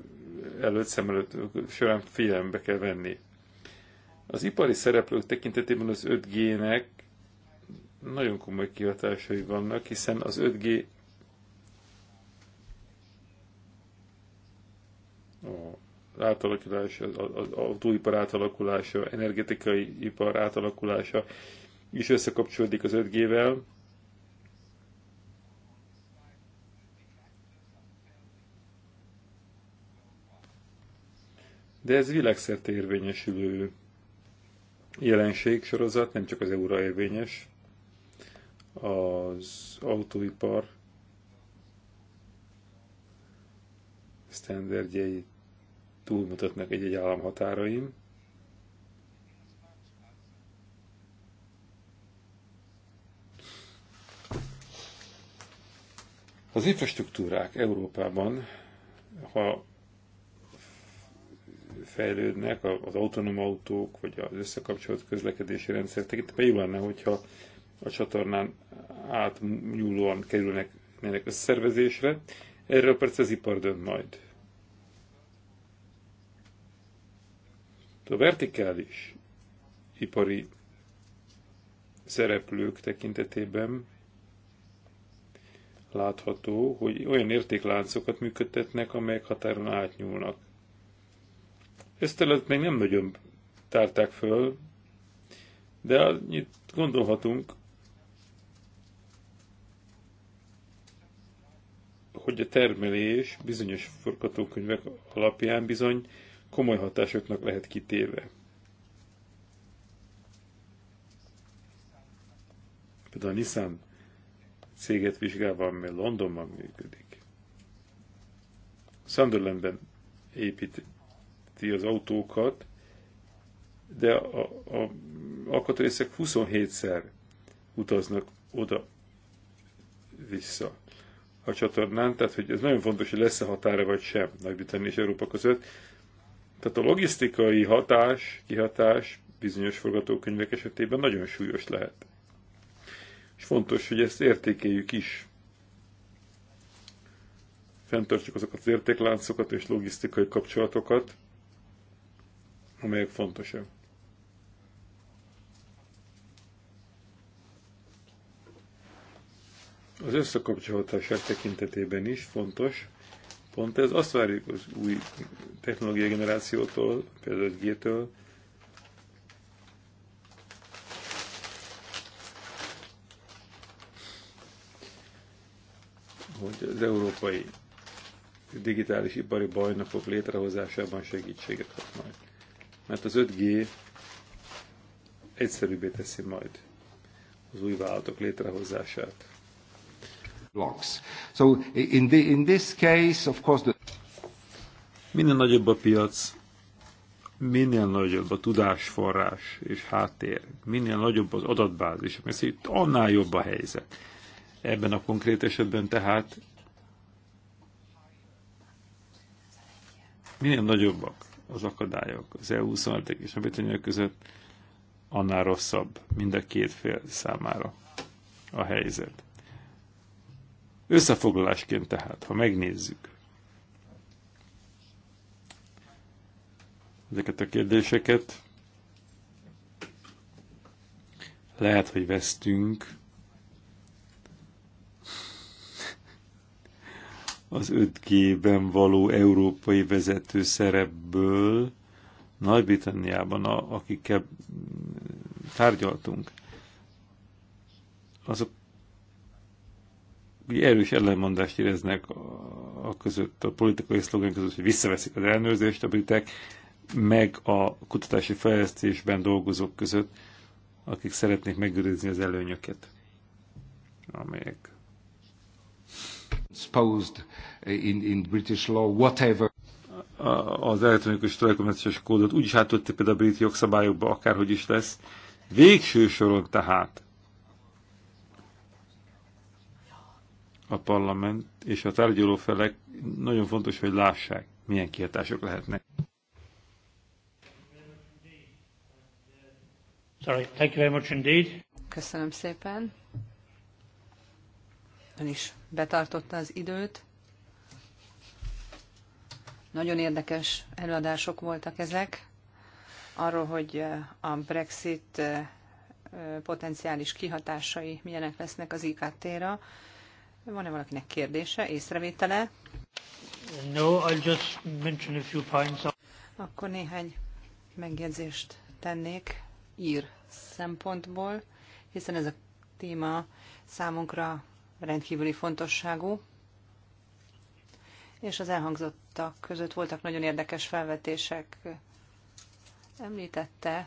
előtt, szem előtt során figyelembe kell venni. Az ipari szereplők tekintetében az 5G-nek nagyon komoly kihatásai vannak, hiszen az 5G a átalakulás, az autóipar átalakulása, energetikai ipar átalakulása is összekapcsolódik az 5G-vel. De ez világszerte érvényesülő jelenség, sorozat, nem csak az euró érvényes. Az autóipar standardjeit túlmutatnak egy-egy állam határaim. Az infrastruktúrák Európában, ha fejlődnek, az autonóm autók, vagy az összekapcsolt közlekedési rendszer tekintetben jó lenne, hogyha a csatornán átnyúlóan kerülnek ennek szervezésre. Erről persze az ipar dönt majd. A vertikális ipari szereplők tekintetében látható, hogy olyan értékláncokat működtetnek, amelyek határon átnyúlnak. Ezt előtt még nem nagyon tárták föl, de annyit gondolhatunk, hogy a termelés bizonyos forgatókönyvek alapján bizony komoly hatásoknak lehet kitéve. Például a Nissan céget vizsgálva, amely Londonban működik. Sunderlandben építi az autókat, de a, a alkatrészek 27-szer utaznak oda-vissza a csatornán, tehát hogy ez nagyon fontos, hogy lesz-e határa vagy sem nagy és Európa között, tehát a logisztikai hatás, kihatás bizonyos forgatókönyvek esetében nagyon súlyos lehet. És fontos, hogy ezt értékeljük is. Fentartsuk azokat az értékláncokat és logisztikai kapcsolatokat, amelyek fontosak. Az összekapcsolódások tekintetében is fontos, Pont ez azt várjuk az új technológiai generációtól, például 5G-től, hogy az európai digitális ipari bajnokok létrehozásában segítséget kap majd. Mert az 5G egyszerűbbé teszi majd az új vállalatok létrehozását blocks. So in, the, in this case, of course, the Minél nagyobb a piac, minél nagyobb a tudásforrás és háttér, minél nagyobb az adatbázis, mert itt annál jobb a helyzet. Ebben a konkrét esetben tehát minél nagyobbak az akadályok az EU25 és a Britannia között, annál rosszabb mind a két fél számára a helyzet. Összefoglalásként tehát, ha megnézzük ezeket a kérdéseket, lehet, hogy vesztünk az 5G-ben való európai vezető szerepből, Nagy-Britanniában, akikkel tárgyaltunk, azok ugye erős ellenmondást éreznek a, a között, a politikai szlogen között, hogy visszaveszik az elnőrzést a britek, meg a kutatási fejlesztésben dolgozók között, akik szeretnék megőrizni az előnyöket, amelyek exposed in, in British law, whatever. Az elektronikus telekommunikációs kódot úgy is átvették például a brit jogszabályokba, akárhogy is lesz. Végső soron tehát a parlament és a tárgyaló felek nagyon fontos, hogy lássák, milyen kihatások lehetnek. Sorry, thank you very much indeed. Köszönöm szépen. Ön is betartotta az időt. Nagyon érdekes előadások voltak ezek arról, hogy eh, a Brexit eh, eh, potenciális kihatásai milyenek lesznek az IKT-ra, van-e valakinek kérdése, észrevétele? No, I'll just mention a few points. Akkor néhány megjegyzést tennék ír szempontból, hiszen ez a téma számunkra rendkívüli fontosságú, és az elhangzottak között voltak nagyon érdekes felvetések. Említette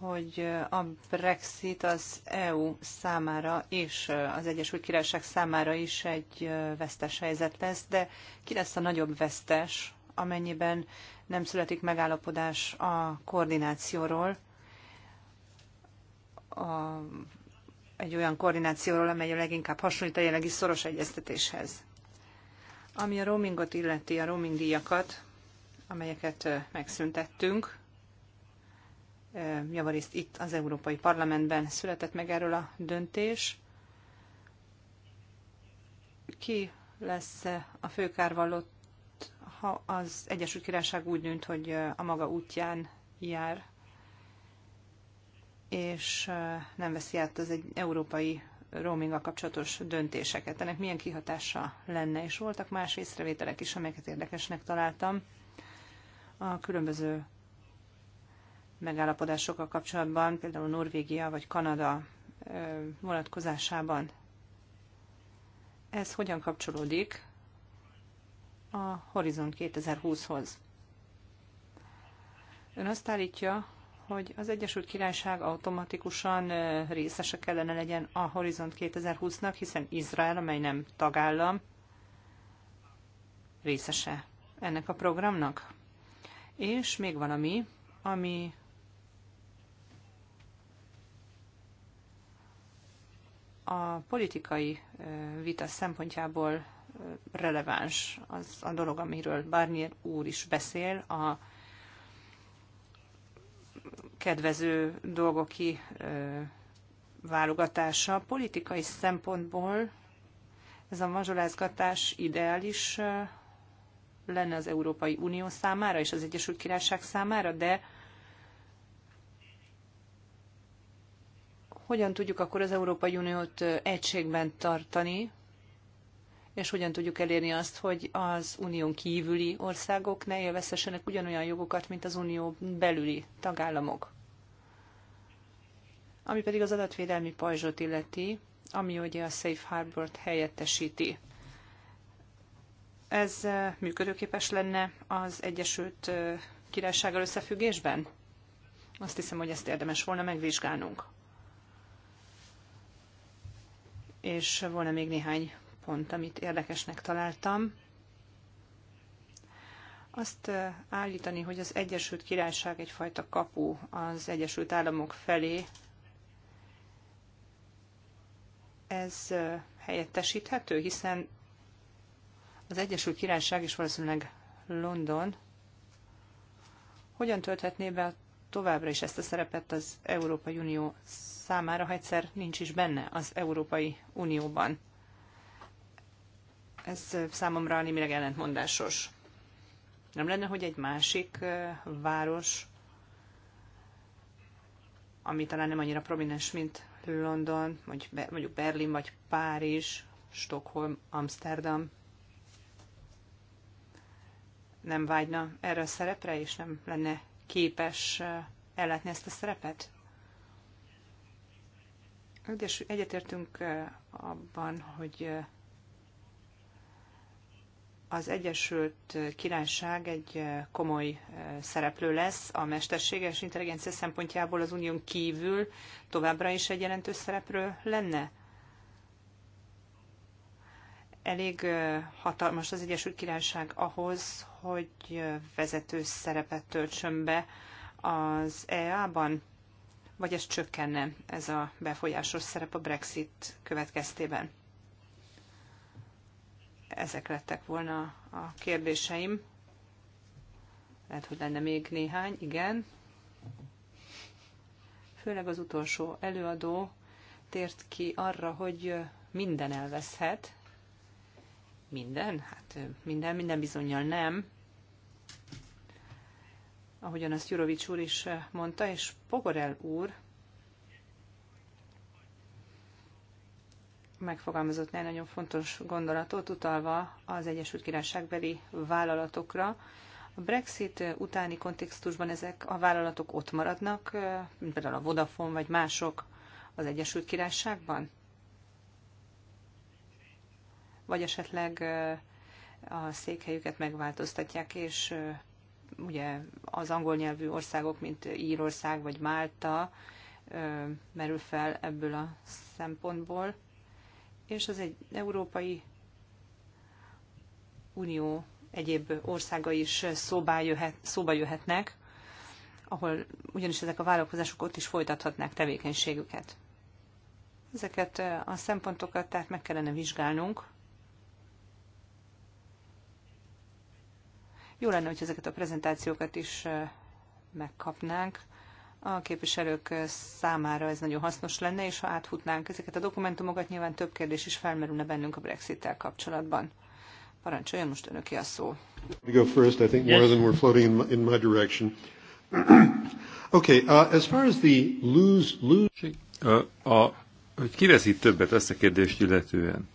hogy a Brexit az EU számára és az Egyesült Királyság számára is egy vesztes helyzet lesz, de ki lesz a nagyobb vesztes, amennyiben nem születik megállapodás a koordinációról, a, egy olyan koordinációról, amely a leginkább hasonlít a jelenlegi szoros egyeztetéshez. Ami a roamingot illeti, a roaming díjakat, amelyeket megszüntettünk, javarészt itt az Európai Parlamentben született meg erről a döntés. Ki lesz a főkárvallott, ha az Egyesült Királyság úgy dönt, hogy a maga útján jár, és nem veszi át az egy európai roaming kapcsolatos döntéseket. Ennek milyen kihatása lenne, és voltak más észrevételek is, amelyeket érdekesnek találtam a különböző megállapodásokkal kapcsolatban, például Norvégia vagy Kanada vonatkozásában. Ez hogyan kapcsolódik a Horizon 2020-hoz? Ön azt állítja, hogy az Egyesült Királyság automatikusan részese kellene legyen a Horizont 2020-nak, hiszen Izrael, amely nem tagállam, részese ennek a programnak. És még valami, ami a politikai vita szempontjából releváns az a dolog, amiről Barnier úr is beszél, a kedvező dolgok ki válogatása. Politikai szempontból ez a mazsolázgatás ideális lenne az Európai Unió számára és az Egyesült Királyság számára, de hogyan tudjuk akkor az Európai Uniót egységben tartani, és hogyan tudjuk elérni azt, hogy az unión kívüli országok ne élvezhessenek ugyanolyan jogokat, mint az unió belüli tagállamok. Ami pedig az adatvédelmi pajzsot illeti, ami ugye a Safe Harbor-t helyettesíti. Ez működőképes lenne az Egyesült Királysággal összefüggésben? Azt hiszem, hogy ezt érdemes volna megvizsgálnunk és volna még néhány pont, amit érdekesnek találtam. Azt állítani, hogy az Egyesült Királyság egyfajta kapu az Egyesült Államok felé, ez helyettesíthető, hiszen az Egyesült Királyság is valószínűleg London hogyan tölthetné be a továbbra is ezt a szerepet az Európai Unió számára, ha egyszer nincs is benne az Európai Unióban. Ez számomra némileg ellentmondásos. Nem lenne, hogy egy másik város, ami talán nem annyira prominens, mint London, vagy mondjuk Berlin, vagy Párizs, Stockholm, Amsterdam, nem vágyna erre a szerepre, és nem lenne képes ellátni ezt a szerepet? Egyes, egyetértünk abban, hogy az Egyesült Királyság egy komoly szereplő lesz a mesterséges intelligencia szempontjából az unión kívül továbbra is egy jelentős szereplő lenne? elég hatalmas az Egyesült Királyság ahhoz, hogy vezető szerepet töltsön be az EA-ban, vagy ez csökkenne ez a befolyásos szerep a Brexit következtében? Ezek lettek volna a kérdéseim. Lehet, hogy lenne még néhány, igen. Főleg az utolsó előadó tért ki arra, hogy minden elveszhet, minden? Hát minden, minden bizonyal nem. Ahogyan azt Jurovics úr is mondta, és Pogorel úr megfogalmazott néhány nagyon fontos gondolatot, utalva az Egyesült Királyságbeli vállalatokra. A Brexit utáni kontextusban ezek a vállalatok ott maradnak, mint például a Vodafone vagy mások az Egyesült Királyságban? vagy esetleg a székhelyüket megváltoztatják, és ugye az angol nyelvű országok, mint Írország vagy Málta merül fel ebből a szempontból, és az egy európai unió egyéb országa is szóba, jöhet, szóba jöhetnek, ahol ugyanis ezek a vállalkozások ott is folytathatnák tevékenységüket. Ezeket a szempontokat tehát meg kellene vizsgálnunk, Jó lenne, hogy ezeket a prezentációkat is megkapnánk. A képviselők számára ez nagyon hasznos lenne, és ha áthutnánk ezeket a dokumentumokat, nyilván több kérdés is felmerülne bennünk a Brexit-tel kapcsolatban. Parancsoljon most önöki a szó. Go first, I think more than we're floating in my direction. okay, uh, as far as the lose, lose... a, hogy kiveszít többet, ezt a kérdést illetően.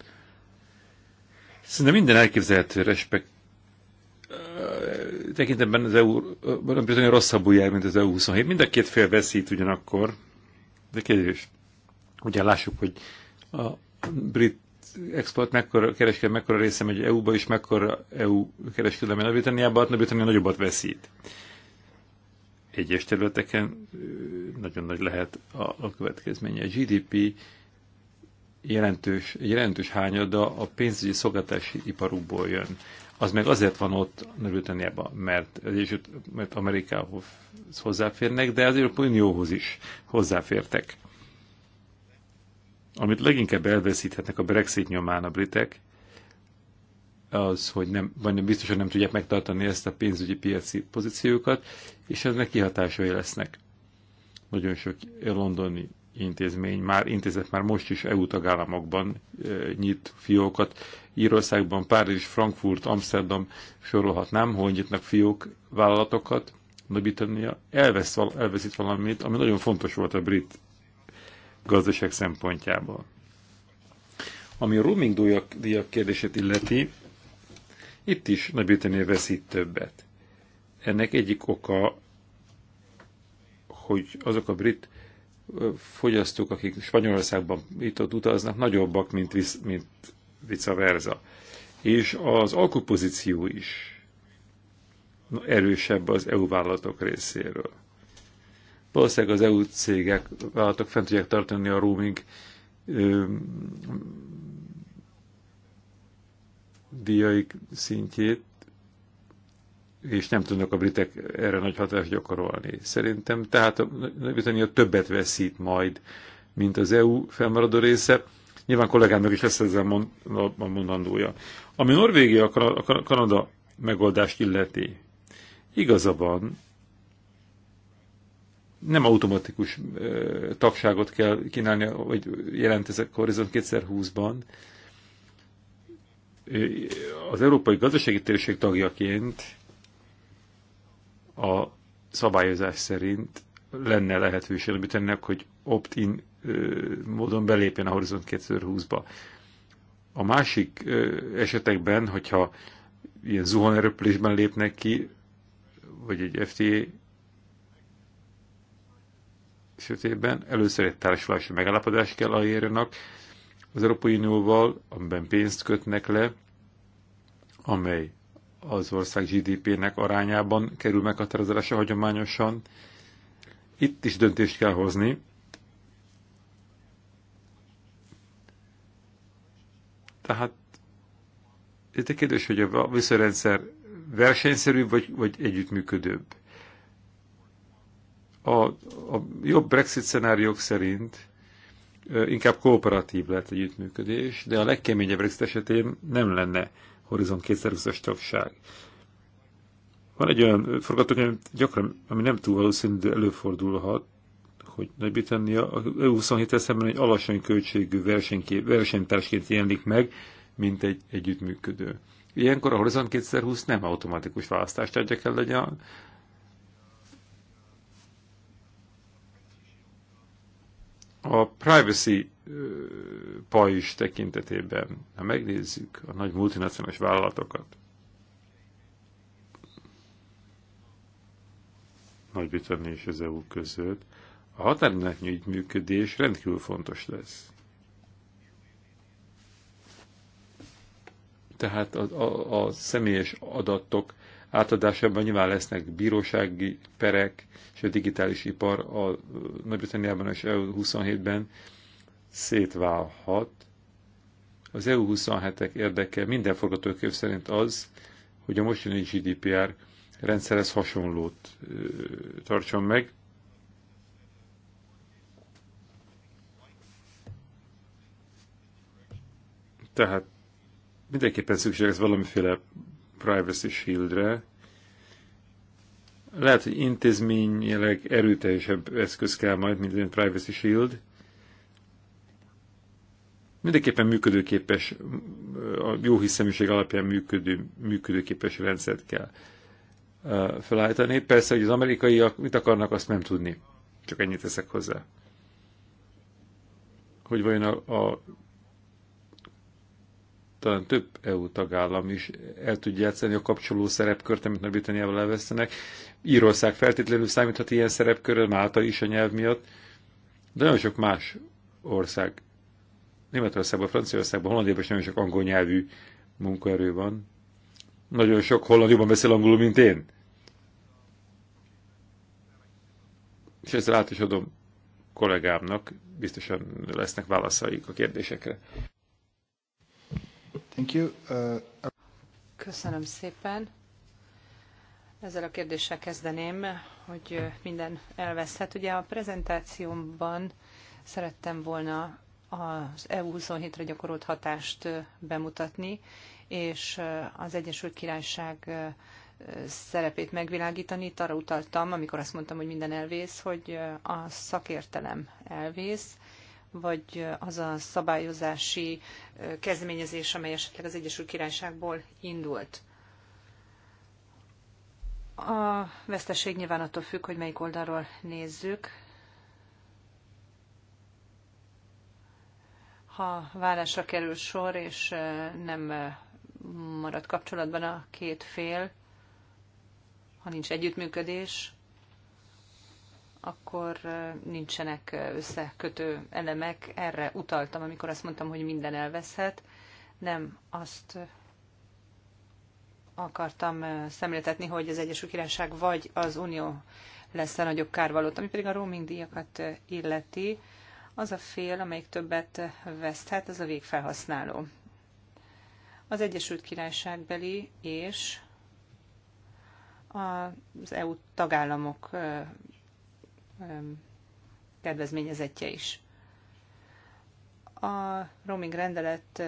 Szerintem minden elképzelhető respekt tekintetben az EU bizony rosszabbul jár, mint az EU27. Mind a két fél veszít ugyanakkor, de kérdés. Ugye lássuk, hogy a brit export mekkora, kereskedelem mekkora része megy EU-ba, és mekkora EU kereskedelem Nagy-Britanniába, hát Nagy-Britannia nagyobbat veszít. Egyes területeken nagyon nagy lehet a, a következménye. A GDP jelentős, jelentős hányada a pénzügyi szolgáltási iparukból jön az meg azért van ott Nagy-Britanniában, mert, mert Amerikához hozzáférnek, de az Európai Unióhoz is hozzáfértek. Amit leginkább elveszíthetnek a Brexit nyomán a britek, az, hogy nem, vagy nem biztosan nem tudják megtartani ezt a pénzügyi piaci pozíciókat, és eznek kihatásai lesznek. Nagyon sok londoni intézmény már intézett már most is EU tagállamokban e, nyit fiókat. Írországban, Párizs, Frankfurt, Amsterdam sorolhatnám, hogy nyitnak fiók vállalatokat. Nagy-Britannia elvesz, elveszít valamit, ami nagyon fontos volt a brit gazdaság szempontjából. Ami a roaming díjak, díjak kérdését illeti, itt is Nagy-Britannia veszít többet. Ennek egyik oka, hogy azok a brit fogyasztók, akik Spanyolországban itt ott utaznak, nagyobbak, mint, visz, mint vice versa. És az alkupozíció is erősebb az EU vállalatok részéről. Valószínűleg az EU cégek, vállalatok fent tudják tartani a roaming ö, díjaik szintjét, és nem tudnak a britek erre nagy hatást gyakorolni. Szerintem tehát a Nagy-Britannia többet veszít majd, mint az EU felmaradó része. Nyilván kollégámnak is lesz ezzel a mondandója. Ami Norvégia, a Kanada megoldást illeti, igaza van, nem automatikus ö, tagságot kell kínálni, hogy jelent ez a Horizon 2020-ban. Az Európai Gazdasági Térség tagjaként a szabályozás szerint lenne lehetőség ennek, hogy opt-in módon belépjen a Horizont 2020-ba. A másik esetekben, hogyha ilyen zuhanerőpülésben lépnek ki, vagy egy FTA esetében először egy társulási megállapodás kell aláírjanak az Európai Unióval, amiben pénzt kötnek le, amely az ország GDP-nek arányában kerül meghatározása hagyományosan. Itt is döntést kell hozni. Tehát itt a kérdés, hogy a viszonyrendszer versenyszerűbb vagy, vagy együttműködőbb. A, a jobb Brexit szenáriók szerint inkább kooperatív lehet együttműködés, de a legkeményebb Brexit esetén nem lenne Horizont 2020-as tagság. Van egy olyan forgatókönyv, gyakran, ami nem túl valószínű, de előfordulhat, hogy Nagy-Britannia a 27 e szemben egy alacsony költségű versenytársként jelenik meg, mint egy együttműködő. Ilyenkor a Horizont 2020 nem automatikus választást adja kell legyen, a privacy pajzs tekintetében, ha megnézzük a nagy multinacionális vállalatokat, Nagy-Britannia és az EU között, a határnak működés rendkívül fontos lesz. Tehát a, a, a személyes adatok átadásában nyilván lesznek bírósági perek, és a digitális ipar a Nagy-Britanniában és EU27-ben szétválhat. Az EU27-ek érdeke minden forgatókönyv szerint az, hogy a mostani GDPR rendszerhez hasonlót tartson meg. Tehát mindenképpen szükséges valamiféle Privacy Shieldre. Lehet, hogy intézményileg erőteljesebb eszköz kell majd, mint egy Privacy Shield. Mindenképpen működőképes, a jó hiszeműség alapján működő, működőképes rendszert kell felállítani. Persze, hogy az amerikaiak mit akarnak, azt nem tudni. Csak ennyit teszek hozzá. Hogy vajon a, a talán több EU tagállam is el tudja játszani a kapcsoló szerepkört, amit Nagy-Britanniával elvesztenek. Írország feltétlenül számíthat ilyen szerepkörre, Málta is a nyelv miatt, de nagyon sok más ország, Németországban, Franciaországban, Hollandiában is nagyon sok angol nyelvű munkaerő van. Nagyon sok holland jobban beszél angolul, mint én. És ezzel át is adom kollégámnak, biztosan lesznek válaszaik a kérdésekre. Uh, Köszönöm szépen. Ezzel a kérdéssel kezdeném, hogy minden elveszhet. Ugye a prezentációmban szerettem volna az EU27-re gyakorolt hatást bemutatni, és az Egyesült Királyság szerepét megvilágítani. Itt arra utaltam, amikor azt mondtam, hogy minden elvész, hogy a szakértelem elvész, vagy az a szabályozási kezdeményezés, amely esetleg az Egyesült Királyságból indult. A veszteség nyilván attól függ, hogy melyik oldalról nézzük. Ha válásra kerül sor, és nem marad kapcsolatban a két fél, ha nincs együttműködés, akkor nincsenek összekötő elemek. Erre utaltam, amikor azt mondtam, hogy minden elveszhet. Nem azt akartam szemléltetni, hogy az Egyesült Királyság vagy az Unió lesz a nagyobb kárvalót. Ami pedig a roaming díjakat illeti, az a fél, amelyik többet veszthet, az a végfelhasználó. Az Egyesült Királyságbeli és az EU tagállamok kedvezményezettje is. A roaming rendelet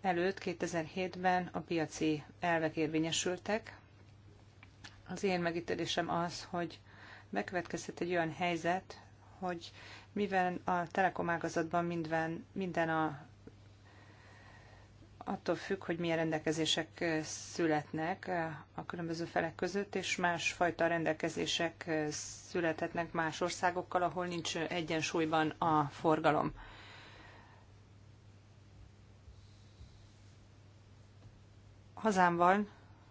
előtt 2007-ben a piaci elvek érvényesültek. Az én megítélésem az, hogy bekövetkezhet egy olyan helyzet, hogy mivel a telekomágazatban minden, minden a attól függ, hogy milyen rendelkezések születnek a különböző felek között, és másfajta rendelkezések születhetnek más országokkal, ahol nincs egyensúlyban a forgalom. Hazámban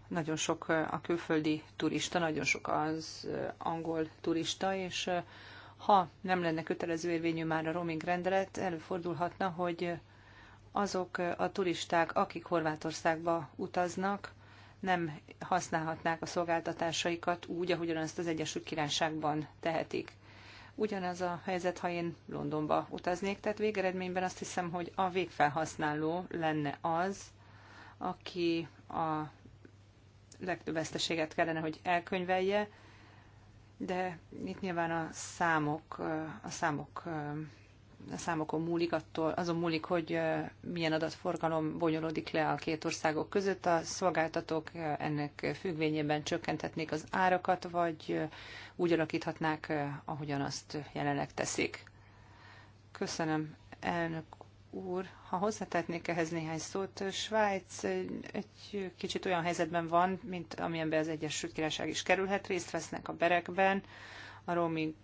nagyon sok a külföldi turista, nagyon sok az angol turista, és ha nem lenne kötelező érvényű már a roaming rendelet, előfordulhatna, hogy azok a turisták, akik Horvátországba utaznak, nem használhatnák a szolgáltatásaikat úgy, ahogyan ezt az Egyesült Királyságban tehetik. Ugyanaz a helyzet, ha én Londonba utaznék, tehát végeredményben azt hiszem, hogy a végfelhasználó lenne az, aki a legtöbb veszteséget kellene, hogy elkönyvelje, de itt nyilván a számok, a számok a számokon múlik, attól, azon múlik, hogy milyen adatforgalom bonyolódik le a két országok között. A szolgáltatók ennek függvényében csökkenthetnék az árakat, vagy úgy alakíthatnák, ahogyan azt jelenleg teszik. Köszönöm, elnök úr. Ha hozzátetnék ehhez néhány szót, Svájc egy kicsit olyan helyzetben van, mint amilyenben az Egyesült Királyság is kerülhet, részt vesznek a berekben, a roaming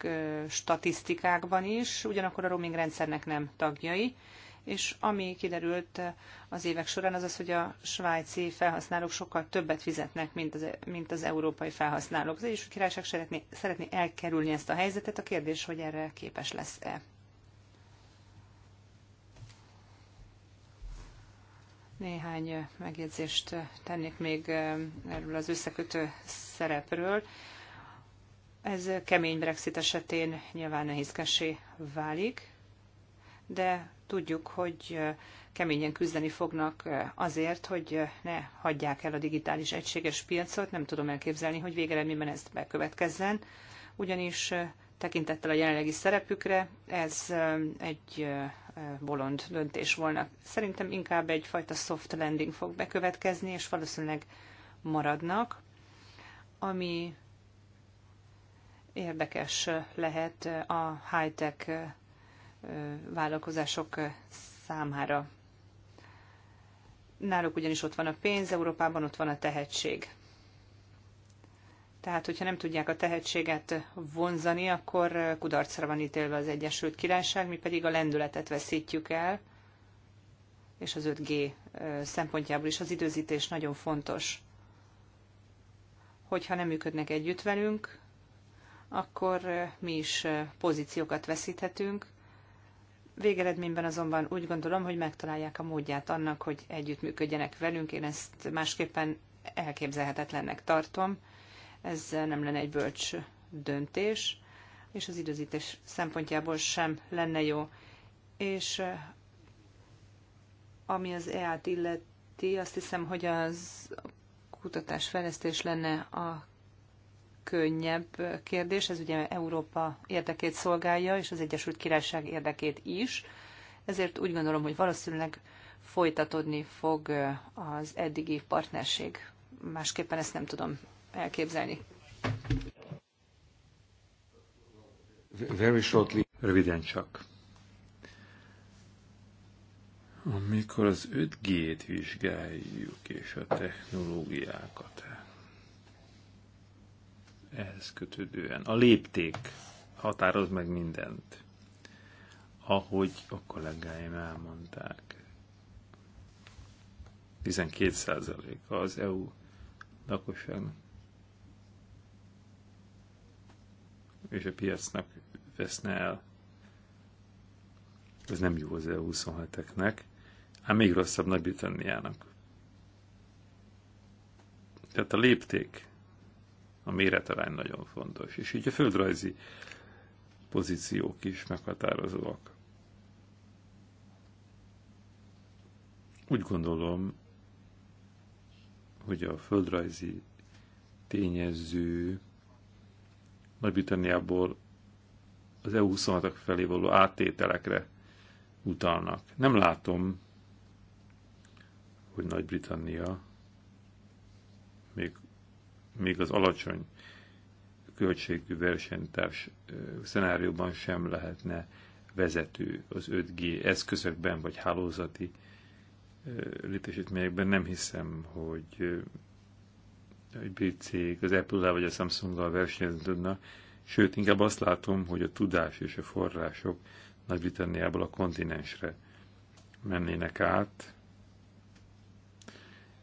statisztikákban is, ugyanakkor a roaming rendszernek nem tagjai, és ami kiderült az évek során, az az, hogy a svájci felhasználók sokkal többet fizetnek, mint az, e, mint az európai felhasználók. Az Egyesült Királyság szeretné, szeretné elkerülni ezt a helyzetet, a kérdés, hogy erre képes lesz-e. Néhány megjegyzést tennék még erről az összekötő szerepről. Ez kemény Brexit esetén nyilván nehézkesé válik, de tudjuk, hogy keményen küzdeni fognak azért, hogy ne hagyják el a digitális egységes piacot. Nem tudom elképzelni, hogy végeredményben ezt bekövetkezzen, ugyanis tekintettel a jelenlegi szerepükre ez egy bolond döntés volna. Szerintem inkább egyfajta soft landing fog bekövetkezni, és valószínűleg maradnak, ami érdekes lehet a high-tech vállalkozások számára. Náluk ugyanis ott van a pénz, Európában ott van a tehetség. Tehát, hogyha nem tudják a tehetséget vonzani, akkor kudarcra van ítélve az Egyesült Királyság, mi pedig a lendületet veszítjük el, és az 5G szempontjából is az időzítés nagyon fontos. Hogyha nem működnek együtt velünk, akkor mi is pozíciókat veszíthetünk. Végeredményben azonban úgy gondolom, hogy megtalálják a módját annak, hogy együttműködjenek velünk. Én ezt másképpen elképzelhetetlennek tartom. Ez nem lenne egy bölcs döntés, és az időzítés szempontjából sem lenne jó. És ami az EA-t illeti, azt hiszem, hogy az kutatásfejlesztés lenne a könnyebb kérdés, ez ugye Európa érdekét szolgálja, és az Egyesült Királyság érdekét is, ezért úgy gondolom, hogy valószínűleg folytatódni fog az eddigi partnerség. Másképpen ezt nem tudom elképzelni. Very shortly. Röviden csak. Amikor az 5G-t vizsgáljuk és a technológiákat, ehhez kötődően. A lépték határoz meg mindent, ahogy a kollégáim elmondták. 12% az EU lakosságnak és a piacnak veszne el. Ez nem jó az EU27-eknek, hát még rosszabb Nagy-Britanniának. Tehát a lépték a méretarány nagyon fontos, és így a földrajzi pozíciók is meghatározóak. Úgy gondolom, hogy a földrajzi tényező Nagy-Britanniából az EU-26-ak felé való áttételekre utalnak. Nem látom, hogy Nagy-Britannia még az alacsony költségű versenytárs szenárióban sem lehetne vezető az 5G eszközökben vagy hálózati létesítményekben. Nem hiszem, hogy egy brit cég az Apple-lel vagy a Samsung-gal versenyezni tudna, sőt, inkább azt látom, hogy a tudás és a források Nagy-Britanniából a kontinensre mennének át,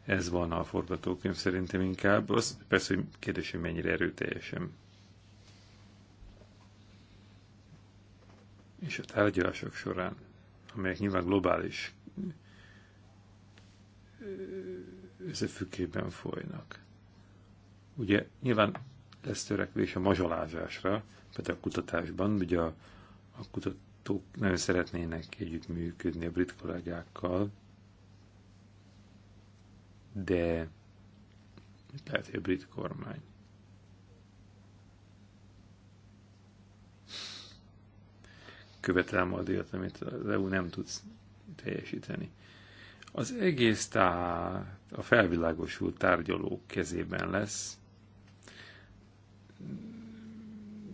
ez van a forgatókönyv szerintem inkább. Az persze, hogy kérdés, hogy mennyire erőteljesen. És a tárgyalások során, amelyek nyilván globális összefüggében folynak. Ugye nyilván lesz törekvés a mazsolázásra, például a kutatásban, ugye a, a kutatók nagyon szeretnének együttműködni a brit kollégákkal, de lehet, hogy a brit kormány. követel madélt, amit az EU nem tudsz teljesíteni. Az egész tehát a felvilágosult tárgyalók kezében lesz.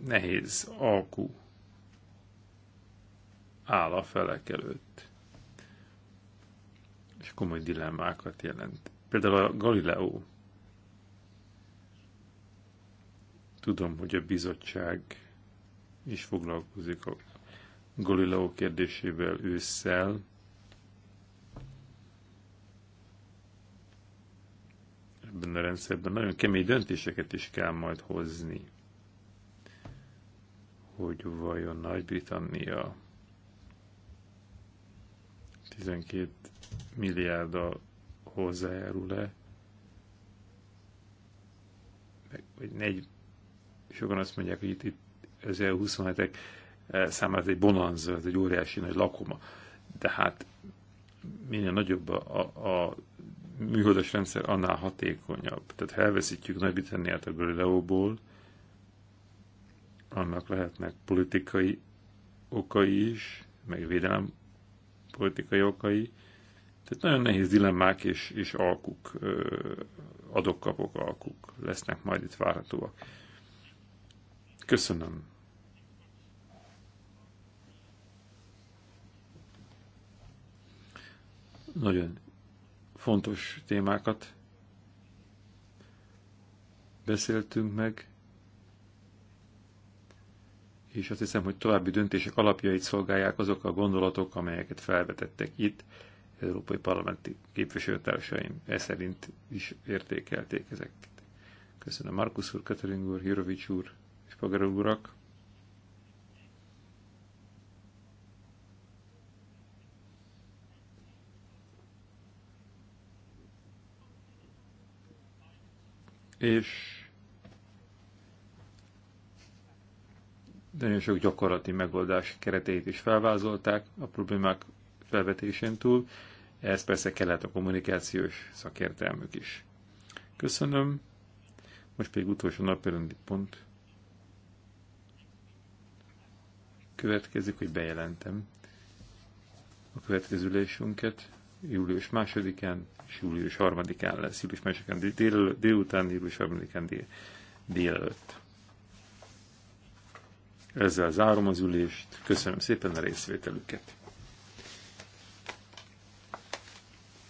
Nehéz alkú áll a felek előtt. És komoly dilemmákat jelent Például a Galileo. Tudom, hogy a bizottság is foglalkozik a Galileo kérdésével ősszel. Ebben a rendszerben nagyon kemény döntéseket is kell majd hozni, hogy vajon Nagy-Britannia 12 milliárddal hozzájárul-e, vagy negy, sokan azt mondják, hogy itt, itt az EU27-ek e, számára ez egy bonanza, ez egy óriási nagy lakoma. De hát minél nagyobb a, a, a műholdas rendszer, annál hatékonyabb. Tehát ha elveszítjük Nagy-Britanniát a Galileóból, annak lehetnek politikai okai is, meg védelem politikai okai, tehát nagyon nehéz dilemmák és, és alkuk, adokkapok alkuk lesznek majd itt várhatóak. Köszönöm. Nagyon fontos témákat beszéltünk meg, és azt hiszem, hogy további döntések alapjait szolgálják azok a gondolatok, amelyeket felvetettek itt európai parlamenti képviselőtársaim e szerint is értékelték ezeket. Köszönöm Markus úr, Katalin úr, Hirovics úr és Pagar urak. És nagyon sok gyakorlati megoldás kereteit is felvázolták, a problémák felvetésén túl, ez persze kellett a kommunikációs szakértelmük is. Köszönöm. Most pedig utolsó napirendi pont. Következik, hogy bejelentem a következő ülésünket. Július másodikán és július harmadikán lesz. Július másodikán dél, dél, délután, július harmadikán dél, délelőtt. Ezzel zárom az ülést. Köszönöm szépen a részvételüket.